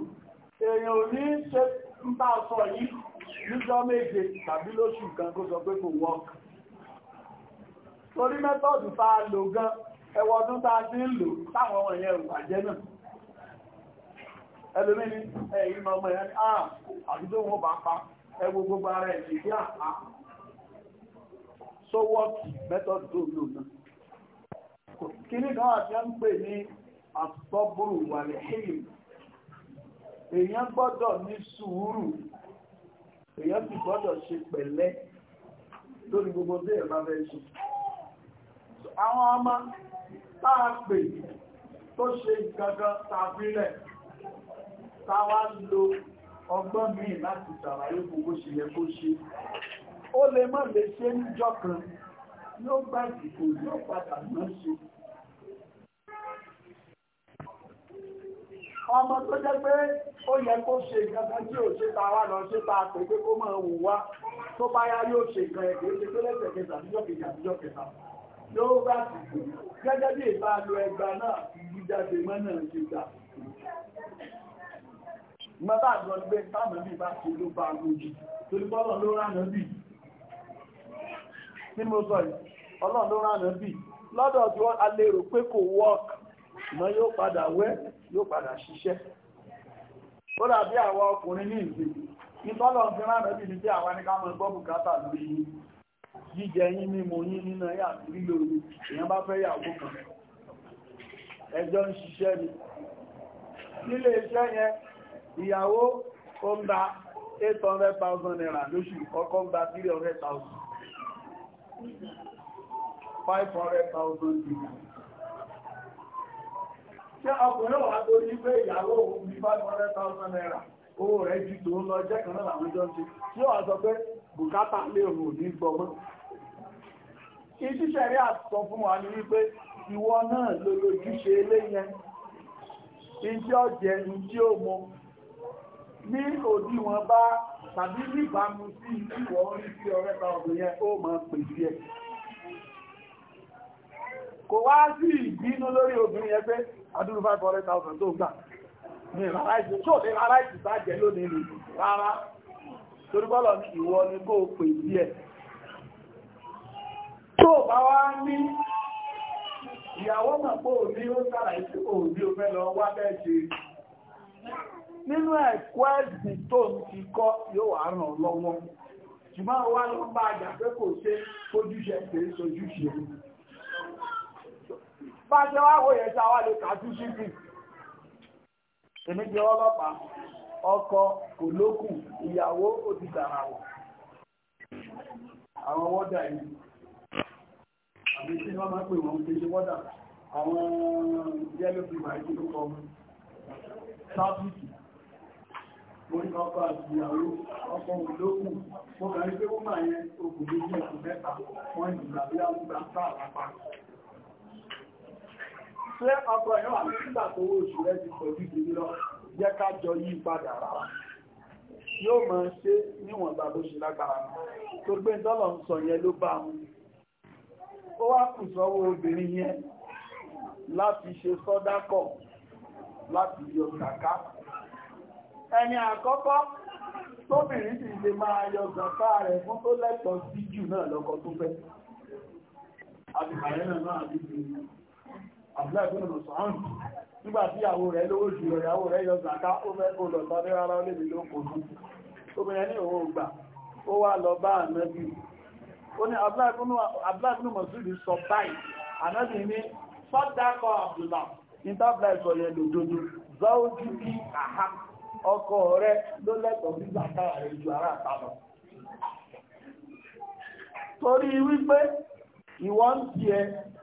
èyàn ò ní ṣe ń bá sọ yìí méje tàbí lóṣù kan kó sọ pé kò torí mẹ́tọ́ọ̀dù tá lò gan ẹwọ ọdún tá a ti ń lò táwọn ọmọ wà jẹ́ náà tó wọ́ọ̀kì mẹ́tọ́dù tó lò náà. kíní kan àti ń pè ní àsọ́bùrù wàlẹ̀ hìlì èèyàn gbọ́dọ̀ ní sùúrù èèyàn sì gbọ́dọ̀ ṣe pẹ̀lẹ́ lórí gbogbo bí ẹ̀ bá fẹ́ ṣe. àwọn ọmọ tá a pè tó ṣe gangan tàbílẹ̀ táwa lo ọgbọ́n míì láti ṣàlàyé gbogbo ṣe yẹ kó ṣe ó lè má lè ṣe níjọ́ kan yóò gbà ìdìbò yóò padà náà ṣe. ọmọ tó jẹ́ pé ó yẹ kó ṣe nǹkan tí ò ṣe ta wá lọ ṣe ta pé pé kó máa wù wá tó bá yá yóò ṣe nǹkan ẹ̀kẹ́ ṣe tó lẹ́sẹ̀ kẹta níjọ́ kejì àtijọ́ kẹta yóò bá sì kú gẹ́gẹ́ bí ìbá lo ẹgba náà ìlú jáde mọ́ náà ṣe gbà. mo bá gbọ́ pé táwọn bí bá ṣe ló bá lójú torí bọ́lọ̀ ló rà náà bì í. ní mo sọ yìí ọlọ́run ló rán ànábì lọ́dọ̀ tí wọ́n pé kò ṣùgbọ́n yóò padà wẹ́ yóò padà ṣiṣẹ́ ó dàbí àwọn ọkùnrin ní ìgbè fi ní bí àwọn aníkàmọ́ gbọ́ bùkátà lórí jíjẹ yín mímu yín nínú ẹ̀yà lílo èèyàn bá fẹ́ yàwó kan ẹjọ́ ń ṣiṣẹ́ ni nílé iṣẹ́ yẹn ìyàwó ó ń gba naira lóṣù ń gba 500,000 people. Ṣé ọkùnrin wà tó pé naira, owó rẹ̀ jù tó lọ jẹ́ kan náà àwọn jọ ń sọ pé bùkátà lé ní gbọmọ́? Ìṣíṣẹ́ rí fún wa ní wípé ìwọ náà ló ní tí tàbí níbàámu sí ìwọ̀ orí sí ọ̀rẹ́ta ọ̀gbìn yẹn ó máa pèsè ẹ̀ kò wá sí ìbínú lórí obìnrin yẹn pé adúrú 500,000 tó gbà ní rárá ìtìsájẹ lónìí ni rárá torí bọ́lọ̀ ní ìwọ ni kó pè sí ẹ̀ tó bá wá ní ìyàwó mọ̀ pé òní ó sára ìsí òní ó fẹ́ lọ wá bẹ́ẹ̀ ṣe nínú ẹ̀kọ́ ẹ̀sìn tó ń ti kọ́ yóò wà ràn lọ́wọ́ ṣùgbọ́n wá lọ bá àjà pé kò ṣe ojúṣe kìí sojúṣe bá ṣe wá wò yẹn sáwá lè kàtú síbì èmi jẹ́ ọlọ́pàá ọkọ kò lókùn ìyàwó ó ti dàrà wọ̀ àwọn wọ́dà yìí àbí tí wọ́n máa pè wọ́n tí ṣe wọ́dà àwọn yẹ́lò fìgbà ìkìlú kọ́ sáfíìkì orí ọkọ àtìyàwó ọkọ olókùn mo kàn rí pé wọ́n máa yẹn okùn ní ní ọ̀sùn mẹ́ta wọ́n ìgbà bí a gbà ń bá àpapà ṣé ọkọ yẹn wà ní nígbà tó owó oṣù rẹ ti pọ̀ jù jù lọ jẹ́ ká jọ yí padà rárá yóò máa ṣe níwọ̀nba bó ṣe lágbára tó gbé ẹni àkọ́kọ́ tóbìnrin sì lè máa yọ gàfà rẹ̀ fún tó lẹ́tọ̀ọ́ sí jù náà lọ́kọ tó fẹ́ àbìkàyẹ́ náà àbí ti àbúlẹ̀gbọ́n lọ sọ́ọ̀nù nígbà tí ìyàwó rẹ̀ lówó jù lọ ìyàwó rẹ̀ yọ zàká ó fẹ́ kó lọ sọ rárá ó lè lè lóko fún obìnrin ní òun gbà ó wá lọ bá ànábì ó ní abúlẹ̀gbọ́n mọ̀sùlù sọ báyìí ànábì ní sọ́dákọ̀ àbùlà ní tábìlẹ̀ ìsọ̀yẹ̀ lòdodo zọ́ọ́jú bí àhàk ọkọ rẹ ló lẹ́tọ̀ọ́ sí zaka rẹ ju ara àta torí wípé ìwọ ń tiẹ̀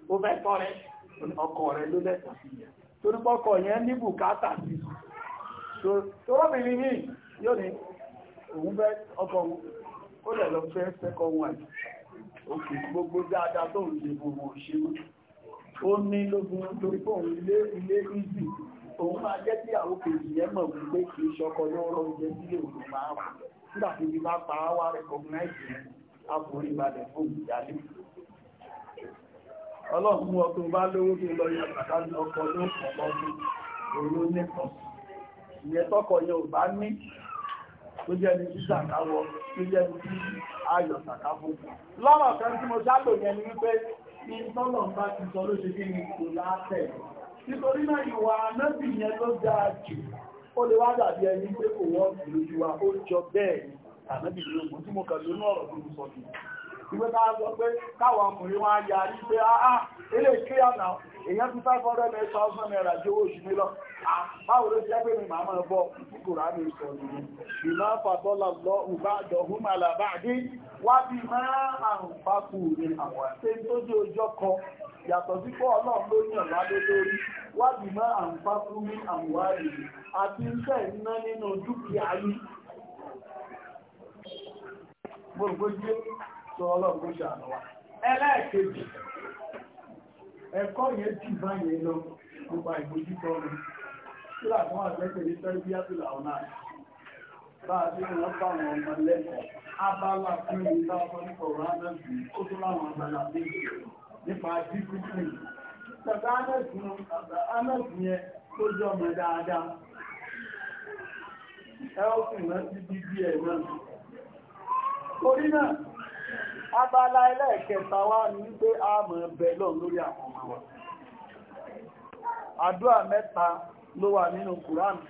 o fẹ́ tọrẹ ọkọ ló sí torí yẹn ní bùkátà ọkọ ó lẹ̀ lọ fẹ́ gbogbo dáadáa tó ń ṣe gbogbo òṣèlú ó ní torí pé òun òun máa jẹ́ sí àwọn kejì yẹn mọ̀ wípé kì í ṣọkọ lọ́rọ̀ oúnjẹ sí òun máa fò nígbà tí bá pa á wá rẹkọgnáìsì àforí balẹ̀ fún ìyálé ọlọ́run mú bá lówó tó lọ yẹ bàbá ní ọkọ̀ ló òun nìkan ìyẹn tọkọ yẹn ò bá ní tó jẹ́ ní sísà káwọ tó jẹ́ ní sí ayọ̀ sàká fún kan tí mo yẹn ni nítorí náà ìwà anábì yẹn ló dáa jù ó lè wá dàbí ẹni pé kò wọ́n sì lójú wa ó jọ bẹ́ẹ̀ ni ànábì ní ogun tí mo kà lónú ọ̀rọ̀ tó sọ ní ìwé ká sọ pé káwọn ọkùnrin wá ya rí pé àá ah, ilé ah, kíá náà èyàn tún five hundred and thousand naira jẹ́ owó oṣù mi lọ báwo ló jẹ́ pé mi máa máa bọ́ tí kò rà mí sọ nìyẹn ìná fàtọ́lá lọ ùbá àjọ̀hún màlà bá dé wá bí máa àrùn pákó ní àwọn àti tó dé ojú ọkọ̀ yàtọ̀ sí pé ọlọ́run ló yàn lálé lórí wádìí mọ́ àǹfààní àwárí àti iṣẹ́ iná nínú dúkìá yìí. Gbogbogbò sọ ọlọ́run ló ṣàánú wa. Ẹlẹ́ẹ̀kejì, ẹ̀kọ́ yẹn jù báyẹn lọ nípa ìbójútó rẹ̀. Kí làwọn àgbẹ̀kẹ̀ ní làwọn náà? Bá a ti wọ́n ọmọ lẹ́kọ̀ọ́, abala nípa nípa dídúkù tàbí anẹ́sì yẹn tó jẹ́ ọmọ dáadáa ẹ̀ọ́sìn rántí bíbí ẹ̀ náà torí náà abala ẹlẹ́ẹ̀kẹta wá ní wípé a mọ̀ ẹbẹ̀ lọ́n lórí àkọ́mọ̀ wa àdúrà mẹ́ta ló wà nínú Kùránì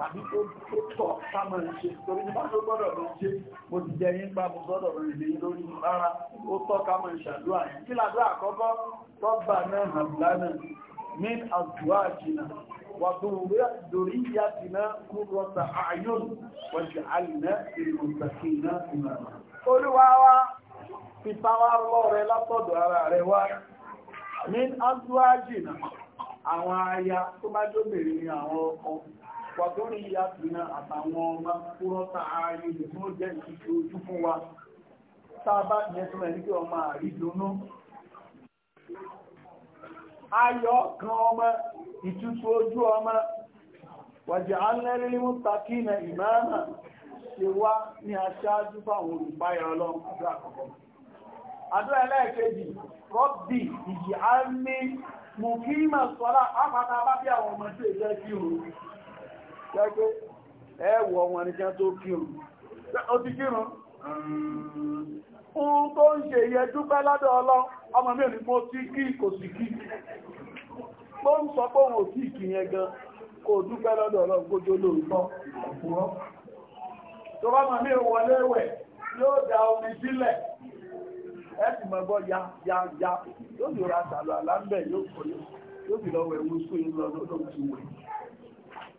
tàbí tó tọ̀ sámọ̀ ṣe torí ní bá tó gbọ́dọ̀ lọ ṣe mo ti jẹ yín pa mo gbọ́dọ̀ lọ ìlú lórí rárá ó tọ́ kámọ̀ ìṣàdúrà yìí kí làdúrà àkọ́kọ́ rọ́bà náà hàbùlánà min àdúrà jìnà wà tó dorí ìyá tìná kú rọ́ta àyùn wọ́n ti àlìná ìlú ìgbàkínà ìmọ̀ràn. olúwa min àdúrà jìnà àwọn aya tó ni àwọn wàtórí ìyá tìǹà àtàwọn ọmọ kúrọ́ jẹ́ ojú fún wa a bá yẹn tó ẹni pé ọmọ àrídùnú kan ọmọ ìtútù ojú ọmọ wàjẹ̀ alẹ́rẹ́lẹ́ mú takí na ṣe wá ní aṣáájú fáwọn olùpáyà ọlọ́run àdúrà ẹlẹ́ẹ̀kejì ní mùkí sọ́lá àpáta bá bí àwọn ọmọ ìjẹ́ kí pé ẹwọ wọn ni kí tó kírun ti tó ń ṣe yẹ dúpẹ́ lọ́dọ̀ ọlọ́ ọmọ mi ò ní kí kò sì kí tó ń sọ pé òun yẹn gan kò dúpẹ́ ọlọ́ gbójó lóòótọ́ tó bá mọ̀ ní ìwọlé wẹ̀ yóò da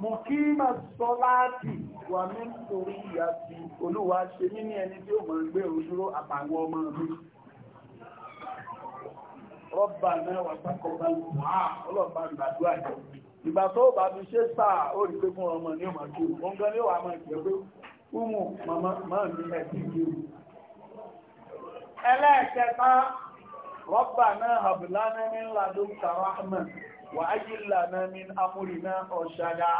mọ̀kímà sọ́láàtì wà ní torí àti olúwa ṣe mí ní ẹni tí ó mọ̀ ń gbé òdúró àtàwọn ọmọ mi rọ́bà náà wà sákọ̀ọ́bá ọlọ́pàá ìgbàdúrà jẹ́ ìgbà tó bá fi ṣe sáà ó rí pé fún ọmọ ní ọmọ kí o ní umu máa ní ẹ̀sì kí o ẹlẹ́ẹ̀kẹta rọ́bà náà àbùlá náà ní ńlá وأجل لنا من أمرنا رشدا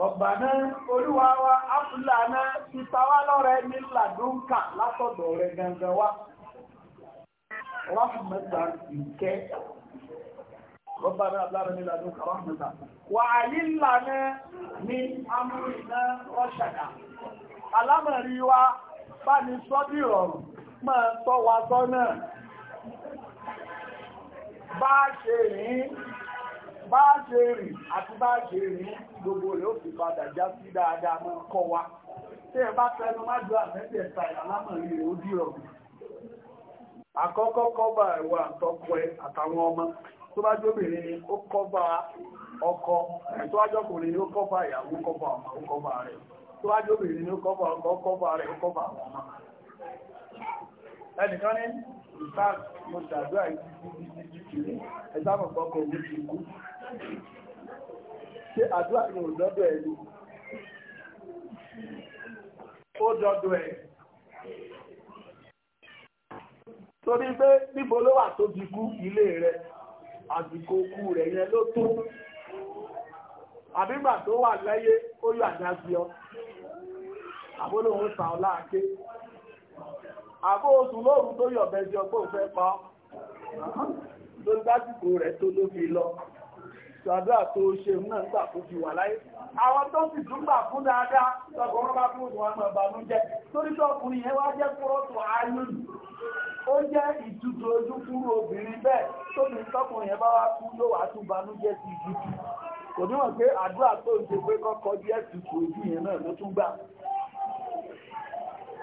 ربنا olúwa wa afúlànà títa wá lọ́rẹ̀ ní làdúnkà látọ̀dọ̀ rẹ̀ gangan wá rahmata ìkẹ́ ربنا أبلغنا من لدنك رحمة وعلم لنا من أمرنا رشدا bá ní sọ́bí ìrọ̀rùn máa tọ́ wa bá ṣe rìn bá ṣe rìn àti bá ṣe rìn gbogbo rẹ̀ ó fi padà já sí dáadáa mọ́ kọ́ wa tí ẹ bá tẹnu má ju àmẹ́bí ẹ̀ta ìlàlámọ̀rí rẹ̀ ó dìrọ̀ àkọ́kọ́ kọ́bà ẹ̀wà àtọ́kọ ẹ àtàwọn ọmọ tó bá jóbìnrin ni ó kọ́bà ọkọ tó bá jọkùnrin ni ó kọ́bà ìyàwó kọ́bà ọmọ ó kọ́bà tó bá jóbìnrin ni ó kọ́bà ọkọ kọ́bà rẹ̀ ó kọ́bà ọmọ ìfáà mo ṣàdúrà ìdíjíjíjíjì ẹ̀sáfọ̀gbọ́ kan ní ṣé àdúrà ni ò dọ́dọ̀ ẹ̀ ni ó dọ́dọ̀ ẹ̀ torí pé níbo ló wà tó ti kú ilé rẹ. àsìkò kú rẹ yẹn ló tó àbígbà tó wà láyé ó yọ ọ àbólóhùn sàn ọ láàké àbó oṣù lóòrùn tó yọ̀ bẹ́ẹ̀ sí ọgbọ́ òfẹ́ pa lórí lásìkò rẹ̀ tó ló fi lọ ṣàdúrà tó ṣe náà gbà kó fi wà láyé àwọn tó sì tún gbà fún dáadáa tọkùnrin bá fún òṣùwọ̀n àmọ́ ìbànújẹ́ torí tọkùnrin yẹn wá jẹ́ kúrọ́tù ayélu ó jẹ́ ìtutù ojú kúrò obìnrin bẹ́ẹ̀ tó ní tọkùnrin yẹn bá wá kú ló wàá tún ìbànújẹ́ sí ìdútù kò níwọ̀n pé àdúrà tó ń ṣe pé kọ́kọ́ jẹ́ tutù ojú yẹn náà ló tún gbà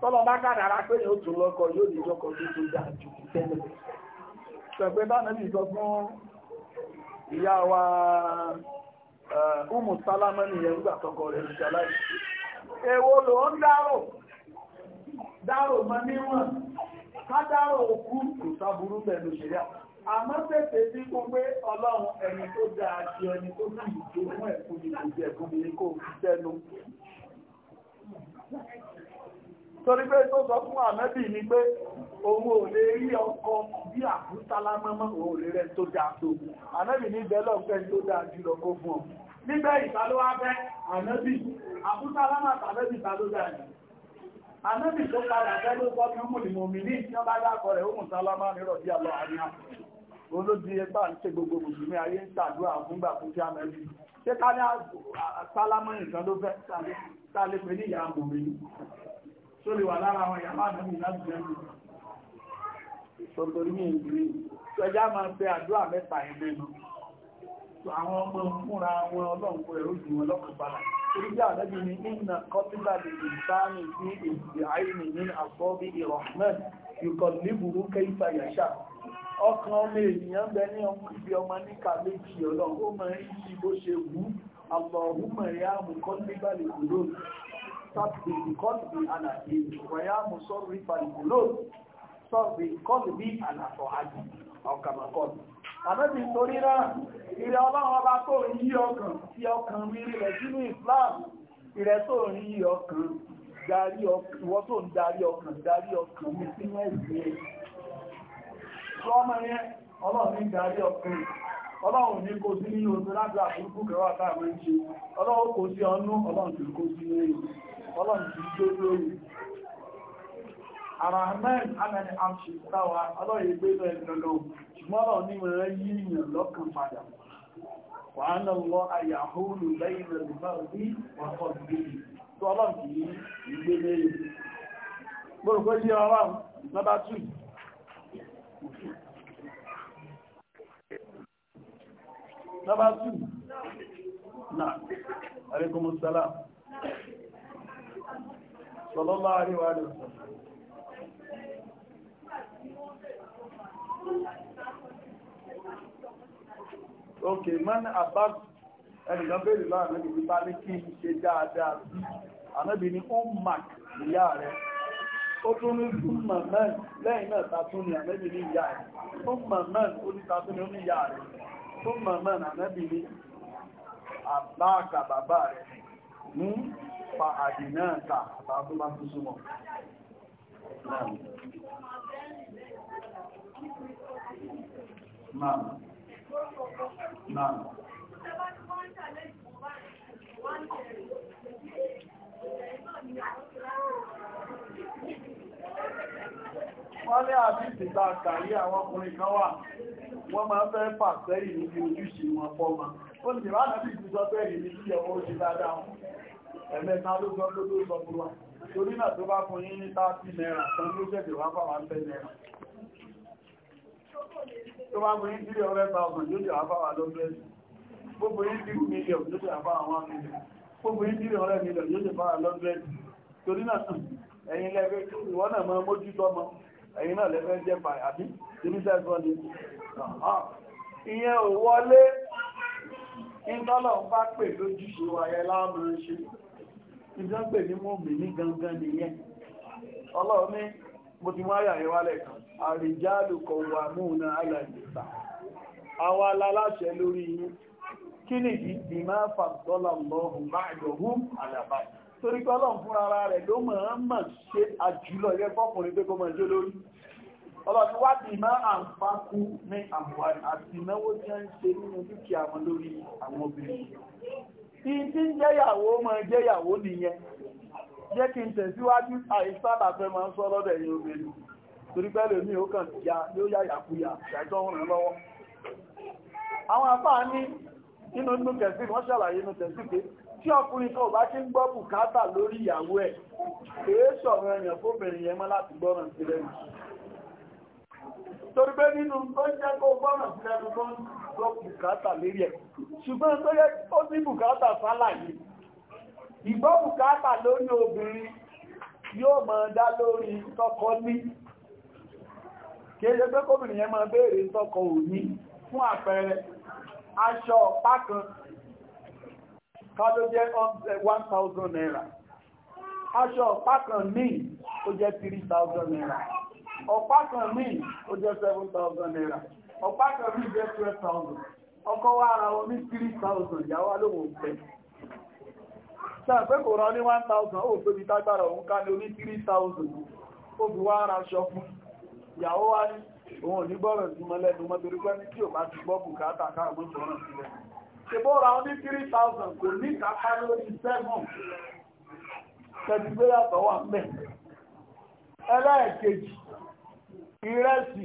tọ́lọ bá kádàrá pé ní ó tún lọ́kọ yóò ní ìjọkọ̀ tó tó dáa jù tẹ́lẹ̀ pẹ̀pẹ́ bá nàbí sọ fún ìyá wa Umu Salama nìyẹn nígbà tọkọ rẹ̀ ìṣàláì èwo ló ń dárò dárò mọ́ níwọ̀n ká dárò òkú kò sáburú pẹ̀lú ṣẹlẹ̀ àmọ́ tètè sí kó pé ọlọ́run ẹni tó dáa ju ẹni tó ní ìjó fún ẹ̀kú ni kò jẹ́ ẹ̀kú ni kò fi tẹnu torí pé tó sọ fún ànábì ni pé òun ò lè rí ọkọ bí àkútálá mọ́mọ́ òun lè rẹ tó dáa tó ànábì ní bẹ́lọ̀ pẹ́ tó dáa jùlọ kó fún ọ nígbẹ́ ìtàlówáfẹ́ ànábì àkútálá máa tàbẹ́bì ta ló dáa jù ànábì tó padà fẹ́ ló sọ fún mú nìmọ̀ mi ní ìtàn bá dákọ̀ rẹ̀ òun sálámà nírọ̀ bí àlọ́ àríyá olódi ẹgbà ń ṣe gbogbo mùsùlùmí ayé ń tàdúrà fúngbà fún kí ànábì ṣé ká ní sálámà nìkan ló fẹ́ sálé pé tó lè wà lára àwọn ìyàwó àdúgbò láti jẹ́ ìṣòtòrí ní ìgbìrí ṣẹjá máa fẹ́ àdúrà mẹ́ta ìgbẹ́nu àwọn ọmọ múra wọn ọlọ́pọ̀ ẹ̀rọ jù wọn lọ́pọ̀ padà torí bí àdájú ni ìnà kọtílà lè ìsáàmì sí èsì àìní ní àsọ́bí ìrọ̀hman yùkọ̀ níbùrú kẹfà yàṣà ọkàn ọmọ ènìyàn bẹ ní ibi ọmọ níka méjì ọlọ́pọ̀ ó máa ń yí bó ṣe wù àlọ́ọ̀húnmọ̀ ya mú kọ́tílà lè kúrò صرف قلبي على دينك ويا مصرف القلوب صرف قلبي على طاعتك أو كما قال Àmẹ́bí torí náà, ìrẹ ọlọ́run ọba tó yí ọkàn sí ọkàn rírí rẹ̀ sínú Islam, ìrẹ tó yí ọkàn, ìwọ tó ń darí ọkàn, darí ọkàn mi sínú ẹ̀sìn ẹ̀. Lọ́mọ yẹn, ọlọ́run ń darí ọkàn ọlọ́run ní sí nínú kẹwàá táàmù ṣe ọlọ́run sí ọnú ọlọ́run tí ọlọ́run ti gbé a amẹni amṣe táwa ọlọ́run gbé lọ ṣùgbọ́n ọ̀ní rẹ̀ yíyàn lọ́kàn padà wàhánà lọ àyàhóòlù lẹ́yìn rẹ̀ lùmọ́ sí salam sọlọ́lá àríwá rẹ̀ ok man abab ẹnìkan bèèrè láàrin níbi bá ní kí n ṣe dáadáa sí ànábì ní ó mark ìyá rẹ̀ ó tún ní fún mọ̀mọ́n lẹ́yìn náà tàtún ní ànábì ní ìyá rẹ̀ fún mọ̀mọ́n ní tàtún ní ó ní ìyá rẹ̀ fún mọ̀mọ́n ànábì ní àbáàkà bàbá rẹ̀ hmm? fa àdìnà ta àtàkù bá tún súnmọ́ Naam. Naam. Wọ́n ní àbíṣì ta kàrí àwọn ọkùnrin kan wà, wọ́n máa fẹ́ pàtẹ́yìn níbi ojúṣe wọn fọ́mà. Ó ní ìrànà bí ìgbìsọ́fẹ́ ìrìn ní ọmọ òṣìdáadáa ẹ̀mẹ́ta ló sọ pé tó sọ fún wa torí náà tó bá fún yín ní 30 naira tán ló ṣẹ̀dẹ̀ wá fáwọn 10 naira tó bá fún yín 300,000 yóò dẹ̀ wá fáwọn lọ́gbẹ̀ẹ́ gbogbo yín 3 million yóò dẹ̀ wá fáwọn 1 million gbogbo yín 300 million yóò dẹ̀ fáwọn lọ́gbẹ̀ẹ́ torí náà ẹ̀yin jẹ́ bàí àbí ìyẹn ò wọlé ìtọ́lọ̀ ń bá pè lójúṣe wáyé láàmú ṣe ìjọ́gbè ní mọ́mì ní gangan nìyẹn ọlọ́run ní mo ti máa yàrí wálẹ̀ kan àrìjálù kọ wà múnà alàìsà àwa aláṣẹ lórí yín kí ni ìdí máa fàtọ́lá lọ́hùn báyọ̀hún àlàbà torí pé ọlọ́run fúnra ara rẹ̀ ló máa ń mọ̀ ṣe àjùlọ yẹ fọ́kùnrin pé kó mọ̀ jẹ́ lórí ọlọ́run wá bí máa àǹfàkú ní àmọ́ àti ìnáwó tí wọ́n ń ṣe nínú dúkìá wọn lórí àwọn obìnrin ìdí jẹ́yàwó mọ́ jẹ́yàwó nìyẹn jẹ́ kí n tẹ̀síwájú ma ń sọ lọ́dẹ̀ yìí obìnrin torí ní ya ní ó yáyàkúyà ṣàìtọ́ òun lọ́wọ́ àwọn àpá ní inú inú kẹsì wọ́n ṣàlàyé inú kẹsì pé tí ọkùnrin tó bá ti ń gbọ́ bùkátà lórí ìyàwó ẹ̀ èé sọ̀rọ̀ èèyàn fóbìnrin yẹn mọ́ láti gbọ́ràn sí lẹ́nu torí pé nínú tó ń gbọ́ bùkátà lérí ẹ̀ ṣùgbọ́n tó yẹ ó ní bùkátà sálàyé ìgbọ́ bùkátà lórí obìnrin yóò máa dá lórí tọkọ ní kéèyẹ pé kóbìnrin yẹn máa béèrè tọkọ òní fún àpẹẹrẹ aṣọ ọ̀pá kan ká ló jẹ́ 1000 naira aṣọ ọ̀pá kan míì ó jẹ́ 3000 naira ọ̀pá kan míì ó jẹ́ 7000 naira ọ̀pá kan rí jẹ́ twelve thousand ọkọ wa ara wọn ní three thousand ìyàwó alówó ń pẹ́ sáà pé kò rán ní one thousand ó tóbi tágbára òun ká ní oní three thousand ó fi wá ara aṣọ fún ìyàwó wa ní òun ò ní gbọ́rọ̀ sí mọ́ lẹ́nu mọ́ torí pé ní tí ò bá ti gbọ́ bùkátà káàmú ìfọ̀ràn sílẹ̀ ṣebó ra ọ ní three thousand kò ní kápá lórí seven tẹ̀sígbéyàtọ̀ wà mẹ́ ẹlẹ́ẹ̀kejì ìrẹsì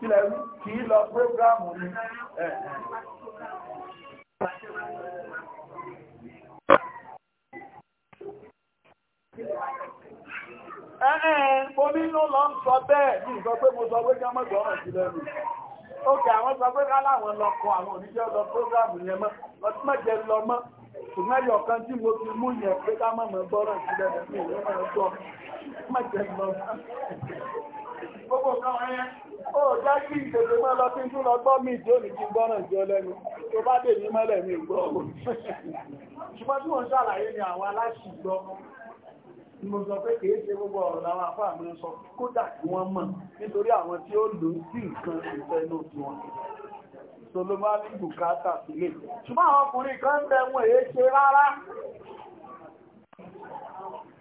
kílẹ̀ rí kì í lọ prógrámù ní omi inú lọ ń sọ bẹ́ẹ̀ ní ìsọ pé mo sọ pé kí ọmọ ìgbọ́mọ̀ sí lẹ́nu ókè àwọn sọ pé káláwọn lọ kọ àwọn oníjẹ́ lọ prógrámù yẹn mọ́ lọ́tí mẹ́jẹ lọ mọ́ ṣùgbọ́n ẹ̀yọ̀ kan tí mo ti mú yẹn pé ká mọ̀ mọ́ gbọ́rọ̀ sí lẹ́nu mi ìwé mọ̀ mẹ́jẹ lọ mọ́ gbogbo nǹkan wọ́n ó jẹ́ kí ìṣèlú mọ́ lọ sí tún lọ gbọ́ mi tí ó ní kí gbọ́ràn jọ lẹ́nu tó bá dè ní mọ́lẹ̀ mi gbọ́ ṣùgbọ́n tí wọ́n ṣàlàyé ni àwọn aláṣìgbọ́ mo sọ pé kìí ṣe gbogbo ọ̀rọ̀ láwọn afọ́ àmì sọ kódà kí wọ́n mọ̀ nítorí àwọn tí ó lò sí nǹkan ìfẹ́nú tí wọ́n so ló máa ní bùkátà sílé ṣùgbọ́n àwọn ọkùnrin kan ń bẹ wọn èé ṣe rárá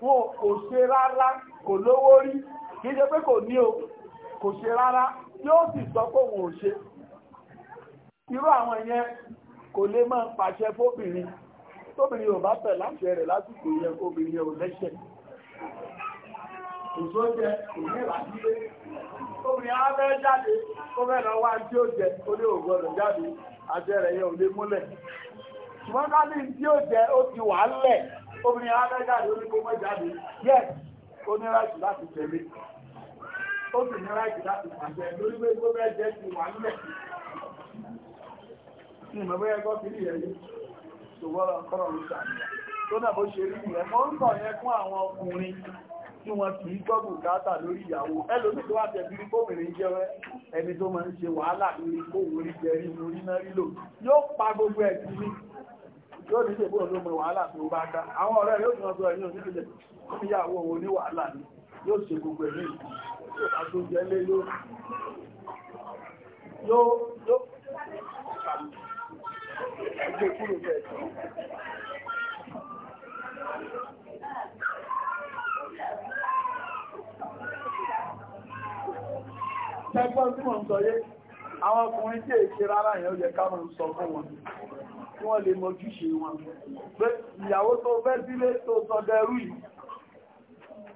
wọn kò ṣe rárá kò lówó rí kìí ṣe pé kò ní o kò ṣe rárá yóò sì sọ pé òun ò ṣe irú àwọn yẹn kò lè máa pàṣẹ fóbìnrin tóbìnrin ò bá tẹ̀ láṣẹ rẹ̀ lásìkò yẹn obìnrin ò lẹ́ṣẹ̀ òṣó jẹ òní ìlàjílé obìnrin á fẹ́ jáde ó fẹ́ lọ wá tí ó jẹ ó ní ògbọ́dọ̀ jáde àṣẹ rẹ̀ yẹn ò lè múlẹ̀ ṣùgbọ́n ká ní tí ó jẹ ó ti wà á lẹ̀ obìnrin á fẹ́ jáde ó ní kó mọ́ jáde yes ó ní ráìtì láti tẹ̀lé ó sì ní ráìtì láti pàṣẹ lórí pé tó bẹ́ẹ̀ jẹ́ ti wà nílẹ̀ ní ìmọ̀ bẹ́ẹ̀ gbọ́ kiri yẹn yìí ṣùgbọ́n ọ̀kọ́rọ̀ ló ṣàmìyàn tó náà bó ṣe rí ìyẹn mọ́ ń sọ yẹn fún àwọn ọkùnrin tí wọ́n kì í gbọ́ bùkátà lórí ìyàwó ẹlòmí tó wà tẹ̀bí rí kóbìnrin jẹ́ ẹni tó máa ń ṣe wàhálà lórí kóhùn orí jẹ rí orí náà rí lò yóò pa gbogbo ẹ̀ sí ní yóò ní ṣègbóhùn ló mọ wàhálà tó bá ká àwọn ọ̀rẹ́ yóò ní ọjọ́ ẹ̀yìn òṣèlú níyàwó owó ní wàhálà ní yóò ṣe gbogbo ẹ̀rí àtúnjẹ́lé yóò ẹgbẹ́ kúrò bẹ́ẹ̀ Ẹgbọ́n tí wọ́n sọ yé, àwọn ọkùnrin tí èṣe rárá yẹn yẹ ká sọ fún wọn kí wọ́n lè mọ ojúṣe wọn. Ìyàwó tó fẹ́ sílé tó sọ dẹrú yìí,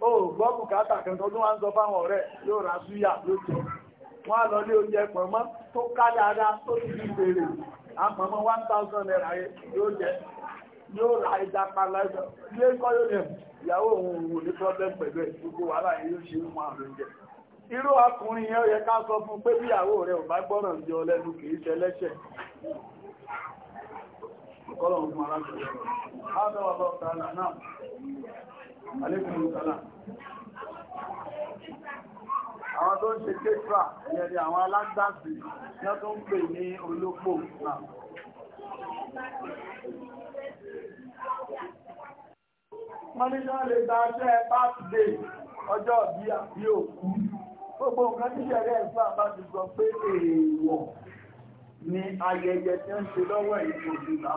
ó gbọ́ bùkátà kankan tó wá ń sọ fáwọn ọ̀rẹ́ yóò ra súyà lójọ wọ́n á lọ lé oúnjẹ pọ̀nmọ́ tó ká dáadáa tó ti fi bèrè one thousand naira yóò jẹ yóò ra ẹja palájọ ilé kọ́ yóò yawo ìyàwó òun wò ní problem pẹ̀lú gbogbo wàhálà yìí yóò ṣe ń àrùn jẹ irú ọkùnrin sọ fún pé ò bá jọ Àwọn tó ń ṣe kéfà ẹ̀yẹ ni àwọn alágbàsì lọ́ tó ń pè ní olópò náà. Wọ́n ní náà lè gba ṣẹ́ bátìdé ọjọ́ bí àbí òkú. Gbogbo nǹkan tí ṣẹ̀rẹ́ ẹ̀fà bá ti sọ pé èèwọ̀ ni ayẹyẹ tí ń ṣe lọ́wọ́ ìfòsìlà.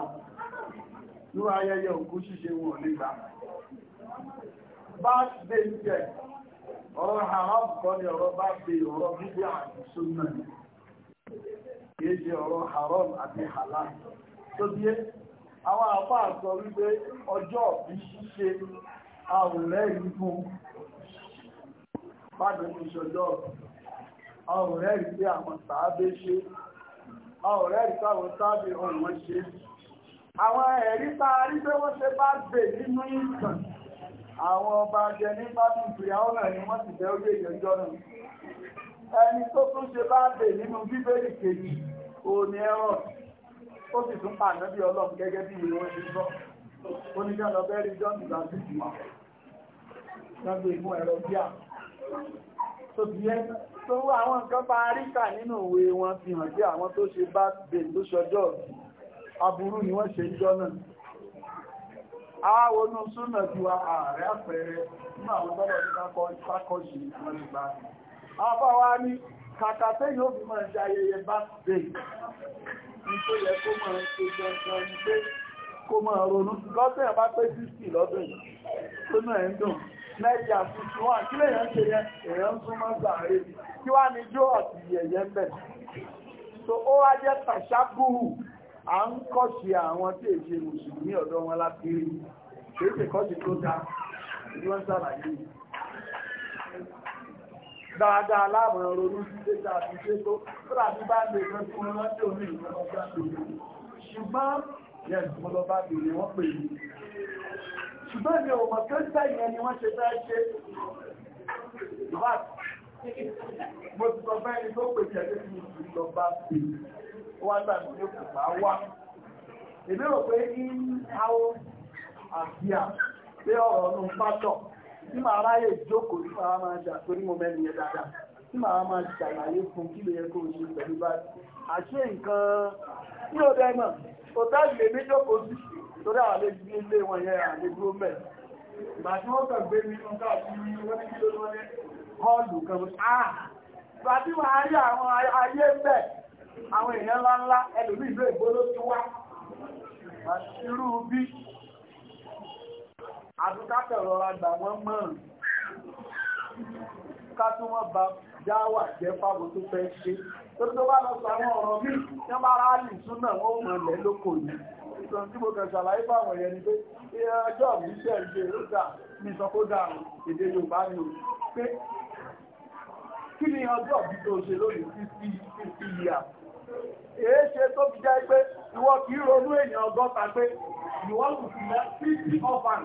Ní ayẹyẹ òkú ṣíṣe wọn ò bá dé jẹ ọ̀rọ̀ haram kọ́ ni ọ̀rọ̀ bá dé ọ̀rọ̀ bíbí àti súnmọ̀ kìí ṣe ọ̀rọ̀ haram àti halal tó bí àwọn àpá àsọ wípé ọjọ́ bí ṣíṣe àwòrẹ́ yìí fún bàbá mi ṣọjọ́ àwòrẹ́ yìí pé àwọn sàábé ṣe àwòrẹ́ yìí táwọn sábé ọ̀wọ́n ṣe àwọn ẹ̀rí tá pé wọ́n ṣe bá gbè nínú ìtàn àwọn ọba jẹ ní fásitì fìyàwó náà ni wọ́n ti bẹ́ orí èèyàn jọ náà ẹni tó tún ṣe bá dè nínú bíbélì kejì òní ẹ̀rọ ó sì tún pa ànábì ọlọ́run gẹ́gẹ́ bí ìwé wọn ṣe sọ oníjà lọ bẹ́ẹ̀ rí john ìgbà sí ìgbà lọ́gbẹ̀ ìmú ẹ̀rọ bíà tó ti yẹ tó àwọn nǹkan bá ríkà nínú òwe wọn fi hàn sí àwọn tó ṣe bá dè tó ṣọjọ́ aburú ni wọ́n ṣe jọ náà àwọn súnà Suna wa ààrẹ àpẹẹrẹ nínú àwọn tọ́lọ̀ ní kákọ́ṣì wọn ti bá àbá wa ní ṣe ayẹyẹ yẹ kó máa ṣe kó máa ronú lọ́sẹ̀ yẹn bá pé lọ́dọ̀ yìí tó náà ń dùn kí lè yẹn ṣe yẹn èèyàn ń súnmọ́ sàárè kí wá ní jó yẹ̀yẹ́ bẹ̀ so a ń kọ́ṣe àwọn tí è ṣe mùsùlùmí ọ̀dọ́ wọn láti rí ṣeéṣe kọ́ṣe tó dá ní wọ́n sàlàyé dáadáa láàmù ronú títà àti ṣe tó fúra tí bá lè fẹ́ fún wọn lọ́jọ́ ní ìrọ̀lọ́gbà ṣùgbọ́n yẹn mo lọ bá bèèrè wọ́n pè mí ṣùgbọ́n mi ò mọ̀ tó ń tẹ̀yẹ ni wọ́n ṣe fẹ́ ṣe mo ti sọ fẹ́ ni tó pèsè ẹgbẹ́ mi lọ wá gbà mí ló kò bá wá. Èmi rò pé kí áwọ̀ àti à pé ọ̀rọ̀ ọ̀nù pátọ̀ tí màá ráyè jókòó tí màá máa jà torí mo mẹ́rin yẹn dáadáa tí màá máa ṣàlàyé fún kí lè yẹ kó ṣe pẹ̀lú bá àṣé nǹkan ní òde ẹ̀mọ̀ òtẹ́ẹ̀lì lèmi jókòó sí torí àwọn àlejò ilé wọn yẹn àlejò mẹ́rin ìgbàtí wọ́n kàn gbé nínú káàkiri wọ́n ní kí ló lọ́lẹ́ họ́ọ̀lù kan ah ìgbàtí wọ́n ayé àwọn àwọn èèyàn ńláńlá ẹlòmí ìlú ègbó ló ti wá irú bí àtúkátẹ̀ rọra gbà wọ́n mọ̀rún ká tí wọ́n bá jáwà jẹ́ fáwọn tó fẹ́ ṣe tó tó bá lọ sọ àwọn ọ̀rọ̀ míì tí wọ́n bá ráàlì súnà wọ́n mọ̀ lẹ́ lóko yìí ìtàn tí mo kàn ṣàlàyé fáwọn ẹ̀yẹ ni pé ọjọ́ mi ṣẹ̀ ń ṣe ó dà ní ìsọkódà èdè Yorùbá ni o pé kí ni ọjọ́ bí tó ṣe lónìí fífi fífi yà èé ṣe tó fi jẹ́ pé ìwọ kìí ronú èèyàn ọgọ́ta pé ìwọ kù sí lẹ́ fífi ọ̀fàn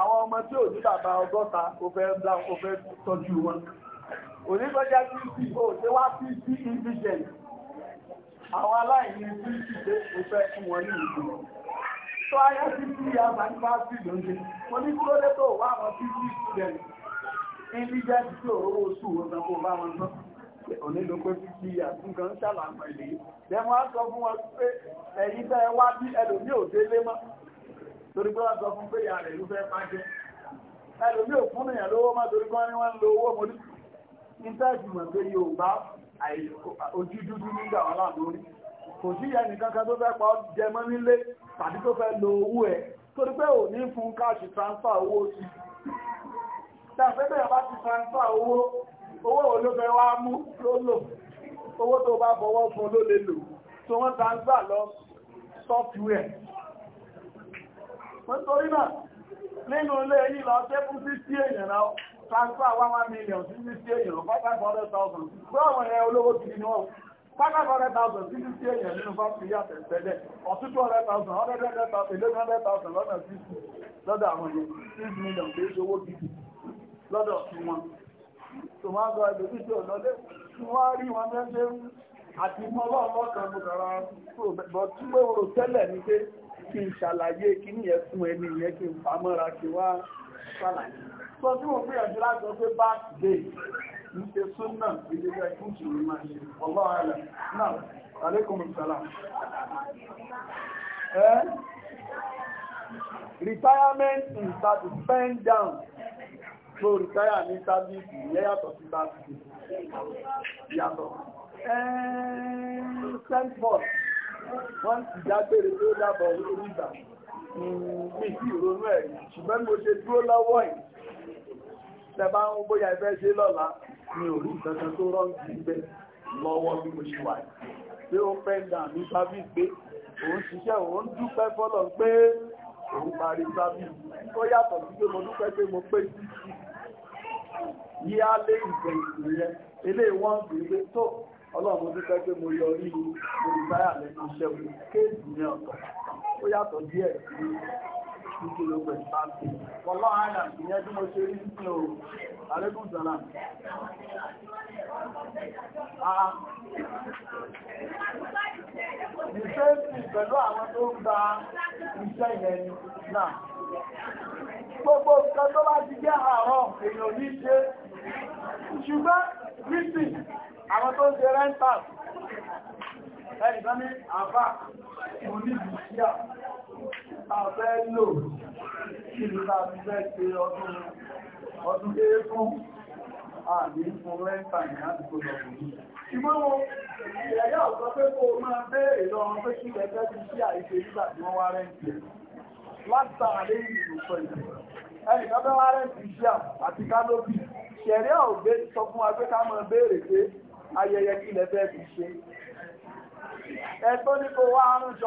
àwọn ọmọ tí ò ní bàbá ọgọ́ta ó fẹ́ bá ó fẹ́ tọ́jú wọn onígbọ́já fífi ó ṣe wá fífi indigent àwọn aláìní fífi pé ó fẹ́ fún wọn ní ìlú tó ayé fífi yàgbà ní fásitì lóde mo ní kúrò lẹ́tọ̀ wá àwọn fífi student indigent tí ò rówó sùn ó sọ fún bá wọn náà onílòpé fífí àtúnkan ṣàlàmọ̀ ìlú lẹ́mọ́ a sọ fún wọn pé ẹ̀yí bẹ́ wá bí ẹlòmí ò délé mọ́ torí pé sọ fún pé ya rẹ̀ ló má jẹ́ ẹlòmí ò fún èèyàn lówó má torí wọ́n ní ń lo owó mọ́lú ìtẹ́ẹ̀sì pé yóò bá ojú dúdú nígbà wọn láàmúrí kò sí ìyá nìkan pa mọ́ nílé tàbí tó fẹ́ owó ẹ̀ torí ò ní fún káàṣì transfer owó sí tàbí bẹ́ẹ̀ owó olóbẹ̀ wá mú lólò owó tó bá bọ̀wọ́ fún ló lè lò tó wọ́n ta ń gbà lọ software wọ́n torí náà nínú ilé yìí lọ tẹ́kù sí sí èèyàn náà transfer one one million sí sí sí èèyàn five hundred thousand gbọ́ àwọn ẹ̀yẹ olówó ti ní wọ́n five hundred thousand sí sí sí èèyàn nínú fásitì yàtọ̀ ìtẹ́lẹ̀ ọ̀tún two hundred thousand hundred hundred thousand eleven hundred thousand lọ́nà six lọ́dọ̀ àwọn yẹn six million kì í ṣe owó gidi lọ́dọ̀ sí wọn tó máa gba ìlòdì tí ọ̀nà lé tí wọ́n rí wọn mẹ́ṣẹ́ àti mọ́lọ́ ọlọ́kan mo kàrà bọ́ tí pé orò tẹ́lẹ̀ ni pé kí n ṣàlàyé kí ní yẹn fún ẹni yẹn kí n fà mọ́ra kí wá ṣàlàyé sọ tí mo gbìyànjú láti sọ pé back day ń ṣe súnà ìdílé ẹkún sí ìrìn máa ṣe ọlọ́ ààrẹ náà alaikum salam eh? retirement is that bend down tó rìtáyà ní sábìsì yẹ́yàtọ̀ sí sábìsì yàtọ̀ stanford wọ́n ti dágbére tó dábọ̀ oríta hmm, mi sí ìrònú ẹ̀ ṣùgbọ́n mo ṣe dúró lọ́wọ́ ẹ̀ tẹbá ń bóyá ẹgbẹ́ ṣe lọ́la mi ò rí ìtọ́jọ́ tó rọ́n ti gbẹ́ lọ́wọ́ bí mo ṣe wà pé ó fẹ́ dà ní sábìsì pé òun ṣiṣẹ́ òun dúpẹ́ fọ́lọ̀ pé òun parí sábìsì ó yàtọ̀ sí pé mo dúpẹ́ pé mo pé sí yíá lé ìgbẹ̀yìn rẹ̀ ilé wọ́n bí ilé tó ọlọ́run tó fẹ́ pé mo yọ rí olùsáyà lẹ́nu iṣẹ́ mi kéèsì ní ọ̀tọ̀ ó yàtọ̀ díẹ̀ sí ìkìlọ̀ pẹ̀lú báńkì ọlọ́ àyà ìyẹn bí mo ṣe rí sí o àlékún sọ́lá ìfẹ́ sí pẹ̀lú àwọn tó ń gba iṣẹ́ ìyẹn náà Gbogbo nǹkan tó bá ti jẹ́ àárọ̀ èèyàn ní ṣe. Ṣùgbọ́n nítì àwọn tó ń ṣe rentals, ẹnìkan ní àbá mo ní ìṣíà, ta fẹ́ lò kí ní ta fi fẹ́ ṣe ọdún ọdún eégún àmì fún rẹ́ntà ní àdúgbò lọ́wọ́. Ṣùgbọ́n wọn, ìrẹ̀yà ọ̀sọ́ pé kó máa béèrè lọ́wọ́ pé kí lẹ́fẹ́ láta àlẹ́ ìlú pẹ̀lú ẹnì kan fẹ́ wá rẹ̀ ti ṣíà àti kánópì ṣẹ̀rí ọ̀gbẹ́ sọ fún wa pé ká mọ̀ béèrè pé ayẹyẹ kí lẹ fẹ́ fi ṣe ẹ tó ní kó wá àrùn jọ